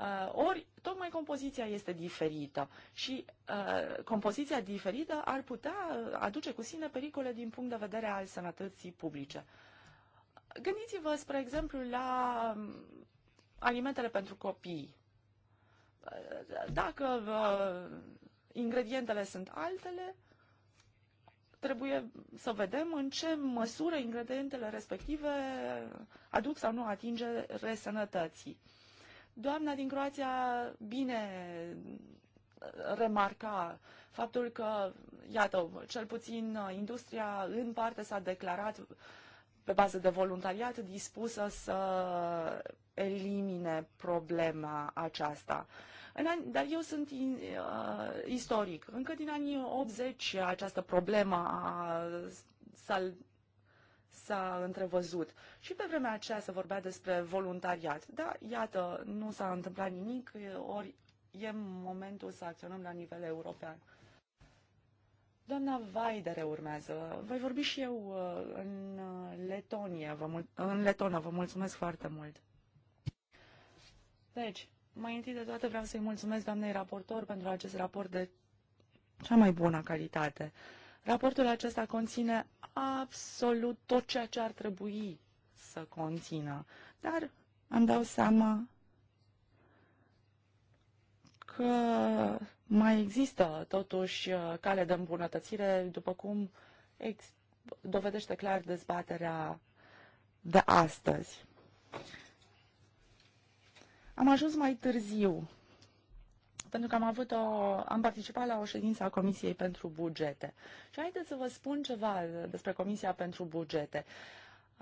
Uh, ori, tocmai compoziția este diferită și uh, compoziția diferită ar putea aduce cu sine pericole din punct de vedere al sănătății publice. Gândiți-vă, spre exemplu, la um, alimentele pentru copii. Dacă uh, ingredientele sunt altele, trebuie să vedem în ce măsură ingredientele respective aduc sau nu atinge resănătății. Doamna din Croația bine uh, remarca faptul că, iată, cel puțin uh, industria în parte s-a declarat uh, pe bază de voluntariat dispusă să elimine problema aceasta. An, dar eu sunt in, uh, istoric. Încă din anii 80 această problemă a, s-a, s-a întrevăzut. Și pe vremea aceea se vorbea despre voluntariat. Da, iată, nu s-a întâmplat nimic, ori e momentul să acționăm la nivel european. Doamna Vaidere urmează. Voi vorbi și eu uh, în uh, Letonia, vă mul- în Letona. Vă mulțumesc foarte mult. Deci, mai întâi de toate vreau să-i mulțumesc doamnei raportor pentru acest raport de cea mai bună calitate. Raportul acesta conține absolut tot ceea ce ar trebui să conțină, dar îmi dau seama că mai există totuși uh, cale de îmbunătățire, după cum dovedește clar dezbaterea de astăzi. Am ajuns mai târziu, pentru că am, avut o, am participat la o ședință a Comisiei pentru Bugete. Și haideți să vă spun ceva despre Comisia pentru Bugete. Uh,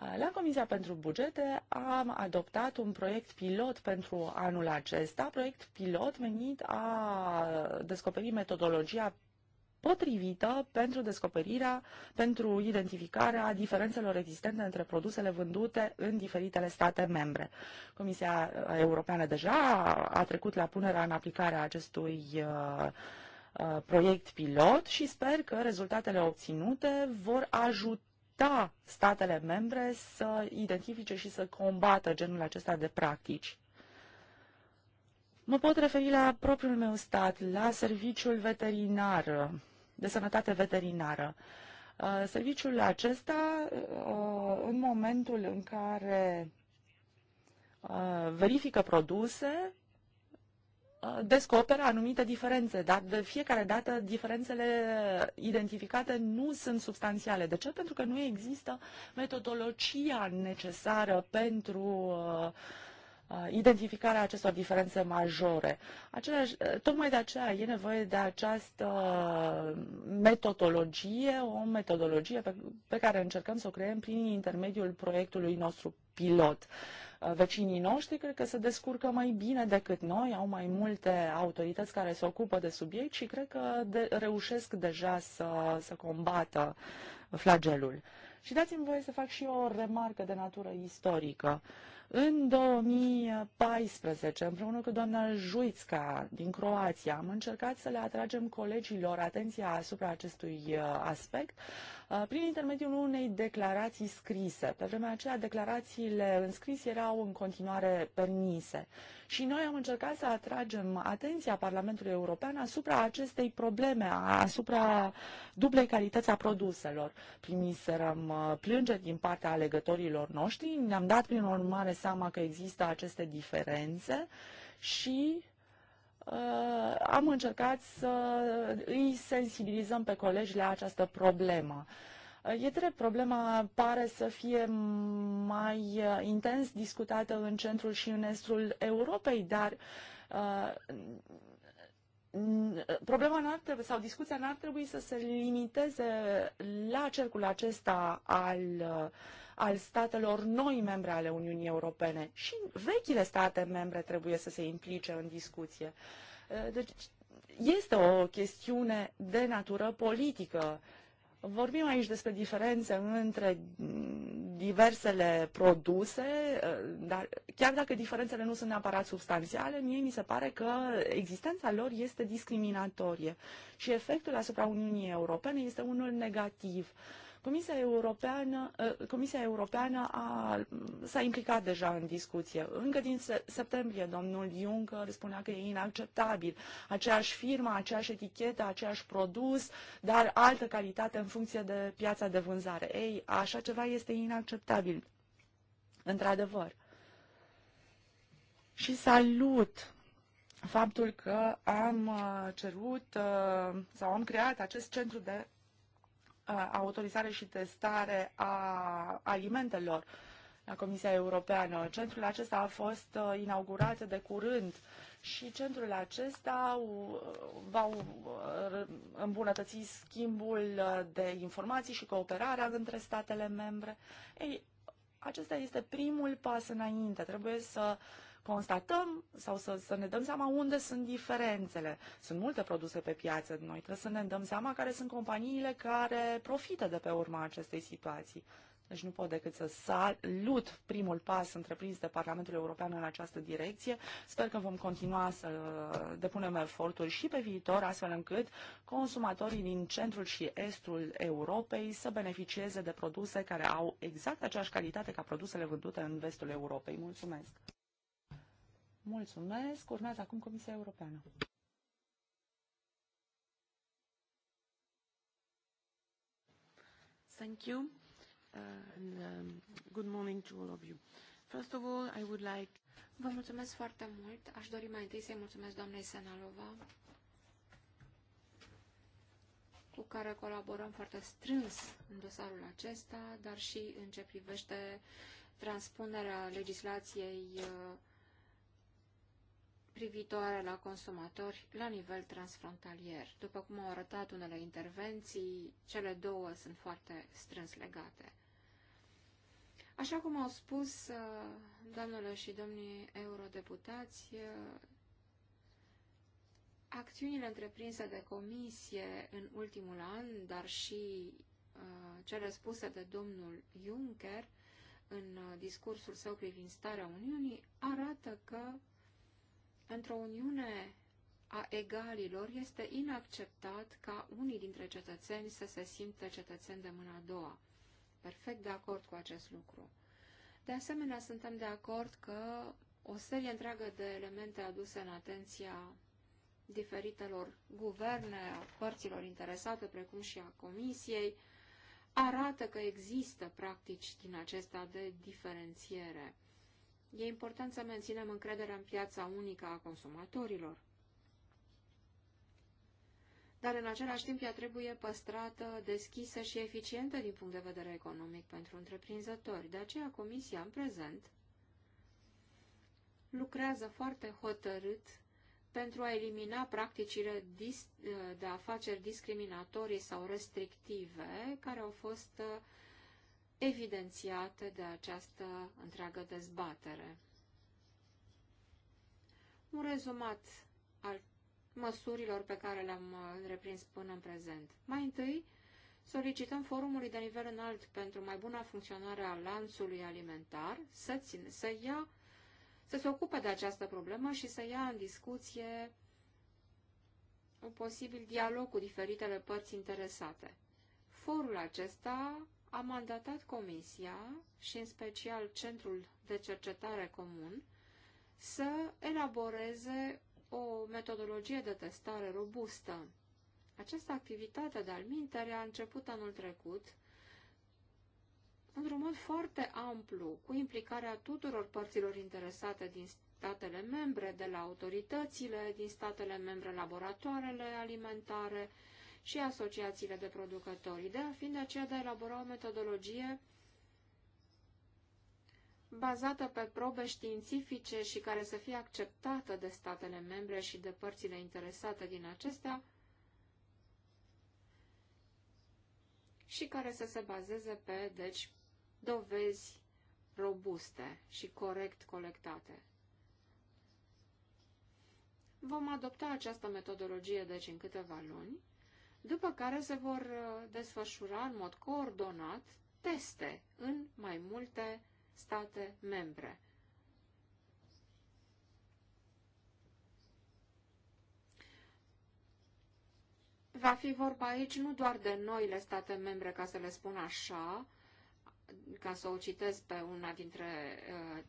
la Comisia pentru Bugete am adoptat un proiect pilot pentru anul acesta, proiect pilot menit a descoperi metodologia potrivită pentru descoperirea, pentru identificarea diferențelor existente între produsele vândute în diferitele state membre. Comisia Europeană deja a trecut la punerea în aplicare a acestui uh, uh proiect pilot și sper că rezultatele obținute vor ajuta ajuta statele membre să identifice și să combată genul acesta de practici. Mă pot referi la propriul meu stat, la serviciul veterinar, de sănătate veterinară. Uh, serviciul acesta, uh, în momentul în care uh, verifică produse, descoperă anumite diferențe, dar de fiecare dată diferențele identificate nu sunt substanțiale. De ce? Pentru că nu există metodologia necesară pentru uh, identificarea acestor diferențe majore. Aceleași, tocmai de aceea e nevoie de această metodologie, o metodologie pe, pe care încercăm să o creăm prin intermediul proiectului nostru pilot vecinii noștri cred că se descurcă mai bine decât noi, au mai multe autorități care se ocupă de subiect și cred că de, reușesc deja să, să combată flagelul. Și dați-mi voie să fac și o remarcă de natură istorică. Uh, în 2014, împreună cu doamna Juițca din Croația, am încercat să le atragem colegilor atenția asupra acestui uh, aspect uh, prin intermediul unei declarații scrise. Pe vremea aceea, declarațiile înscrise erau în continuare permise. Și noi am încercat să atragem atenția Parlamentului European asupra acestei probleme, asupra dublei calități a produselor. Primiserăm uh, plângeri din partea alegătorilor noștri, ne-am dat prin urmare seama că există aceste diferențe și uh, am încercat să îi sensibilizăm pe colegi la această problemă. E drept, problema pare să fie mai uh, intens discutată în centrul și în estul Europei, dar uh, problema n-ar trebui, sau discuția n-ar trebui să se limiteze la cercul acesta al, uh, al statelor noi membre ale Uniunii Europene. Și vechile state membre trebuie să se implice în discuție. Deci este o chestiune de natură politică Vorbim aici despre diferențe între diversele produse, eh, dar chiar dacă diferențele nu sunt neapărat substanțiale, mie mi se pare că existența lor este discriminatorie și efectul asupra Uniunii Europene este unul negativ. Uh, Comisia Europeană, ă, Comisia Europeană a, s-a implicat deja în discuție. Încă din septembrie domnul Juncker spunea că e inacceptabil aceeași firmă, aceeași etichetă, aceeași produs, dar altă calitate în funcție de piața de vânzare. Ei, așa ceva este inacceptabil. Într-adevăr. Și salut faptul că am ă, cerut ă, sau am creat acest centru de autorizare și testare a alimentelor la Comisia Europeană. Centrul acesta a fost uh, inaugurat de curând și centrul acesta va îmbunătăți schimbul uh, de informații și cooperarea între statele membre. Ei, acesta este primul pas înainte. Trebuie să uh, constatăm sau să, să ne dăm seama unde sunt diferențele. Sunt multe produse pe piață, noi trebuie să ne dăm seama care sunt companiile care profită de pe urma acestei situații. Deci nu pot decât să salut primul pas întreprins de Parlamentul European în această direcție. Sper că vom continua să depunem eforturi și pe viitor, astfel încât consumatorii din centrul și estul Europei să beneficieze de produse care au exact aceeași calitate ca produsele vândute în vestul Europei. Mulțumesc! Mulțumesc. Urmează acum Comisia Europeană. Thank you. Uh, and, um, good morning to all of you. First of all, I would like... Vă mulțumesc foarte mult. Aș dori mai întâi să-i mulțumesc doamnei Senalova, cu care colaborăm foarte strâns în dosarul acesta, dar și în ce privește transpunerea legislației uh, privitoare la consumatori la nivel transfrontalier. După cum au arătat unele intervenții, cele două sunt foarte strâns legate. Așa cum au spus uh, doamnele și domnii eurodeputați, uh, acțiunile întreprinse de comisie în ultimul an, dar și uh, cele spuse de domnul Juncker în discursul său privind starea Uniunii, arată că Într-o uniune a egalilor este inacceptat ca unii dintre cetățeni să se simtă cetățeni de mâna a doua. Perfect de acord cu acest lucru. De asemenea, suntem de acord că o serie întreagă de elemente aduse în atenția diferitelor guverne, a părților interesate, precum și a comisiei, arată că există practici din acesta de diferențiere. E important să menținem încrederea în piața unică a consumatorilor. Dar în același timp ea trebuie păstrată, deschisă și eficientă din punct de vedere economic pentru întreprinzători. De aceea Comisia în prezent lucrează foarte hotărât pentru a elimina practicile de afaceri discriminatorii sau restrictive care au fost uh, evidențiate de această întreagă dezbatere. Un rezumat al măsurilor pe care le-am uh, reprins până în prezent. Mai întâi, solicităm forumului de nivel înalt pentru mai bună funcționare a lanțului alimentar să, țin, să, ia, să se ocupe de această problemă și să ia în discuție un posibil dialog cu diferitele părți interesate. Forul acesta a mandatat Comisia și în special Centrul de Cercetare Comun să elaboreze o metodologie de testare robustă. Această activitate de almintere a început anul trecut într-un mod foarte amplu, cu implicarea tuturor părților interesate din statele membre, de la autoritățile din statele membre, laboratoarele alimentare, și asociațiile de producători, fi fiind aceea de a elabora o metodologie bazată pe probe științifice și care să fie acceptată de statele membre și de părțile interesate din acestea și care să se bazeze pe, deci, dovezi robuste și corect colectate. Vom adopta această metodologie, deci, în câteva luni după care se vor uh, desfășura în mod coordonat teste în mai multe state membre. Va fi vorba aici nu doar de noile state membre, ca să le spun așa, ca să o citez pe una dintre uh,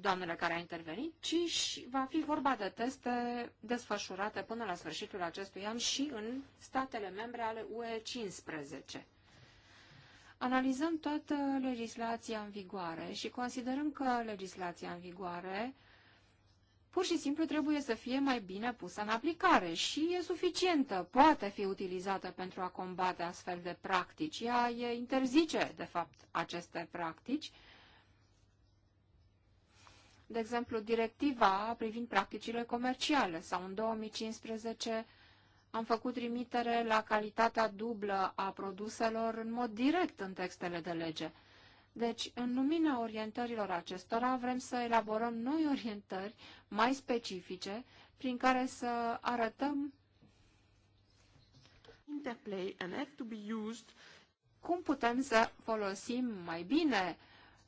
doamnele care a intervenit, ci și va fi vorba de teste desfășurate până la sfârșitul acestui an și în statele membre ale UE 15. Analizăm toată legislația în vigoare și considerăm că legislația în vigoare pur și simplu trebuie să fie mai bine pusă în aplicare și e suficientă, poate fi utilizată pentru a combate astfel de practici. Ea interzice, de fapt, aceste practici de exemplu, directiva privind practicile comerciale sau în 2015 am făcut trimitere la calitatea dublă a produselor în mod direct în textele de lege. Deci, în lumina orientărilor acestora, vrem să elaborăm noi orientări mai specifice prin care să arătăm interplay and to be used cum putem să folosim mai bine uh,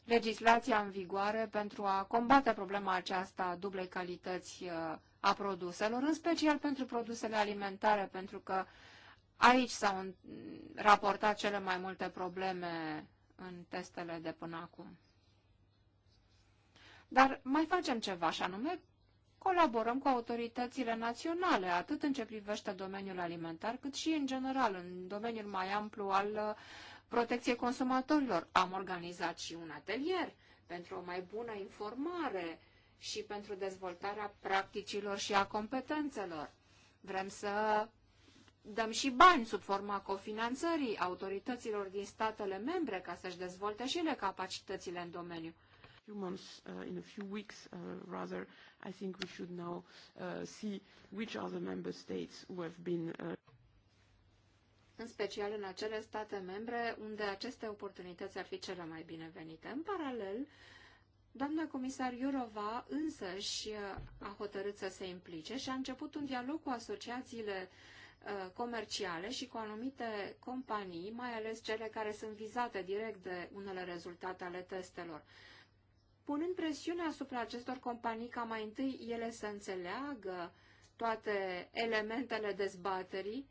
legislația în vigoare pentru a combate problema aceasta a dublei calități uh, a produselor, în special pentru produsele alimentare, pentru că aici s-au raportat cele mai multe probleme în testele de până acum. Dar mai facem ceva, și anume colaborăm cu autoritățile naționale, atât în ce privește domeniul alimentar, cât și în general, în domeniul mai amplu al uh, protecție consumatorilor. Am organizat și un atelier pentru o mai bună informare și pentru dezvoltarea practicilor și a competențelor. Vrem să dăm și bani sub forma cofinanțării autorităților din statele membre ca să-și dezvolte și ele capacitățile în domeniu. few months, uh, in a few weeks, uh, rather, I think we should now uh, see which are the member states who have been. Uh în special în acele state membre unde aceste oportunități ar fi cele mai binevenite. În paralel, Doamna comisar Iurova și a hotărât să se implice și a început un dialog cu asociațiile uh, comerciale și cu anumite companii, mai ales cele care sunt vizate direct de unele rezultate ale testelor. Punând presiune asupra acestor companii ca mai întâi ele să înțeleagă toate elementele dezbaterii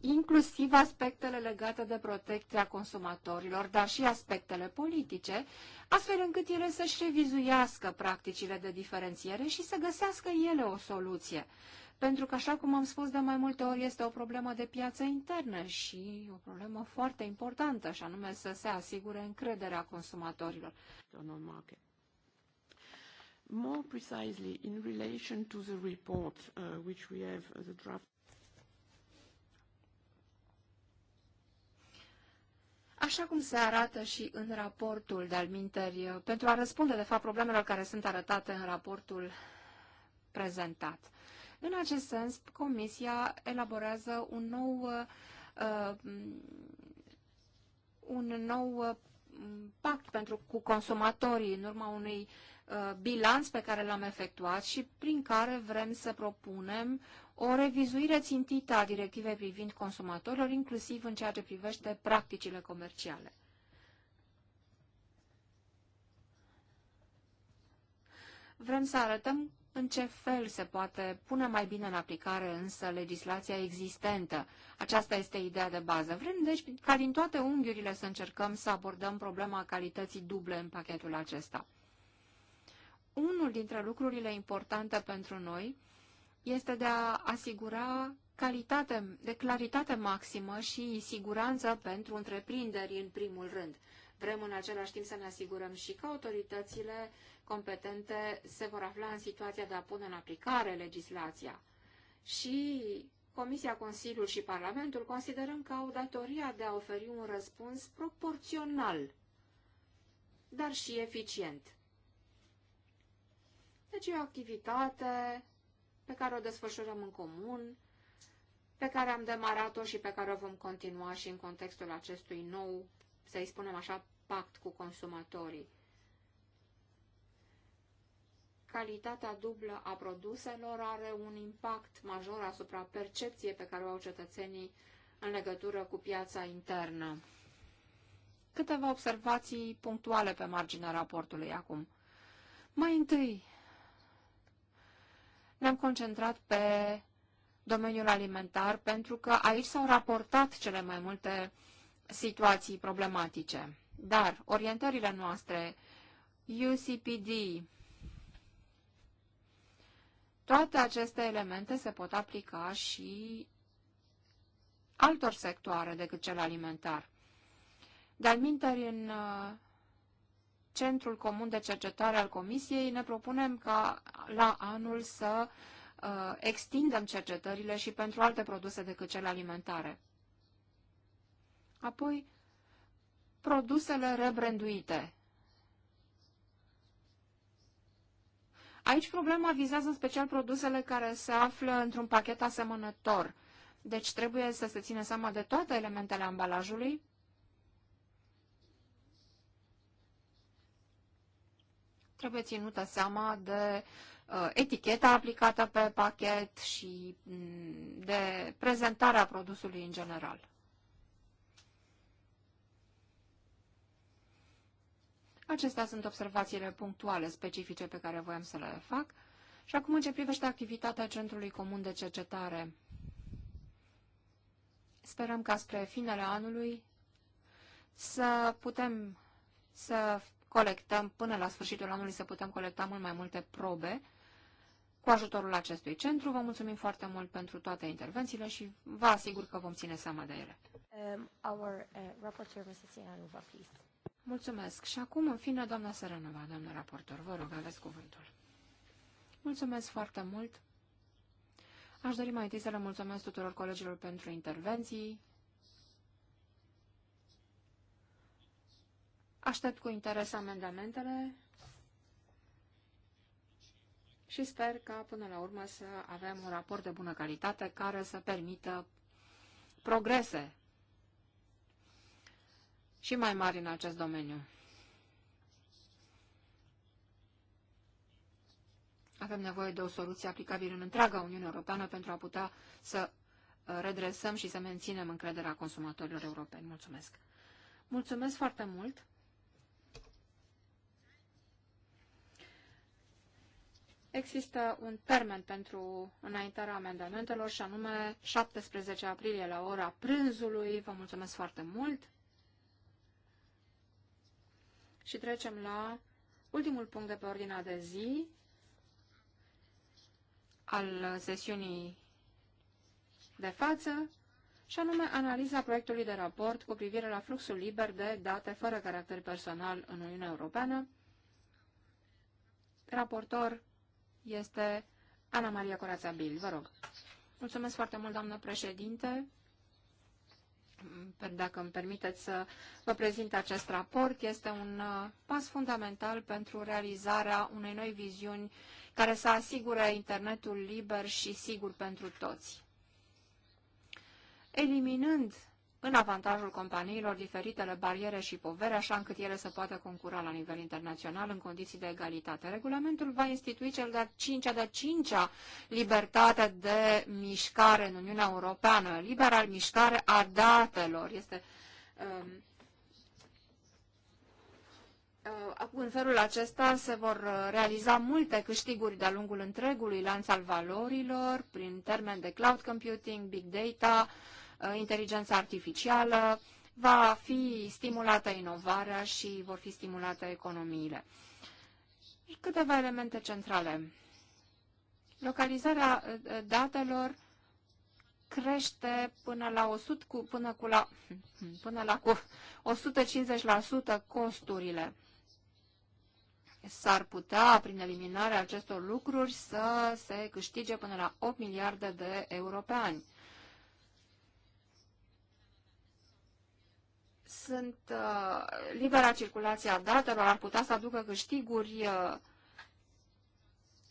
inclusiv aspectele legate de protecția consumatorilor, dar și aspectele politice, astfel încât ele să-și revizuiască practicile de diferențiere și să găsească ele o soluție. Pentru că, așa cum am spus de mai multe ori, este o problemă de piață internă și o problemă foarte importantă, și anume să se asigure încrederea consumatorilor. More precisely, in relation to the report uh, which we have, uh, the draft așa cum se arată și în raportul de alminteri, uh, pentru a răspunde, de fapt, problemelor care sunt arătate în raportul prezentat. În acest sens, Comisia elaborează un nou, uh, uh un nou uh, pact pentru cu consumatorii în urma unui uh, bilanț pe care l-am efectuat și prin care vrem să propunem o revizuire țintită a directivei privind consumatorilor, inclusiv în ceea ce privește practicile comerciale. Vrem să arătăm în ce fel se poate pune mai bine în aplicare însă legislația existentă. Aceasta este ideea de bază. Vrem deci ca din toate unghiurile să încercăm să abordăm problema calității duble în pachetul acesta. Unul dintre lucrurile importante pentru noi este de a asigura calitate, de claritate maximă și siguranță pentru întreprinderi în primul rând. Vrem în același timp să ne asigurăm și că autoritățile competente se vor afla în situația de a pune în aplicare legislația. Și Comisia, Consiliul și Parlamentul considerăm că au datoria de a oferi un răspuns proporțional, dar și eficient. Deci e o activitate pe care o desfășurăm în comun, pe care am demarat-o și pe care o vom continua și în contextul acestui nou, să-i spunem așa, pact cu consumatorii. Calitatea dublă a produselor are un impact major asupra percepției pe care o au cetățenii în legătură cu piața internă. Câteva observații punctuale pe marginea raportului acum. Mai întâi, ne-am concentrat pe domeniul alimentar, pentru că aici s-au raportat cele mai multe situații problematice. Dar orientările noastre, UCPD, toate aceste elemente se pot aplica și altor sectoare decât cel alimentar. Dar al în uh, Centrul Comun de Cercetare al Comisiei, ne propunem ca la anul să uh, extindem cercetările și pentru alte produse decât cele alimentare. Apoi, produsele rebranduite. Aici problema vizează în special produsele care se află într-un pachet asemănător, deci trebuie să se țină seama de toate elementele ambalajului, Trebuie ținută seama de uh, eticheta aplicată pe pachet și mm, de prezentarea produsului în general. Acestea sunt observațiile punctuale specifice pe care voiam să le fac. Și acum în ce privește activitatea Centrului Comun de Cercetare. Sperăm ca spre finele anului să putem să colectăm până la sfârșitul anului să putem colecta mult mai multe probe cu ajutorul acestui centru. Vă mulțumim foarte mult pentru toate intervențiile și vă asigur că vom ține seama de ele. Um, our, uh, Ianova, Mulțumesc. Și acum, în fine, doamna Sărănova, doamna raportor, vă rog, aveți cuvântul. Mulțumesc foarte mult. Aș dori mai întâi să le mulțumesc tuturor colegilor pentru intervenții, Aștept cu interes amendamentele și sper că până la urmă să avem un raport de bună calitate care să permită progrese și mai mari în acest domeniu. Avem nevoie de o soluție aplicabilă în întreaga Uniune Europeană pentru a putea să uh, redresăm și să menținem încrederea consumatorilor europeni. Mulțumesc! Mulțumesc foarte mult! există un termen pentru înaintarea amendamentelor și anume 17 aprilie la ora prânzului. Vă mulțumesc foarte mult! Și trecem la ultimul punct de pe ordinea de zi al sesiunii de față, și anume analiza proiectului de raport cu privire la fluxul liber de date fără caracter personal în Uniunea Europeană. Raportor este Ana Maria Corața Bil. Vă rog. Mulțumesc foarte mult, doamnă președinte. Dacă îmi permiteți să vă prezint acest raport, este un uh, pas fundamental pentru realizarea unei noi viziuni care să asigure internetul liber și sigur pentru toți. Eliminând în avantajul companiilor diferitele bariere și povere, așa încât ele să poată concura la nivel internațional în condiții de egalitate. Regulamentul va institui cel de-a cincea, de-a cincea libertate de mișcare în Uniunea Europeană, libera mișcare a datelor. Este um, uh, în felul acesta se vor uh, realiza multe câștiguri de-a lungul întregului lanț al valorilor, prin termen de cloud computing, big data, uh, Uh, inteligența artificială, va fi stimulată inovarea și vor fi stimulate economiile. Câteva elemente centrale. Localizarea uh, datelor crește până la 100 cu, până cu la (laughs) până la cu 150% costurile. S-ar putea, prin eliminarea acestor lucruri, să se câștige până la 8 miliarde de euro pe an. sunt uh, libera circulație a datelor ar putea să aducă câștiguri uh,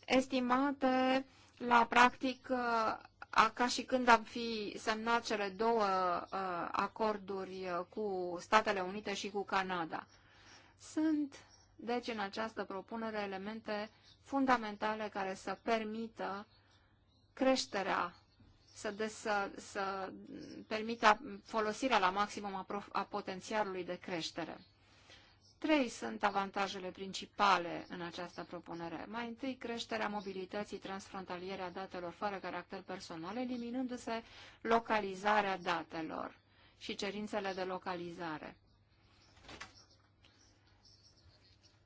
estimate la practic uh, a, ca și când am fi semnat cele două uh, acorduri uh, cu Statele Unite și cu Canada. Sunt, deci, în această propunere elemente fundamentale care să permită creșterea să, de, să, să permită folosirea la maximum a, prof, a potențialului de creștere. Trei sunt avantajele principale în această propunere. Mai întâi, creșterea mobilității transfrontaliere a datelor fără caracter personal, eliminându-se localizarea datelor și cerințele de localizare.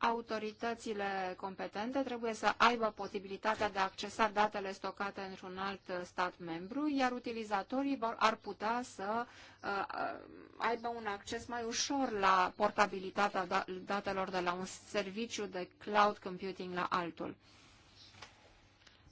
autoritățile competente trebuie să aibă posibilitatea de a accesa datele stocate într-un alt uh, stat membru, iar utilizatorii ar putea să uh, uh, aibă un acces mai ușor la portabilitatea da, datelor de la un serviciu de cloud computing la altul.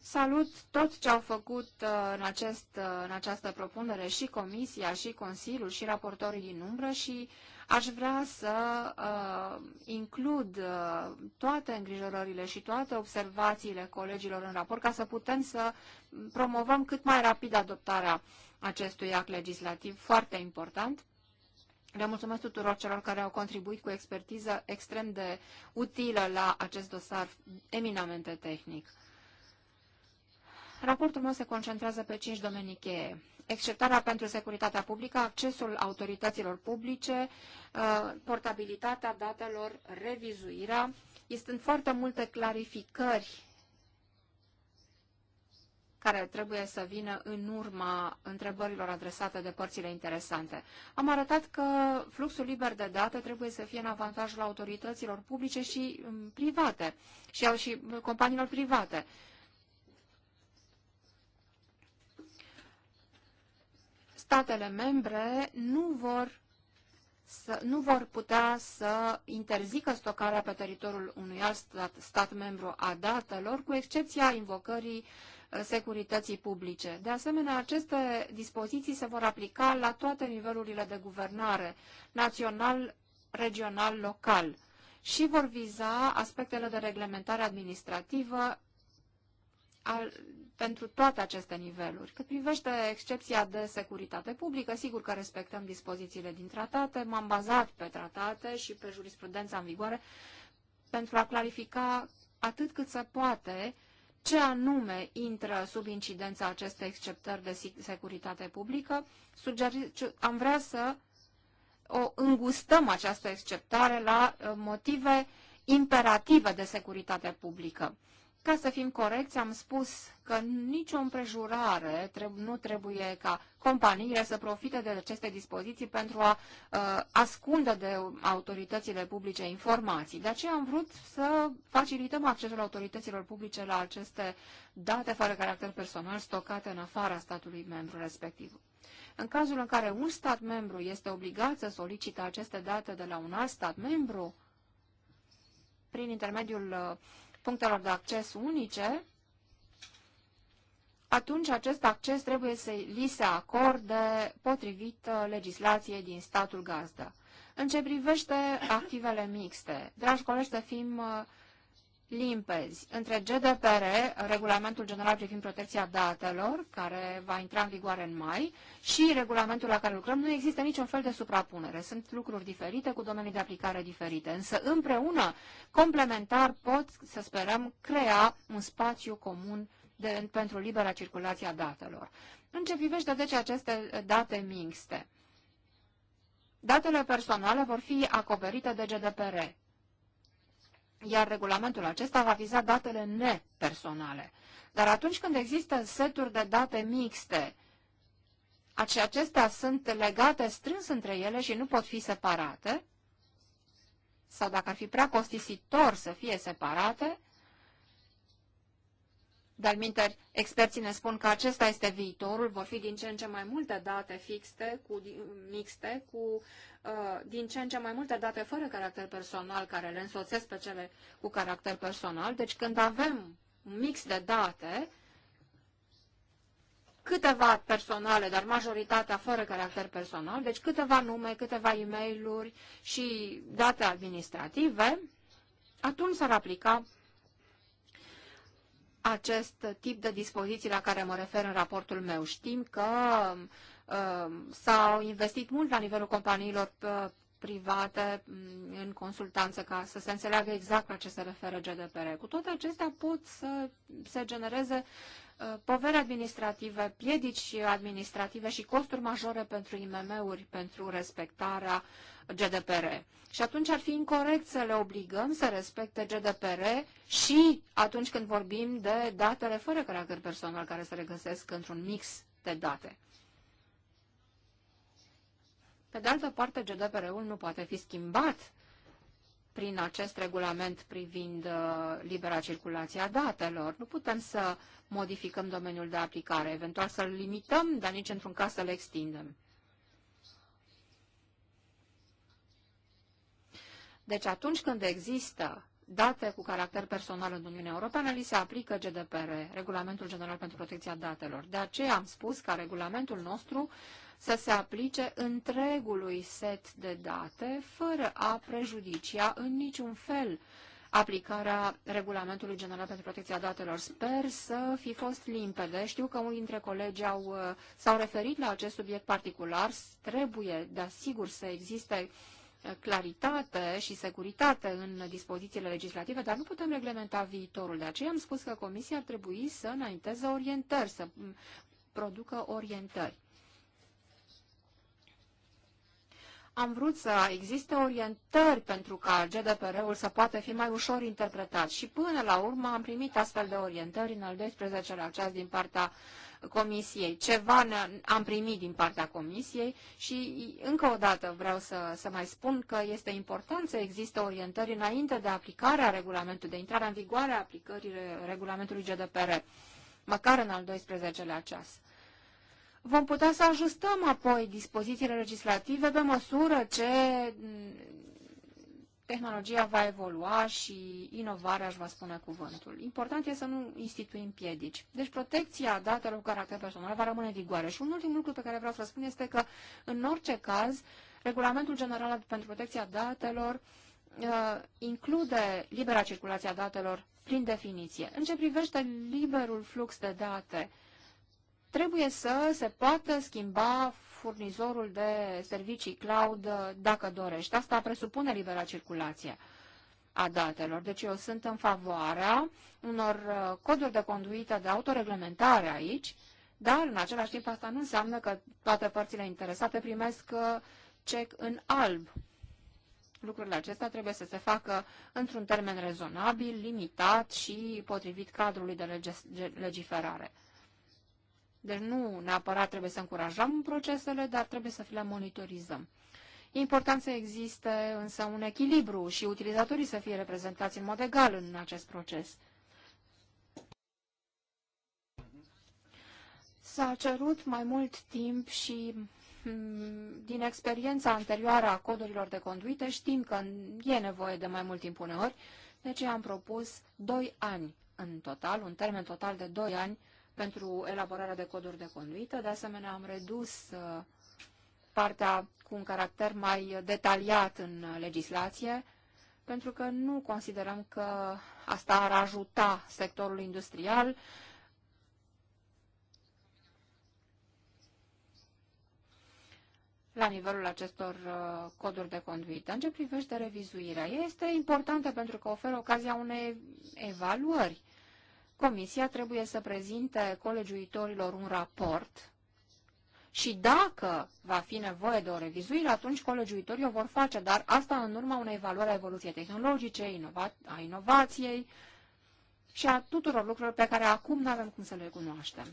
Salut tot ce au făcut în, acest, în această propunere și Comisia, și Consiliul, și raportorii din umbră și uh, Aș vrea să uh, includ uh, toate îngrijorările și toate observațiile colegilor în raport ca să putem să promovăm cât mai rapid adoptarea acestui act legislativ foarte important. Le mulțumesc tuturor celor care au contribuit cu expertiză extrem de utilă la acest dosar eminamente tehnic. Raportul meu se concentrează pe cinci domenii cheie exceptarea pentru securitatea publică, accesul autorităților publice, uh, portabilitatea datelor, revizuirea. Este foarte multe clarificări care trebuie să vină în urma întrebărilor adresate de părțile interesante. Am arătat că fluxul liber de date trebuie să fie în avantajul autorităților publice și mm, private și, și companiilor private. statele membre nu vor, să, nu vor putea să interzică stocarea pe teritoriul unui alt stat, stat membru a datelor, cu excepția invocării uh, securității publice. De asemenea, aceste dispoziții se vor aplica la toate nivelurile de guvernare, național, regional, local și vor viza aspectele de reglementare administrativă al, pentru toate aceste niveluri. Cât privește excepția de securitate publică, sigur că respectăm dispozițiile din tratate, m-am bazat pe tratate și pe jurisprudența în vigoare pentru a clarifica atât cât se poate ce anume intră sub incidența acestei exceptări de securitate publică. Sugeri, am vrea să o îngustăm această exceptare la uh, motive imperative de securitate publică. Ca să fim corecți, am spus că nicio împrejurare treb- nu trebuie ca companiile să profite de aceste dispoziții pentru a uh, ascunde de autoritățile publice informații. De aceea am vrut să facilităm accesul autorităților publice la aceste date fără caracter personal stocate în afara statului membru respectiv. În cazul în care un stat membru este obligat să solicite aceste date de la un alt stat membru, prin intermediul uh, punctelor de acces unice, atunci acest acces trebuie să li se acorde potrivit uh, legislației din statul gazdă. În ce privește activele mixte, dragi colegi, să fim uh, limpezi între GDPR, Regulamentul General privind protecția datelor, care va intra în vigoare în mai, și regulamentul la care lucrăm, nu există niciun fel de suprapunere. Sunt lucruri diferite, cu domenii de aplicare diferite, însă împreună, complementar, pot, să sperăm, crea un spațiu comun de, pentru libera circulație a datelor. În ce privește, deci, aceste date mixte? Datele personale vor fi acoperite de GDPR iar regulamentul acesta va viza datele nepersonale. Dar atunci când există seturi de date mixte, și acestea sunt legate strâns între ele și nu pot fi separate, sau dacă ar fi prea costisitor să fie separate, dar minter experții ne spun că acesta este viitorul, vor fi din ce în ce mai multe date fixe, cu, mixte, cu uh, din ce în ce mai multe date fără caracter personal, care le însoțesc pe cele cu caracter personal. Deci când avem un mix de date, câteva personale, dar majoritatea fără caracter personal, deci câteva nume, câteva e mail și date administrative, atunci s-ar aplica acest tip de dispoziții la care mă refer în raportul meu. Știm că uh, s-au investit mult la nivelul companiilor uh, private mm, în consultanță ca să se înțeleagă exact la ce se referă GDPR. Cu toate acestea pot să se genereze uh, poveri administrative, piedici administrative și costuri majore pentru IMM-uri pentru respectarea GDPR. Și atunci ar fi incorrect să le obligăm să respecte GDPR și atunci când vorbim de datele fără caracter personal care se regăsesc într-un mix de date. Pe de altă parte, GDPR-ul nu poate fi schimbat prin acest regulament privind uh, libera circulație a datelor. Nu putem să modificăm domeniul de aplicare, eventual să-l limităm, dar nici într-un caz să-l extindem. Deci atunci când există date cu caracter personal în Uniunea Europeană, li se aplică GDPR, Regulamentul General pentru Protecția Datelor. De aceea am spus că regulamentul nostru să se aplice întregului set de date, fără a prejudicia în niciun fel aplicarea regulamentului general pentru protecția datelor. Sper să fi fost limpede. Știu că unii dintre colegi uh, s-au referit la acest subiect particular. Trebuie, de asigur, să existe uh, claritate și securitate în dispozițiile legislative, dar nu putem reglementa viitorul. De aceea am spus că Comisia ar trebui să înainteze orientări, să mm, producă orientări. Am vrut să existe orientări pentru ca GDPR-ul să poată fi mai ușor interpretat și până la urmă am primit astfel de orientări în al 12-lea ceas din partea Comisiei. Ceva am primit din partea Comisiei și încă o dată vreau să, să mai spun că este important să existe orientări înainte de aplicarea regulamentului, de intrarea în vigoare a aplicării regulamentului GDPR, măcar în al 12-lea ceas vom putea să ajustăm apoi dispozițiile legislative pe măsură ce mm, tehnologia va evolua și inovarea își va spune cuvântul. Important este să nu instituim piedici. Deci protecția datelor cu caracter personal va rămâne în vigoare. Și un ultim lucru pe care vreau să spun este că, în orice caz, Regulamentul General pentru Protecția Datelor uh, include libera circulație a datelor prin definiție. În ce privește liberul flux de date, uh, trebuie să se poată schimba furnizorul de servicii cloud uh, dacă dorește. Asta presupune libera circulație a datelor. Deci eu sunt în favoarea unor uh, coduri de conduită de autoreglementare aici, dar în același timp asta nu înseamnă că toate părțile interesate primesc uh, cec în alb. Lucrurile acestea trebuie să se facă într-un termen rezonabil, limitat și potrivit cadrului de lege legiferare. Deci nu neapărat trebuie să încurajăm procesele, dar trebuie să le monitorizăm. E important să existe însă un echilibru și utilizatorii să fie reprezentați în mod egal în acest proces. S-a cerut mai mult timp și mm, din experiența anterioară a codurilor de conduite știm că e nevoie de mai mult timp uneori, deci am propus 2 ani în total, un termen total de 2 ani pentru elaborarea de coduri de conduită. De asemenea, am redus uh, partea cu un caracter mai detaliat în legislație, pentru că nu considerăm că asta ar ajuta sectorul industrial. la nivelul acestor uh, coduri de conduită. În ce privește revizuirea, este importantă pentru că oferă ocazia unei evaluări Comisia trebuie să prezinte colegiuitorilor un raport și dacă va fi nevoie de o revizuire, atunci colegiuitorii o vor face, dar asta în urma unei evaluări a evoluției tehnologice, inova a inovației și a tuturor lucrurilor pe care acum nu avem cum să le cunoaștem.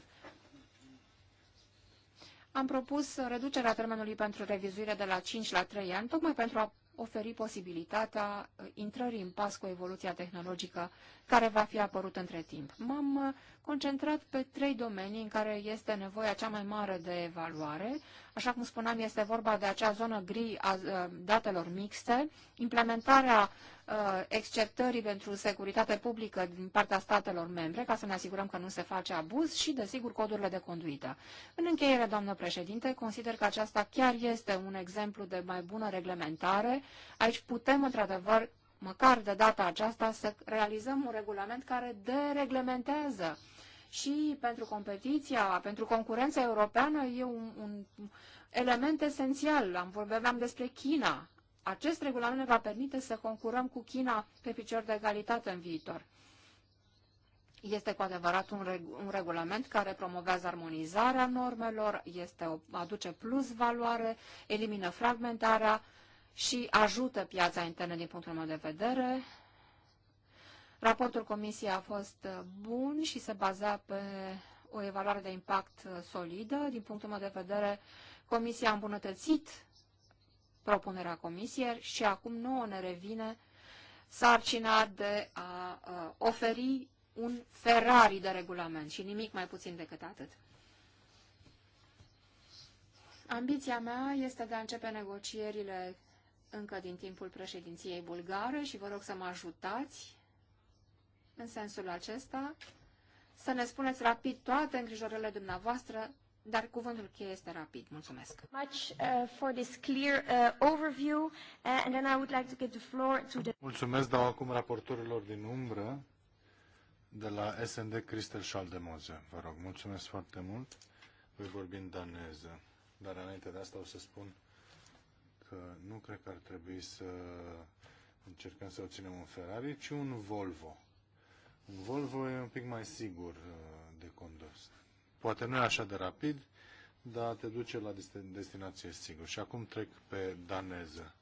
Am propus reducerea termenului pentru revizuire de la 5 la 3 ani, tocmai pentru a oferi posibilitatea uh, intrării în pas cu evoluția tehnologică care va fi apărut între timp. M-am uh, concentrat pe trei domenii în care este nevoia cea mai mare de evaluare. Așa cum spuneam, este vorba de acea zonă gri a uh, datelor mixte, implementarea uh, exceptării pentru securitate publică din partea statelor membre, ca să ne asigurăm că nu se face abuz și, desigur, codurile de conduită. În încheiere, doamnă președinte, consider că aceasta chiar este un exemplu de mai bună reglementare. Aici putem, într-adevăr, măcar de data aceasta, să realizăm un regulament care dereglementează și pentru competiția, pentru concurența europeană e un, un element esențial. Am vorbeam despre China. Acest regulament va permite să concurăm cu China pe picior de egalitate în viitor. Este cu adevărat un, reg un regulament care promovează armonizarea normelor, este o, aduce plus valoare, elimină fragmentarea și ajută piața internă din punctul meu de vedere. Raportul comisiei a fost uh, bun și se baza pe o evaluare de impact uh, solidă. Din punctul meu de vedere, comisia a îmbunătățit propunerea comisiei și acum nouă ne revine sarcina de a uh, oferi un Ferrari de regulament și nimic mai puțin decât atât. Ambiția mea este de a începe negocierile încă din timpul președinției bulgare și vă rog să mă ajutați în sensul acesta, să ne spuneți rapid toate îngrijorările dumneavoastră, dar cuvântul cheie este rapid. Mulțumesc. Much uh, for this clear uh, overview uh, like to to the Mulțumesc dau acum raportorilor din umbră de la SND Cristel Schaldemose. Vă rog, mulțumesc foarte mult. Voi vorbi în daneză, dar înainte de asta o să spun că nu cred că ar trebui să încercăm să obținem un Ferrari, ci un Volvo. Un Volvo e un pic mai sigur uh, de condus. Poate nu e așa de rapid, dar te duce la destinație sigur. Și acum trec pe daneză.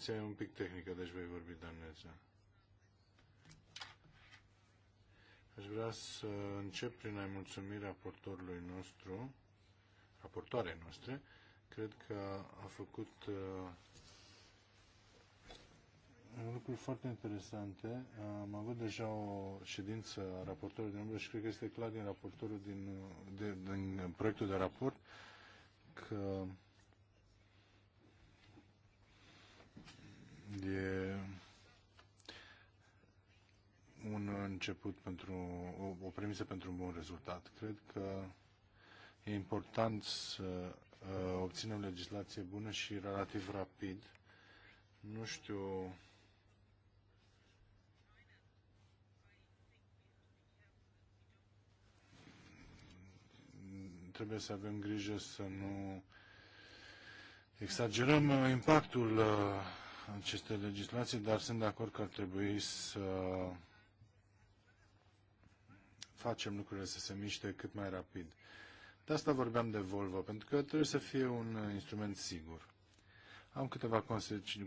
intervenția e un pic tehnică, deci voi vorbi daneză. Aș vrea să încep prin a-i mulțumi raportorului nostru, raportoarei noastre. Cred că a făcut uh, lucruri foarte interesante. Am avut deja o ședință a raportorului din și cred că este clar din raportorul din, de, din proiectul de raport că E un început pentru o, o premisă pentru un bun rezultat. Cred că e important să uh, obținem legislație bună și relativ rapid. Nu știu trebuie să avem grijă să nu exagerăm impactul uh, aceste legislații, dar sunt de acord că ar trebui să facem lucrurile să se miște cât mai rapid. De asta vorbeam de Volvo, pentru că trebuie să fie un instrument sigur. Am câteva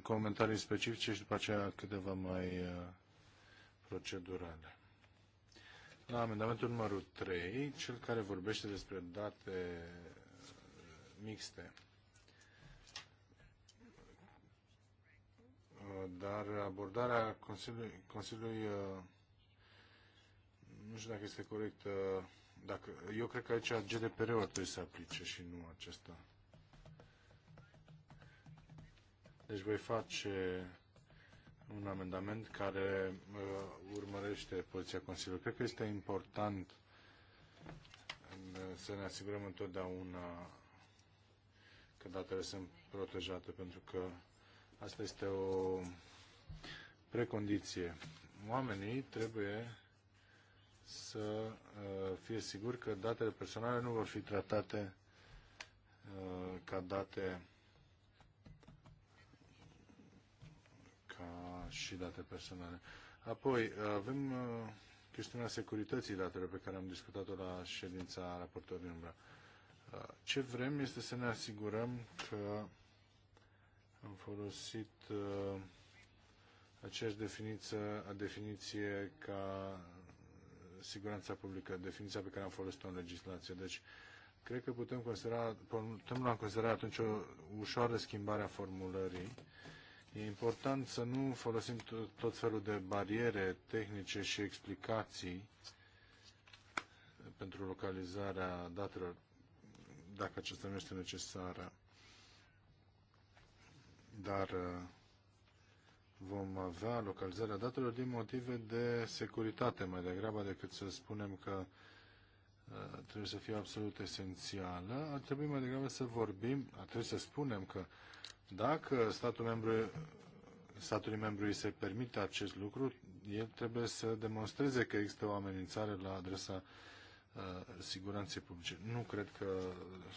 comentarii specifice și după aceea câteva mai uh, procedurale. La amendamentul numărul 3, cel care vorbește despre date uh, mixte. dar abordarea Consiliului, Consiliului uh, nu știu dacă este corectă. Uh, dacă, eu cred că aici GDPR-ul ar trebui să aplice și nu acesta. Deci voi face un amendament care uh, urmărește poziția Consiliului. Cred că este important uh, să ne asigurăm întotdeauna că datele sunt protejate, pentru că Asta este o precondiție. Oamenii trebuie să uh, fie siguri că datele personale nu vor fi tratate uh, ca date ca și date personale. Apoi, uh, avem chestiunea securității datelor pe care am discutat-o la ședința raportului din Ce vrem este să ne asigurăm că am folosit uh, aceeași definiție, a definiție ca siguranța publică, definiția pe care am folosit-o în legislație. Deci, cred că putem considera, putem la considera atunci o ușoară schimbare a formulării. E important să nu folosim tot felul de bariere tehnice și explicații pentru localizarea datelor, dacă acesta nu este necesară dar uh, vom avea localizarea datelor din motive de securitate mai degrabă decât să spunem că uh, trebuie să fie absolut esențială. Ar trebui mai degrabă să vorbim, ar trebui să spunem că dacă statul membru, statului membru îi se permite acest lucru, el trebuie să demonstreze că există o amenințare la adresa uh, siguranței publice. Nu cred că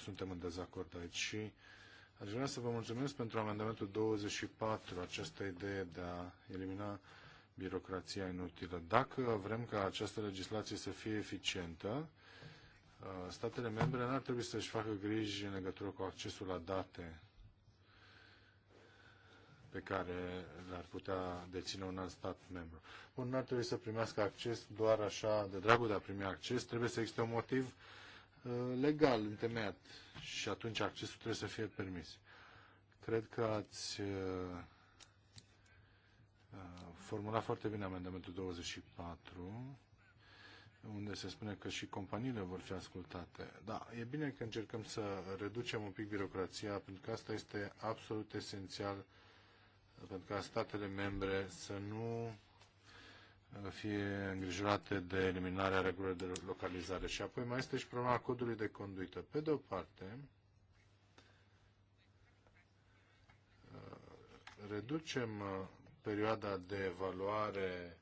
suntem în dezacord aici și uh, Aș vrea să vă mulțumesc pentru amendamentul 24, această idee de a elimina birocrația inutilă. Dacă vrem ca această legislație să fie eficientă, uh, statele membre n-ar trebui să-și facă griji în legătură cu accesul la date pe care le-ar putea deține un alt stat membru. Bun, n-ar trebui să primească acces doar așa de dragul de a primi acces, trebuie să existe un motiv uh, Uh, legal întemeiat și atunci accesul trebuie să fie permis. Cred că ați uh, uh, formulat foarte bine amendamentul 24 unde se spune că și companiile vor fi ascultate. Da, e bine că încercăm să reducem un pic birocrația, pentru că asta este absolut esențial pentru ca statele membre să nu fie îngrijorate de eliminarea regulilor de localizare. Și apoi mai este și problema codului de conduită. Pe de o parte, uh, reducem uh, perioada de evaluare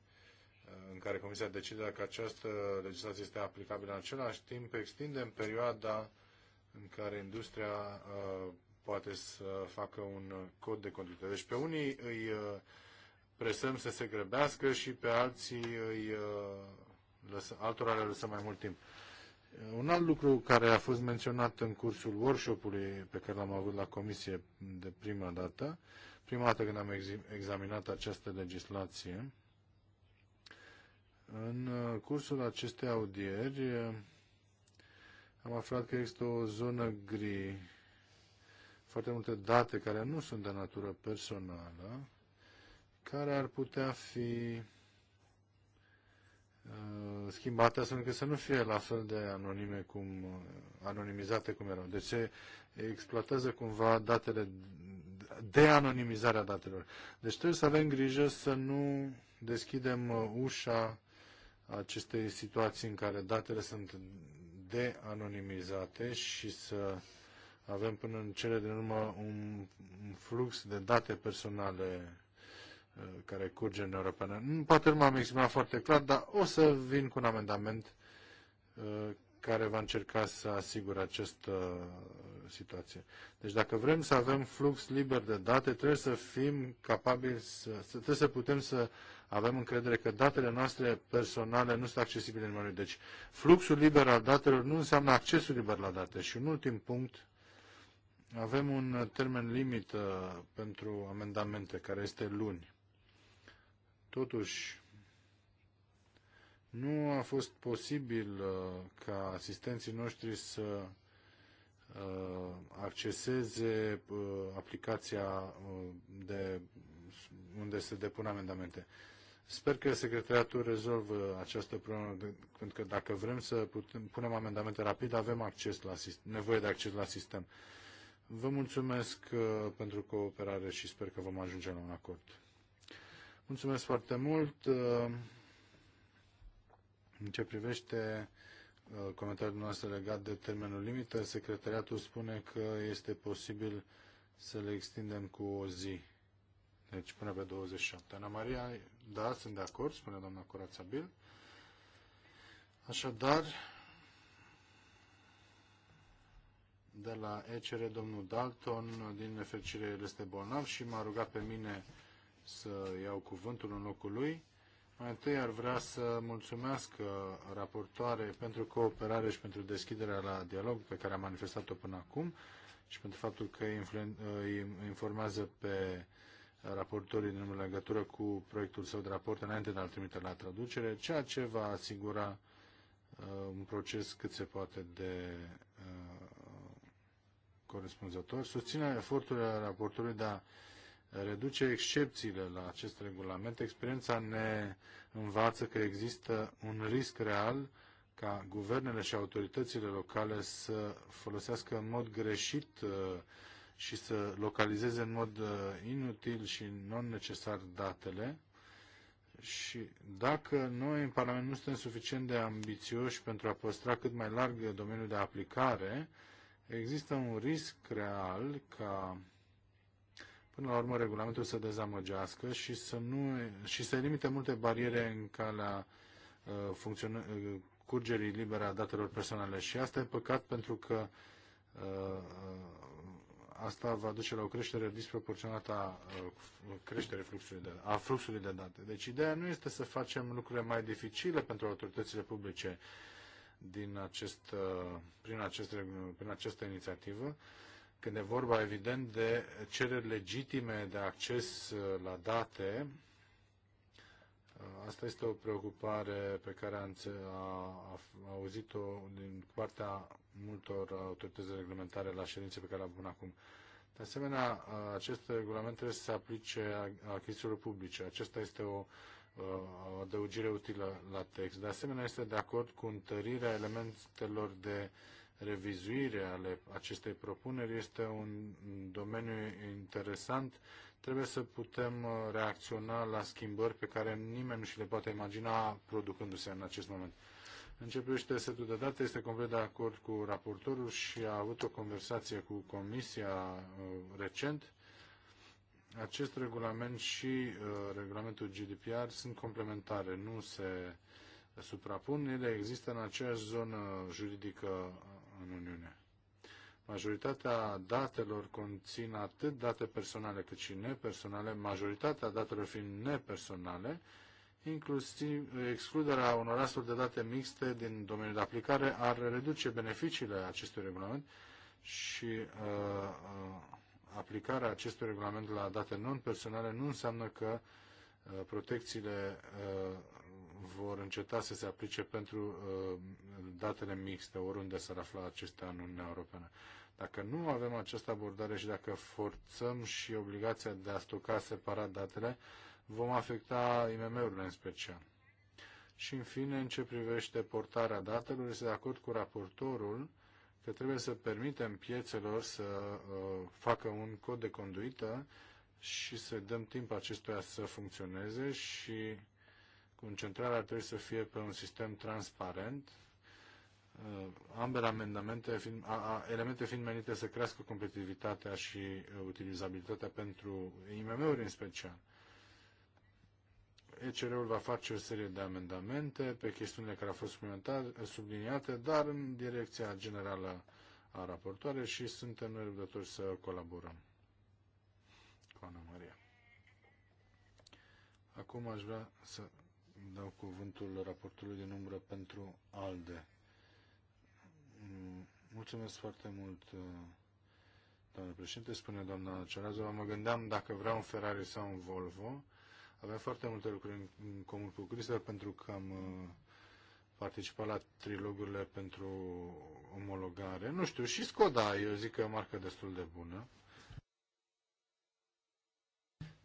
uh, în care Comisia decide dacă această legislație este aplicabilă în același timp, extindem perioada în care industria poate să facă un cod de conduită. Deci pe unii îi presăm să se grăbească și pe alții îi uh, lăsă, altora le lăsăm mai mult timp. Uh, un alt lucru care a fost menționat în cursul workshop-ului pe care l-am avut la comisie de prima dată, prima dată când am examinat această legislație, în uh, cursul acestei audieri am aflat că există o zonă gri, foarte multe date care nu sunt de natură personală, care ar putea fi uh, schimbate astfel încât să nu fie la fel de anonime cum, uh, anonimizate cum erau. Deci se exploatează cumva datele, de anonimizarea datelor. Deci trebuie să avem grijă să nu deschidem uh, ușa acestei situații în care datele sunt de anonimizate și să avem până în cele din urmă un, un flux de date personale Uh, care curge în Europeană. Poate nu m-am exprimat foarte clar, dar o să vin cu un amendament uh, care va încerca să asigure această uh, situație. Deci dacă vrem să avem flux liber de date, trebuie să fim capabili, să, trebuie să putem să avem încredere că datele noastre personale nu sunt accesibile în mare. Deci fluxul liber al datelor nu înseamnă accesul liber la date. Și un ultim punct, avem un termen limit pentru amendamente, care este luni. Totuși, nu a fost posibil uh, ca asistenții noștri să uh, acceseze uh, aplicația de unde se depun amendamente. Sper că secretariatul rezolvă această problemă, pentru că dacă vrem să putem, punem amendamente rapid, avem acces la sistem, nevoie de acces la sistem. Vă mulțumesc pentru cooperare și sper că vom ajunge la un acord. Mulțumesc foarte mult. Uh, în ce privește uh, comentariul noastră legat de termenul limită, secretariatul spune că este posibil să le extindem cu o zi. Deci până pe 27. Ana Maria, da, sunt de acord, spune doamna Curața Bil. Așadar, de la ECR, domnul Dalton, din nefericire el este bolnav și m-a rugat pe mine să iau cuvântul în locul lui. Mai întâi ar vrea să mulțumesc raportoare pentru cooperare și pentru deschiderea la dialog pe care a manifestat-o până acum și pentru faptul că îi informează pe raportorii din legătură cu proiectul său de raport înainte de a-l trimite la traducere, ceea ce va asigura uh, un proces cât se poate de uh, corespunzător. Susține eforturile raportorului de a reduce excepțiile la acest regulament. Experiența ne învață că există un risc real ca guvernele și autoritățile locale să folosească în mod greșit uh, și să localizeze în mod uh, inutil și non-necesar datele. Și dacă noi în Parlament nu suntem suficient de ambițioși pentru a păstra cât mai larg domeniul de aplicare, există un risc real ca până la urmă regulamentul să dezamăgească și să, nu, și să limite multe bariere în calea uh, uh, curgerii libere a datelor personale. Și asta e păcat pentru că uh, uh asta va duce la o creștere disproporționată a uh, creștere fluxului de, a fluxului de date. Deci ideea nu este să facem lucrurile mai dificile pentru autoritățile publice din acest, uh, prin, acest, prin această inițiativă, când e vorba, evident, de cereri legitime de acces uh, la date. Uh, asta este o preocupare pe care am auzit-o din partea multor autorități reglementare la ședințe pe care le-am avut acum. De asemenea, uh, acest regulament trebuie să se aplice achizițiilor publice. Aceasta este o o adăugire utilă la text. De asemenea, este de acord cu întărirea elementelor de revizuire ale acestei propuneri este un domeniu interesant. Trebuie să putem uh, reacționa la schimbări pe care nimeni nu și le poate imagina producându-se în acest moment. În ce privește setul de date, este complet de acord cu raportorul și a avut o conversație cu Comisia uh, recent. Acest regulament și uh, regulamentul GDPR sunt complementare, nu se suprapun, ele există în aceeași zonă juridică în Uniune. Majoritatea datelor conțin atât date personale cât și nepersonale, majoritatea datelor fiind nepersonale, inclusiv excluderea unor astfel de date mixte din domeniul de aplicare ar reduce beneficiile acestui regulament și uh, uh aplicarea acestui regulament la date non-personale nu înseamnă că uh, protecțiile uh, vor înceta să se aplice pentru uh, datele mixte, oriunde s-ar afla acestea în Uniunea Europeană. Dacă nu avem această abordare și dacă forțăm și obligația de a stoca separat datele, vom afecta IMM-urile în special. Și în fine, în ce privește portarea datelor, este de acord cu raportorul că trebuie să permitem piețelor să uh, facă un cod de conduită și să dăm timp acestuia să funcționeze și Concentrarea trebuie să fie pe un sistem transparent, uh, ambele amendamente fiind, a, a, elemente fiind menite să crească competitivitatea și uh, utilizabilitatea pentru IMM-uri în special. ECR-ul va face o serie de amendamente pe chestiunile care au fost subliniate, dar în direcția generală a raportoare și suntem nerăbdători să colaborăm cu Ana Maria. Acum aș vrea să dau cuvântul raportului din umbră pentru ALDE. Mulțumesc foarte mult, uh, doamne președinte, spune doamna Cerazova. Mă gândeam dacă vreau un Ferrari sau un Volvo. Aveam foarte multe lucruri în comun cu Cristel pentru că am uh, participat la trilogurile pentru omologare. Nu știu, și Skoda, eu zic că e o marcă destul de bună.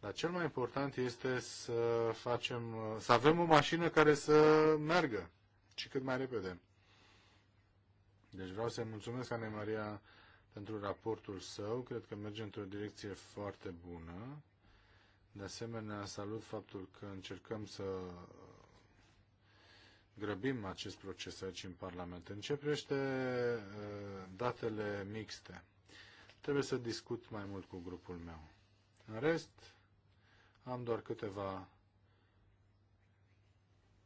Dar cel mai important este să facem, să avem o mașină care să meargă și cât mai repede. Deci vreau să-i mulțumesc Ana Maria pentru raportul său. Cred că merge într-o direcție foarte bună. De asemenea, salut faptul că încercăm să grăbim acest proces aici în Parlament. Începește uh, datele mixte. Trebuie să discut mai mult cu grupul meu. În rest, am doar câteva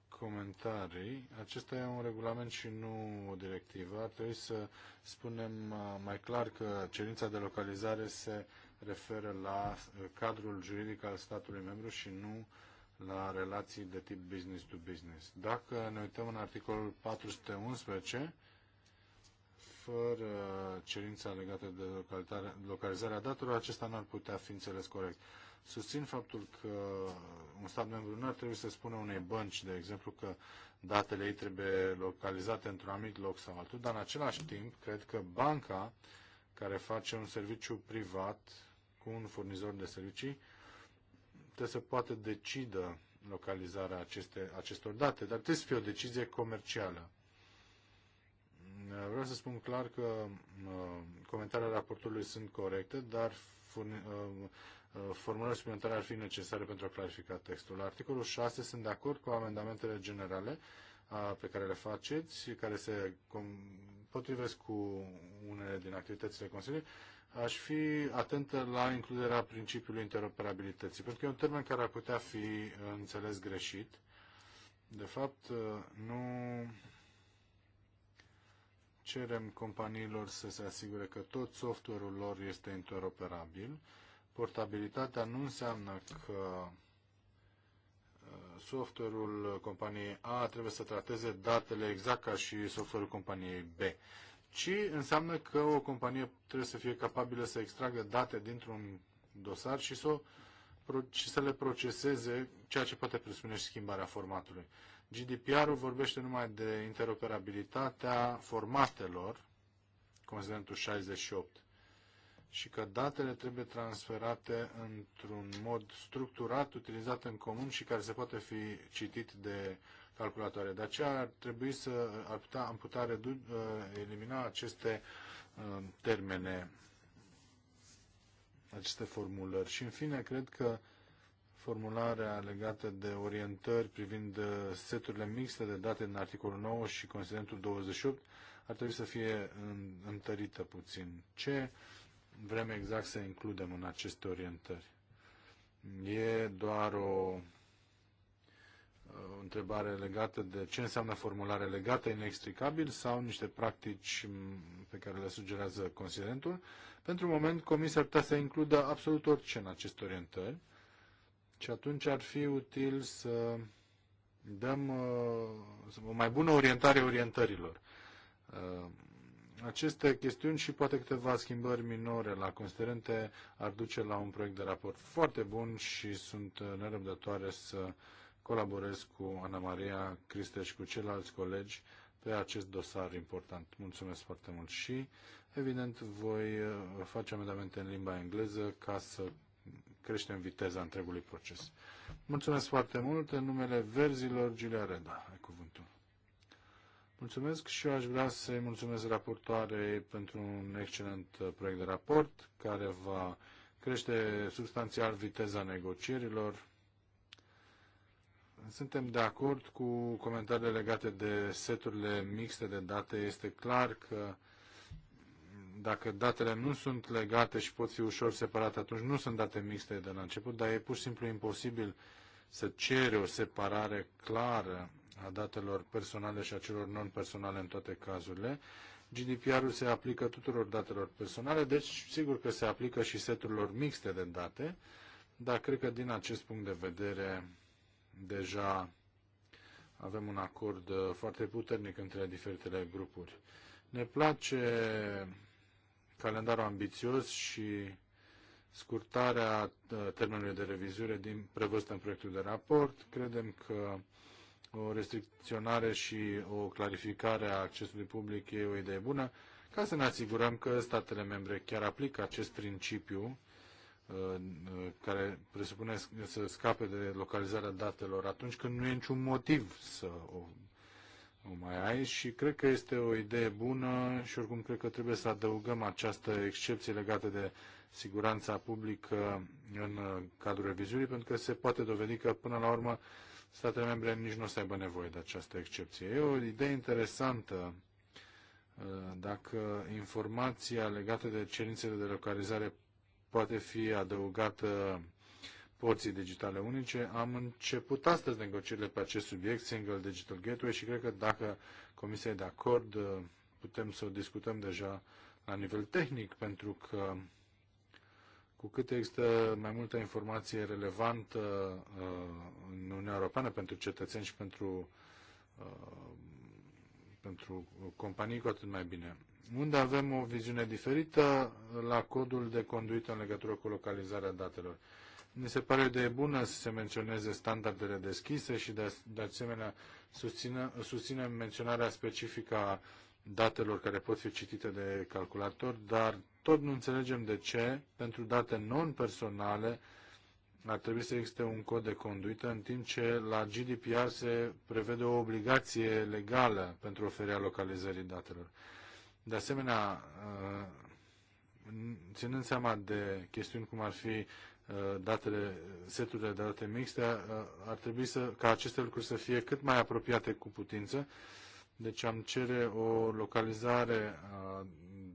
comentarii. Acesta e un regulament și nu o directivă. Ar trebui să spunem uh, mai clar că cerința de localizare se referă la uh, cadrul juridic al statului membru și nu la relații de tip business to business. Dacă ne uităm în articolul 411, fără cerința legată de localizarea datelor, acesta nu ar putea fi înțeles corect. Susțin faptul că un stat membru nu ar trebui să spună unei bănci, de exemplu, că datele ei trebuie localizate într-un anumit loc sau altul, dar în același timp cred că banca care face un serviciu privat cu un furnizor de servicii trebuie să poată decidă localizarea aceste, acestor date, dar trebuie să fie o decizie comercială. Vreau să spun clar că uh, comentariile raportului sunt corecte, dar furni, uh, Uh, formulări suplimentare ar fi necesare pentru a clarifica textul. La articolul 6 sunt de acord cu amendamentele generale uh, pe care le faceți, care se potrivesc cu unele din activitățile Consiliului. Aș fi atentă la includerea principiului interoperabilității, pentru că e un termen care ar putea fi înțeles greșit. De fapt, uh, nu cerem companiilor să se asigure că tot software-ul lor este interoperabil, portabilitatea nu înseamnă că uh, software-ul companiei A trebuie să trateze datele exact ca și software-ul companiei B, ci înseamnă că o companie trebuie să fie capabilă să extragă date dintr-un dosar și să, o, și să le proceseze, ceea ce poate presupune și schimbarea formatului. GDPR-ul vorbește numai de interoperabilitatea formatelor, considerentul 68 și că datele trebuie transferate într-un mod structurat, utilizat în comun și care se poate fi citit de calculatoare. De aceea ar trebui să ar putea, am putea redu, uh, elimina aceste uh, termene, aceste formulări. Și în fine, cred că formularea legată de orientări privind uh, seturile mixte de date în articolul 9 și considerentul 28 ar trebui să fie întărită puțin. Ce vrem exact să includem în aceste orientări. E doar o întrebare legată de ce înseamnă formulare legată, inextricabil sau niște practici pe care le sugerează considerentul. Pentru moment, Comisia ar putea să includă absolut orice în aceste orientări și atunci ar fi util să dăm uh, o mai bună orientare orientărilor. Uh, aceste chestiuni și poate câteva schimbări minore la considerente ar duce la un proiect de raport foarte bun și sunt nerăbdătoare să colaborez cu Ana Maria Criste și cu ceilalți colegi pe acest dosar important. Mulțumesc foarte mult și, evident, voi uh, face amendamente în limba engleză ca să creștem viteza întregului proces. Mulțumesc foarte mult. În numele verzilor, Giulia Reda, ai cuvântul. Mulțumesc și eu aș vrea să-i mulțumesc raportoarei pentru un excelent uh, proiect de raport care va crește substanțial viteza negocierilor. Suntem de acord cu comentariile legate de seturile mixte de date. Este clar că dacă datele nu sunt legate și pot fi ușor separate, atunci nu sunt date mixte de la început, dar e pur și simplu imposibil să cere o separare clară a datelor personale și a celor non-personale în toate cazurile. GDPR-ul se aplică tuturor datelor personale, deci sigur că se aplică și seturilor mixte de date, dar cred că din acest punct de vedere deja avem un acord uh, foarte puternic între diferitele grupuri. Ne place calendarul ambițios și scurtarea uh, termenului de revizuire din prevăzută în proiectul de raport. Credem că o restricționare și o clarificare a accesului public e o idee bună, ca să ne asigurăm că statele membre chiar aplică acest principiu uh, care presupune să scape de localizarea datelor atunci când nu e niciun motiv să o, o mai ai și cred că este o idee bună și oricum cred că trebuie să adăugăm această excepție legată de siguranța publică în cadrul revizuirii pentru că se poate dovedi că până la urmă statele membre nici nu o să aibă nevoie de această excepție. E o idee interesantă uh, dacă informația legată de cerințele de localizare poate fi adăugată porții digitale unice. Am început astăzi negocierile pe acest subiect, Single Digital Gateway, și cred că dacă Comisia e de acord, uh, putem să o discutăm deja la nivel tehnic, pentru că cu cât există mai multă informație relevantă uh, în Uniunea Europeană pentru cetățeni și pentru, uh, pentru companii, cu atât mai bine. Unde avem o viziune diferită la codul de conduită în legătură cu localizarea datelor. Mi se pare de bună să se menționeze standardele deschise și de, de asemenea susțină, susținem menționarea specifică a datelor care pot fi citite de calculator, dar tot nu înțelegem de ce, pentru date non-personale, ar trebui să existe un cod de conduită, în timp ce la GDPR se prevede o obligație legală pentru oferirea localizării datelor. De asemenea, ă, ținând seama de chestiuni cum ar fi ă, datele, seturile de date mixte, ă, ar trebui să, ca aceste lucruri să fie cât mai apropiate cu putință, deci am cere o localizare a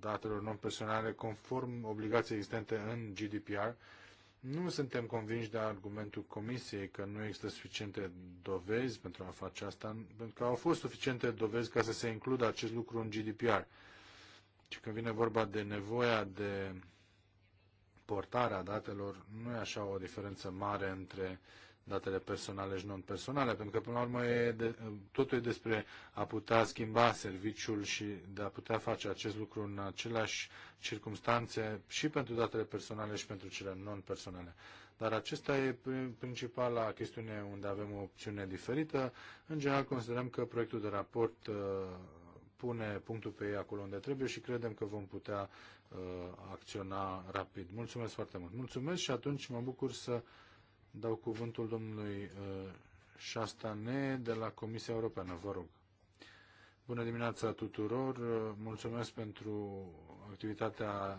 datelor non-personale conform obligației existente în GDPR. Nu suntem convinși de argumentul Comisiei că nu există suficiente dovezi pentru a face asta, pentru că au fost suficiente dovezi ca să se includă acest lucru în GDPR. Și când vine vorba de nevoia de portare a datelor, nu e așa o diferență mare între datele personale și non-personale, pentru că până la urmă e de, totul e despre a putea schimba serviciul și de a putea face acest lucru în aceleași circunstanțe și pentru datele personale și pentru cele non-personale. Dar acesta e principala chestiune unde avem o opțiune diferită. În general considerăm că proiectul de raport uh, pune punctul pe ei acolo unde trebuie și credem că vom putea uh, acționa rapid. Mulțumesc foarte mult. Mulțumesc și atunci mă bucur să Dau cuvântul domnului uh, Șastane de la Comisia Europeană. Vă rog. Bună dimineața tuturor. Uh, mulțumesc pentru activitatea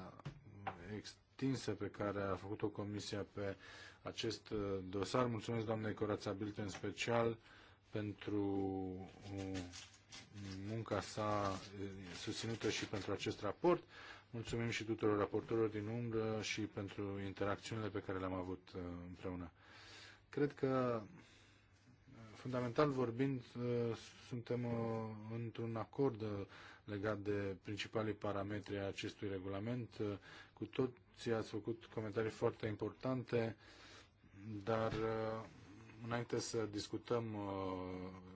extinsă pe care a făcut-o Comisia pe acest uh, dosar. Mulțumesc doamnei Corața Bilte în special pentru munca sa susținută și pentru acest raport. Mulțumim și tuturor raportorilor din umbră și pentru interacțiunile pe care le-am avut împreună. Cred că, fundamental vorbind, uh, suntem uh, într-un acord uh, legat de principalii parametri a acestui regulament. Cu toții ați făcut comentarii foarte importante, dar înainte să discutăm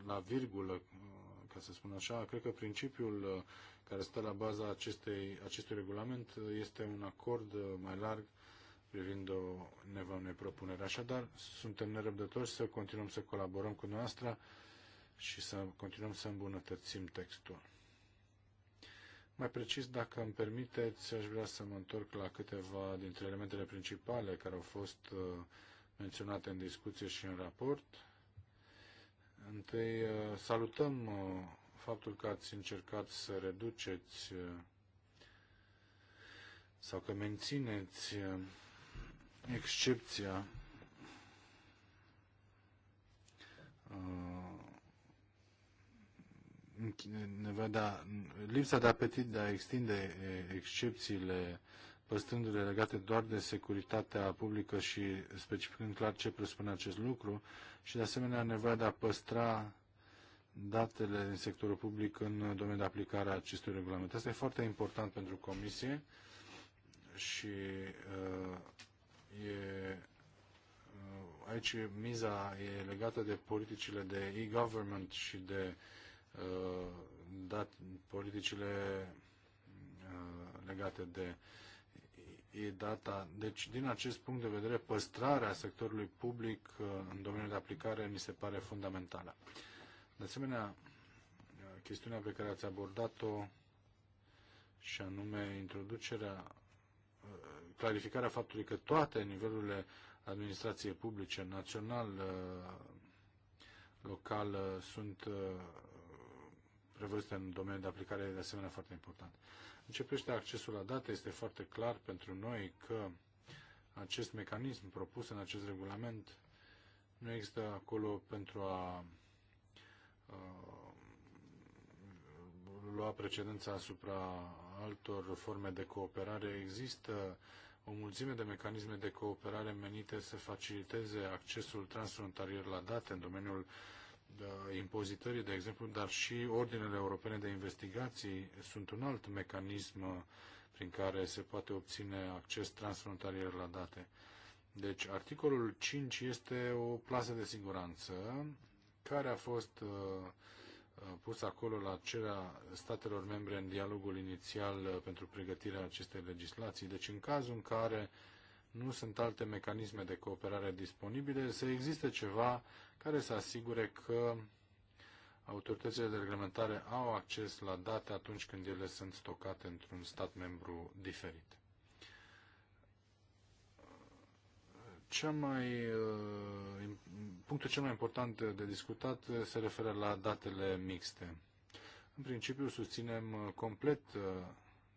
la virgulă, ca să spun așa, cred că principiul care stă la baza acestei, acestui regulament este un acord mai larg privind-o nevoie vom ne propunere. Așadar, suntem nerăbdători să continuăm să colaborăm cu noastră și să continuăm să îmbunătățim textul. Mai precis, dacă îmi permiteți, aș vrea să mă întorc la câteva dintre elementele principale care au fost uh, menționate în discuție și în raport. Întâi, uh, salutăm uh, faptul că ați încercat să reduceți sau că mențineți excepția uh, Ne de da, lipsa de apetit de a extinde excepțiile păstrându-le legate doar de securitatea publică și specificând clar ce presupune acest lucru și de asemenea nevoia de a păstra datele din sectorul public în domeniul de aplicare a acestui regulament. Asta e foarte important pentru Comisie și uh, E, uh, aici miza e legată de politicile de e-government și de uh, dat, politicile uh, legate de e-data. Deci, din acest punct de vedere, păstrarea sectorului public uh, în domeniul de aplicare mi se pare fundamentală. De asemenea, uh, chestiunea pe care ați abordat-o și anume introducerea uh, clarificarea faptului că toate nivelurile administrației publice, național, local, sunt uh, prevăzute în domeniul de aplicare, de asemenea foarte important. Începește accesul la date, este foarte clar pentru noi că acest mecanism propus în acest regulament nu există acolo pentru a, a uh, lua precedența asupra altor forme de cooperare. Există o mulțime de mecanisme de cooperare menite să faciliteze accesul transfrontalier la date în domeniul da, impozitării, de exemplu, dar și ordinele europene de investigații sunt un alt mecanism uh, prin care se poate obține acces transfrontalier la date. Deci, articolul 5 este o plasă de siguranță care a fost uh, pus acolo la cererea statelor membre în dialogul inițial uh, pentru pregătirea acestei legislații. Deci în cazul în care nu sunt alte mecanisme de cooperare disponibile, să existe ceva care să asigure că autoritățile de reglementare au acces la date atunci când ele sunt stocate într-un stat membru diferit. cea mai, uh, punctul cel mai important de discutat uh, se referă la datele mixte. În principiu susținem uh, complet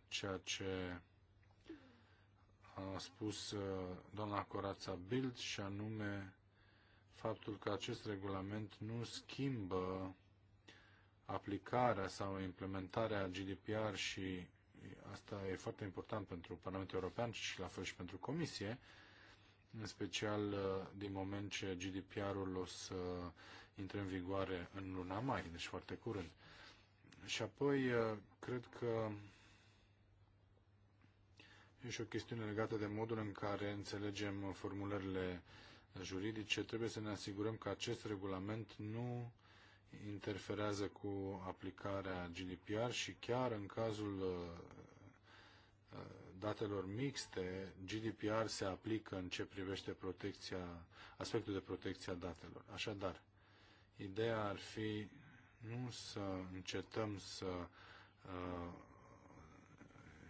ceea ce a spus doamna Corața Bild și anume faptul că acest regulament nu schimbă aplicarea sau implementarea GDPR și asta e foarte important pentru Parlamentul European și la fel și pentru Comisie, în special uh, din moment ce GDPR-ul o să intre în vigoare în luna mai, deci foarte curând. Și apoi, uh, cred că e și o chestiune legată de modul în care înțelegem formulările juridice. Trebuie să ne asigurăm că acest regulament nu interferează cu aplicarea GDPR și chiar în cazul uh, datelor mixte, GDPR se aplică în ce privește protecția, aspectul de protecție a datelor. Așadar, ideea ar fi nu să încetăm să uh,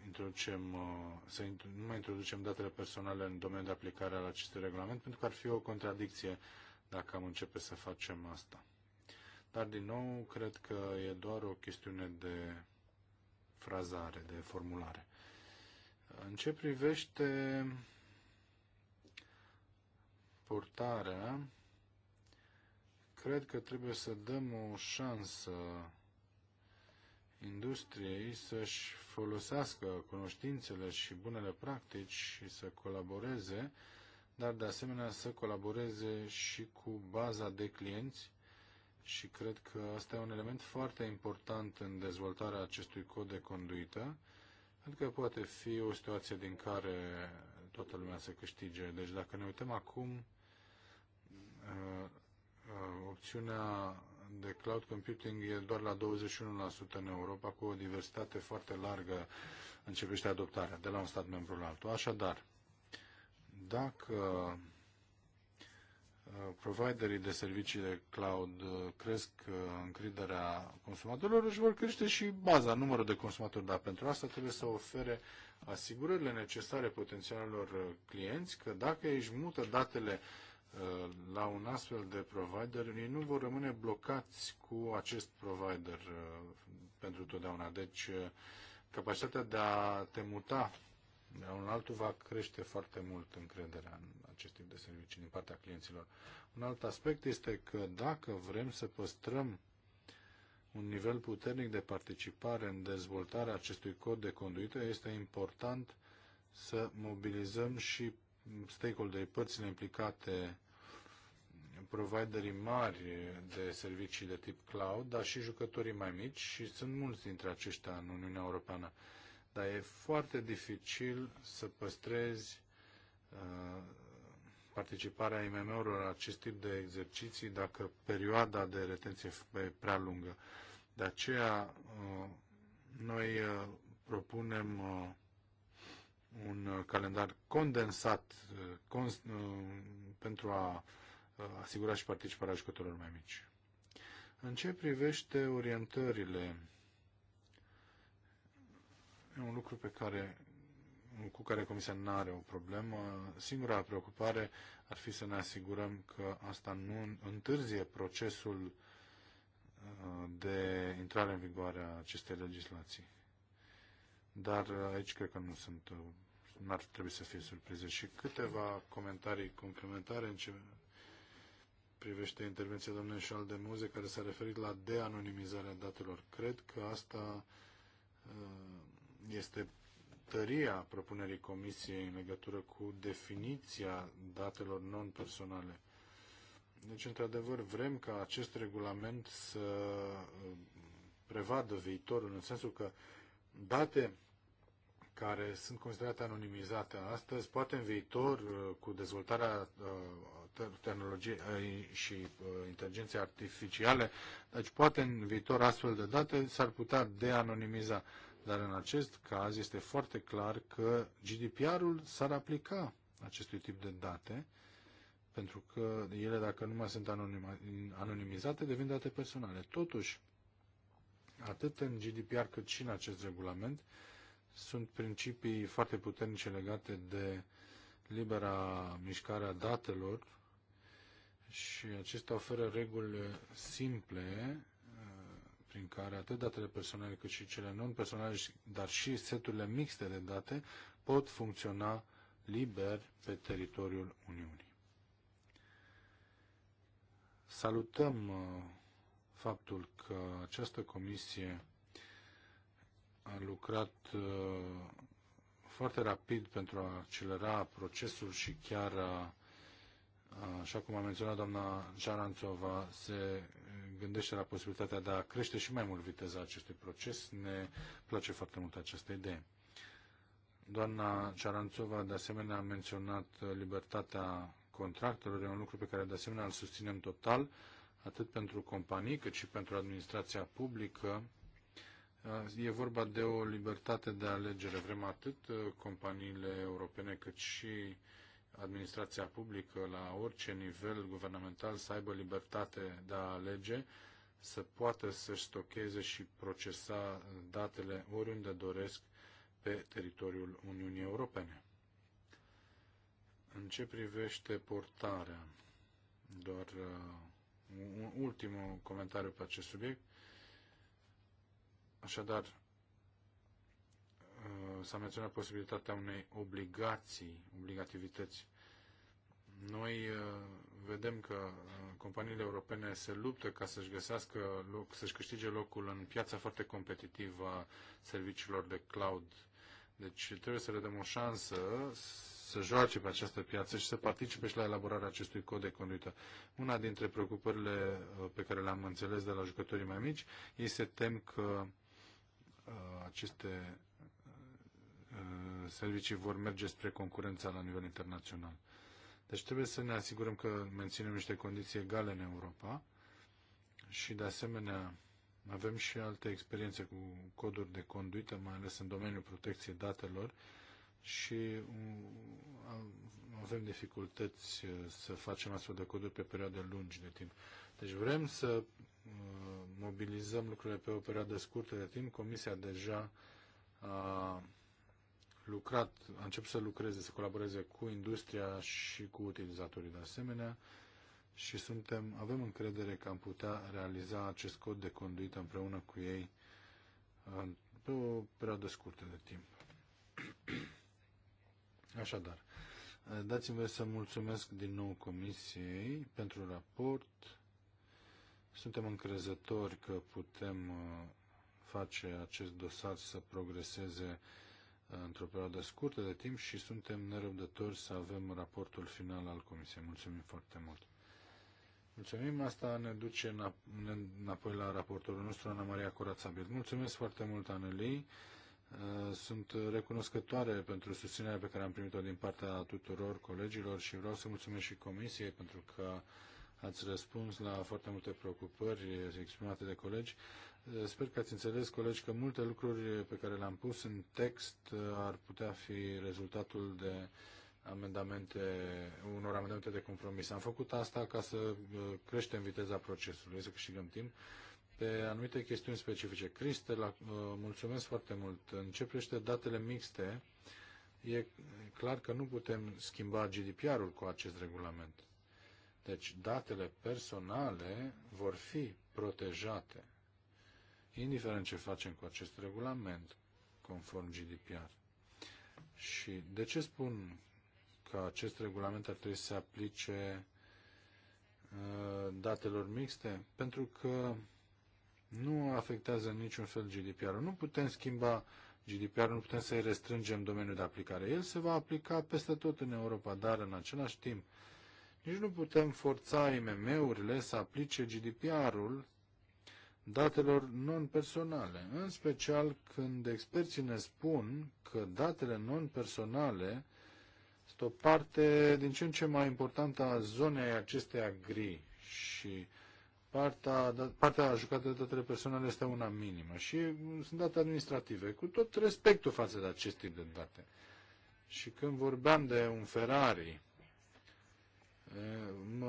introducem, uh, să nu mai introducem datele personale în domeniul de aplicare al acestui regulament, pentru că ar fi o contradicție dacă am începe să facem asta. Dar, din nou, cred că e doar o chestiune de frazare, de formulare. În ce privește portarea, cred că trebuie să dăm o șansă industriei să-și folosească cunoștințele și bunele practici și să colaboreze, dar de asemenea să colaboreze și cu baza de clienți și cred că asta e un element foarte important în dezvoltarea acestui cod de conduită Adică poate fi o situație din care toată lumea să câștige. Deci dacă ne uităm acum, uh, uh, opțiunea de cloud computing e doar la 21% în Europa, cu o diversitate foarte largă începește adoptarea de la un stat membru la altul. Așadar, dacă providerii de servicii de cloud uh, cresc uh, încrederea consumatorilor, își vor crește și baza, numărul de consumatori, dar pentru asta trebuie să ofere asigurările necesare potențialilor uh, clienți că dacă își mută datele la un astfel de provider, ei nu vor rămâne blocați cu acest provider pentru totdeauna. Deci, capacitatea de a te muta la un altul va crește foarte mult încrederea în acest tip de servicii din partea clienților. Un alt aspect este că dacă vrem să păstrăm un nivel puternic de participare în dezvoltarea acestui cod de conduită, este important să mobilizăm și stakeholderi, părțile implicate, providerii mari de servicii de tip cloud, dar și jucătorii mai mici și sunt mulți dintre aceștia în Uniunea Europeană. Dar e foarte dificil să păstrezi uh, participarea IMM-urilor la acest tip de exerciții dacă perioada de retenție e prea lungă. De aceea, uh, noi uh, propunem uh, un calendar condensat cons, pentru a asigura și participarea jucătorilor mai mici. În ce privește orientările, e un lucru pe care cu care Comisia nu are o problemă. Singura preocupare ar fi să ne asigurăm că asta nu întârzie procesul uh, de intrare în vigoare a acestei legislații. Dar uh, aici cred că nu sunt, uh, n-ar trebui să fie surprize. Și câteva comentarii complementare în ce privește intervenția domnului Șal de Muze, care s-a referit la deanonimizarea datelor. Cred că asta este tăria propunerii Comisiei în legătură cu definiția datelor non-personale. Deci, într-adevăr, vrem ca acest regulament să uh, prevadă viitorul, în sensul că date care sunt considerate anonimizate astăzi, poate în viitor, uh, cu dezvoltarea uh, tehnologiei și inteligenței artificiale, deci poate în viitor astfel de date s-ar putea de-anonimiza dar în acest caz este foarte clar că GDPR-ul s-ar aplica acestui tip de date, pentru că ele, dacă nu mai sunt anonimizate, devin date personale. Totuși, atât în GDPR cât și în acest regulament, sunt principii foarte puternice legate de libera mișcare a datelor și acestea oferă reguli simple prin care atât datele personale cât și cele non-personale, dar și seturile mixte de date pot funcționa liber pe teritoriul Uniunii. Salutăm uh, faptul că această comisie a lucrat uh, foarte rapid pentru a accelera procesul și chiar, așa cum a menționat doamna Jaranțova, se gândește la posibilitatea de a crește și mai mult viteza acestui proces. Ne place foarte mult această idee. Doamna Cearanțova, de asemenea, a menționat libertatea contractelor. E un lucru pe care, de asemenea, îl susținem total, atât pentru companii, cât și pentru administrația publică. E vorba de o libertate de alegere. Vrem atât uh, companiile europene, cât și administrația publică, la orice nivel guvernamental, să aibă libertate de a alege, să poată să-și stocheze și procesa datele oriunde doresc pe teritoriul Uniunii Europene. În ce privește portarea, doar uh, un ultim comentariu pe acest subiect, Așadar, Uh, s-a menționat posibilitatea unei obligații, obligativități. Noi uh, vedem că uh, companiile europene se luptă ca să-și găsească loc, să-și câștige locul în piața foarte competitivă a serviciilor de cloud. Deci trebuie să le dăm o șansă să joace pe această piață și să participe și la elaborarea acestui cod de conduită. Una dintre preocupările pe care le-am înțeles de la jucătorii mai mici, ei se tem că aceste Uh, servicii vor merge spre concurența la nivel internațional. Deci trebuie să ne asigurăm că menținem niște condiții egale în Europa și, de asemenea, avem și alte experiențe cu coduri de conduită, mai ales în domeniul protecției datelor și uh, avem dificultăți uh, să facem astfel de coduri pe perioade lungi de timp. Deci vrem să mobilizăm lucrurile pe o perioadă scurtă de timp. Comisia deja a lucrat, a început să lucreze, să colaboreze cu industria și cu utilizatorii de asemenea și suntem, avem încredere că am putea realiza acest cod de conduită împreună cu ei uh, pe o perioadă scurtă de timp. (clears throat) Așadar, uh, dați-mi să mulțumesc din nou Comisiei pentru raport. Suntem încrezători că putem uh, face acest dosar să progreseze într-o perioadă scurtă de timp și suntem nerăbdători să avem raportul final al Comisiei. Mulțumim foarte mult! Mulțumim, asta ne duce înapoi la raportorul nostru, Ana Maria Corațabil. Mulțumesc foarte mult, Anelii. Uh, sunt recunoscătoare pentru susținerea pe care am primit-o din partea tuturor colegilor și vreau să mulțumesc și Comisiei pentru că ați răspuns la foarte multe preocupări exprimate de colegi. Sper că ați înțeles, colegi, că multe lucruri pe care le-am pus în text ar putea fi rezultatul de amendamente, unor amendamente de compromis. Am făcut asta ca să uh, creștem viteza procesului, să câștigăm timp pe anumite chestiuni specifice. Criste, la, uh, mulțumesc foarte mult. În ce privește datele mixte, e clar că nu putem schimba GDPR-ul cu acest regulament. Deci datele personale vor fi protejate indiferent ce facem cu acest regulament conform GDPR. Și de ce spun că acest regulament ar trebui să se aplice uh, datelor mixte? Pentru că nu afectează niciun fel GDPR-ul. Nu putem schimba GDPR-ul, nu putem să-i restrângem domeniul de aplicare. El se va aplica peste tot în Europa, dar în același timp nici nu putem forța IMM-urile să aplice GDPR-ul datelor non-personale, în special când experții ne spun că datele non-personale sunt o parte din ce în ce mai importantă a zonei acesteia gri și partea, da, partea jucată de datele personale este una minimă și sunt date administrative, cu tot respectul față de acest tip de date. Și când vorbeam de un Ferrari,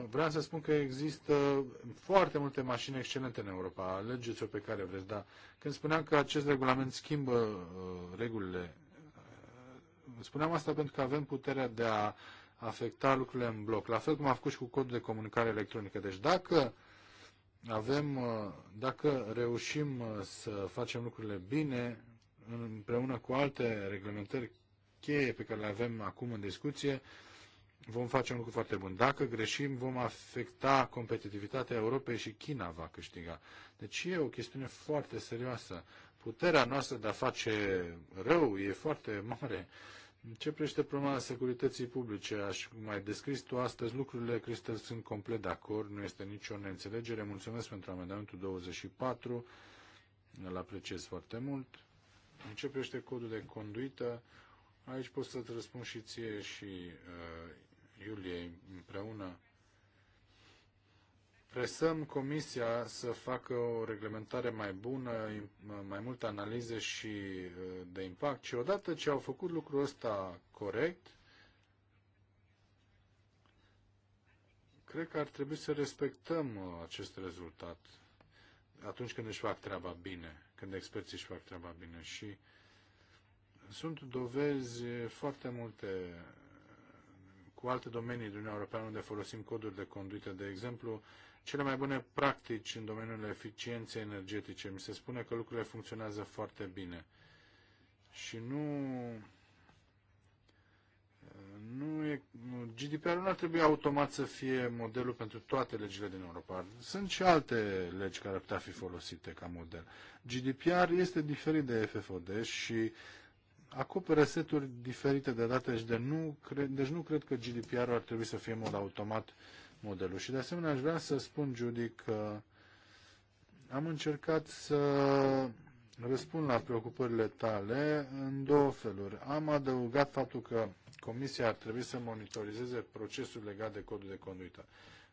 Vreau să spun că există foarte multe mașini excelente în Europa. Alegeți-o pe care vreți, dar când spuneam că acest regulament schimbă uh, regulile, uh, spuneam asta pentru că avem puterea de a afecta lucrurile în bloc. La fel cum a făcut și cu codul de comunicare electronică. Deci dacă avem, uh, dacă reușim să facem lucrurile bine, împreună cu alte reglementări cheie pe care le avem acum în discuție, vom face un lucru foarte bun. Dacă greșim, vom afecta competitivitatea Europei și China va câștiga. Deci e o chestiune foarte serioasă. Puterea noastră de a face rău e foarte mare. ce privește problema securității publice, aș mai descris tu astăzi lucrurile, Cristel, sunt complet de acord, nu este nicio neînțelegere. Mulțumesc pentru amendamentul 24, îl apreciez foarte mult. În ce privește codul de conduită, aici pot să-ți răspund și ție și uh, iulie împreună presăm Comisia să facă o reglementare mai bună, mai multe analize și uh, de impact și odată ce au făcut lucrul ăsta corect, cred că ar trebui să respectăm uh, acest rezultat atunci când își fac treaba bine, când experții își fac treaba bine și sunt dovezi foarte multe cu alte domenii din Uniunea Europeană unde folosim coduri de conduită, de exemplu, cele mai bune practici în domeniul eficienței energetice. Mi se spune că lucrurile funcționează foarte bine. Și nu... nu e, GDPR-ul nu ar trebui automat să fie modelul pentru toate legile din Europa. Sunt și alte legi care ar putea fi folosite ca model. GDPR este diferit de FFOD și acoperă seturi diferite de date și deci de nu cre- deci nu cred că GDPR-ul ar trebui să fie mod automat modelul. Și de asemenea aș vrea să spun, Judy, că am încercat să răspund la preocupările tale în două feluri. Am adăugat faptul că Comisia ar trebui să monitorizeze procesul legat de codul de conduită.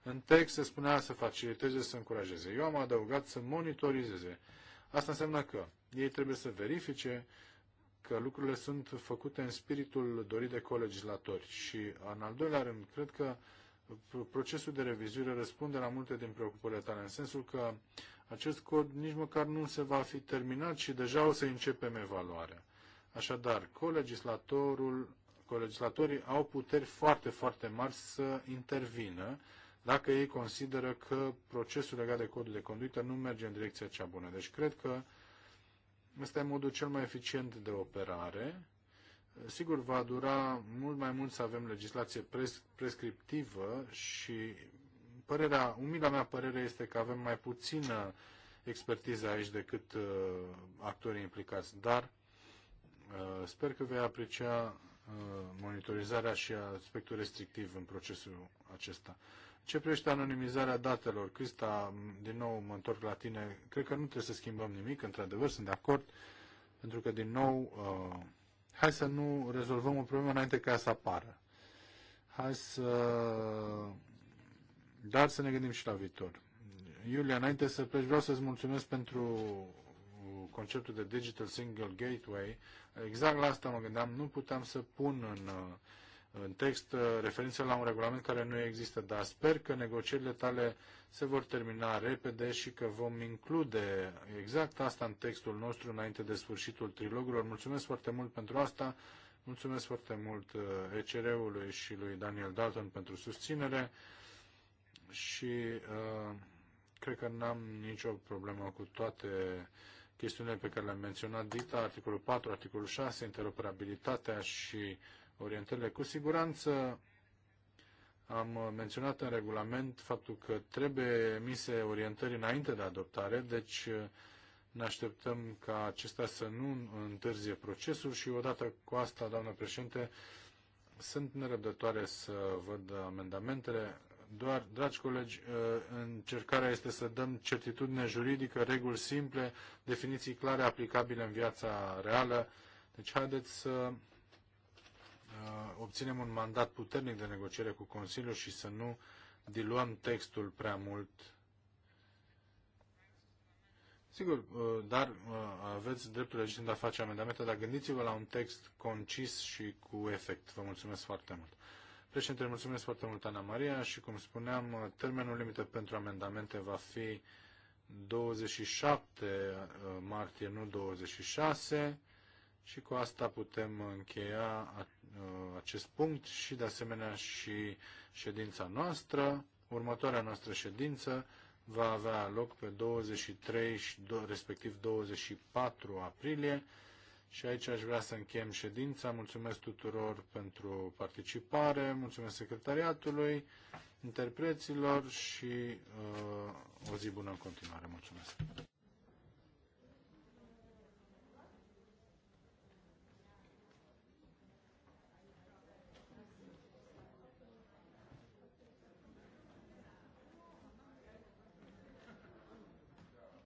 În text se spunea să faciliteze, să încurajeze. Eu am adăugat să monitorizeze. Asta înseamnă că ei trebuie să verifice că lucrurile sunt făcute în spiritul dorit de colegislatori. Și, în al doilea rând, cred că procesul de revizuire răspunde la multe din preocupările tale, în sensul că acest cod nici măcar nu se va fi terminat și deja o să începem evaluarea. Așadar, colegislatorul, colegislatorii au puteri foarte, foarte mari să intervină dacă ei consideră că procesul legat de codul de conduită nu merge în direcția cea bună. Deci cred că Ăsta e modul cel mai eficient de operare. Sigur, va dura mult mai mult să avem legislație pres- prescriptivă și părerea, umila mea părere este că avem mai puțină expertiză aici decât uh, actorii implicați, dar uh, sper că vei aprecia uh, monitorizarea și aspectul restrictiv în procesul acesta. Ce privește anonimizarea datelor, Crista, din nou mă întorc la tine, cred că nu trebuie să schimbăm nimic, într-adevăr sunt de acord, pentru că din nou, uh, hai să nu rezolvăm o problemă înainte ca ea să apară. Hai să... Dar să ne gândim și la viitor. Iulia, înainte să pleci, vreau să-ți mulțumesc pentru uh, conceptul de Digital Single Gateway. Exact la asta mă gândeam, nu puteam să pun în uh, în text uh, referință la un regulament care nu există, dar sper că negocierile tale se vor termina repede și că vom include exact asta în textul nostru înainte de sfârșitul trilogurilor. Mulțumesc foarte mult pentru asta. Mulțumesc foarte mult uh, ECR-ului și lui Daniel Dalton pentru susținere și uh, cred că n-am nicio problemă cu toate chestiunile pe care le-am menționat, DITA, articolul 4, articolul 6, interoperabilitatea și orientările. Cu siguranță am menționat în regulament faptul că trebuie emise orientări înainte de adoptare, deci uh, ne așteptăm ca acestea să nu întârzie procesul și odată cu asta, doamnă președinte, sunt nerăbdătoare să văd amendamentele. Doar, dragi colegi, uh, încercarea este să dăm certitudine juridică, reguli simple, definiții clare, aplicabile în viața reală. Deci haideți să Uh, obținem un mandat puternic de negociere cu Consiliul și să nu diluăm textul prea mult. Sigur, uh, dar uh, aveți dreptul legitim de a face amendamente, dar gândiți-vă la un text concis și cu efect. Vă mulțumesc foarte mult. Președinte, mulțumesc foarte mult, Ana Maria, și cum spuneam, termenul limită pentru amendamente va fi 27 martie, nu 26, și cu asta putem încheia Uh, acest punct și de asemenea și ședința noastră. Următoarea noastră ședință va avea loc pe 23 și respectiv 24 aprilie și aici aș vrea să încheiem ședința. Mulțumesc tuturor pentru participare, mulțumesc secretariatului, interpreților și uh, o zi bună în continuare. Mulțumesc!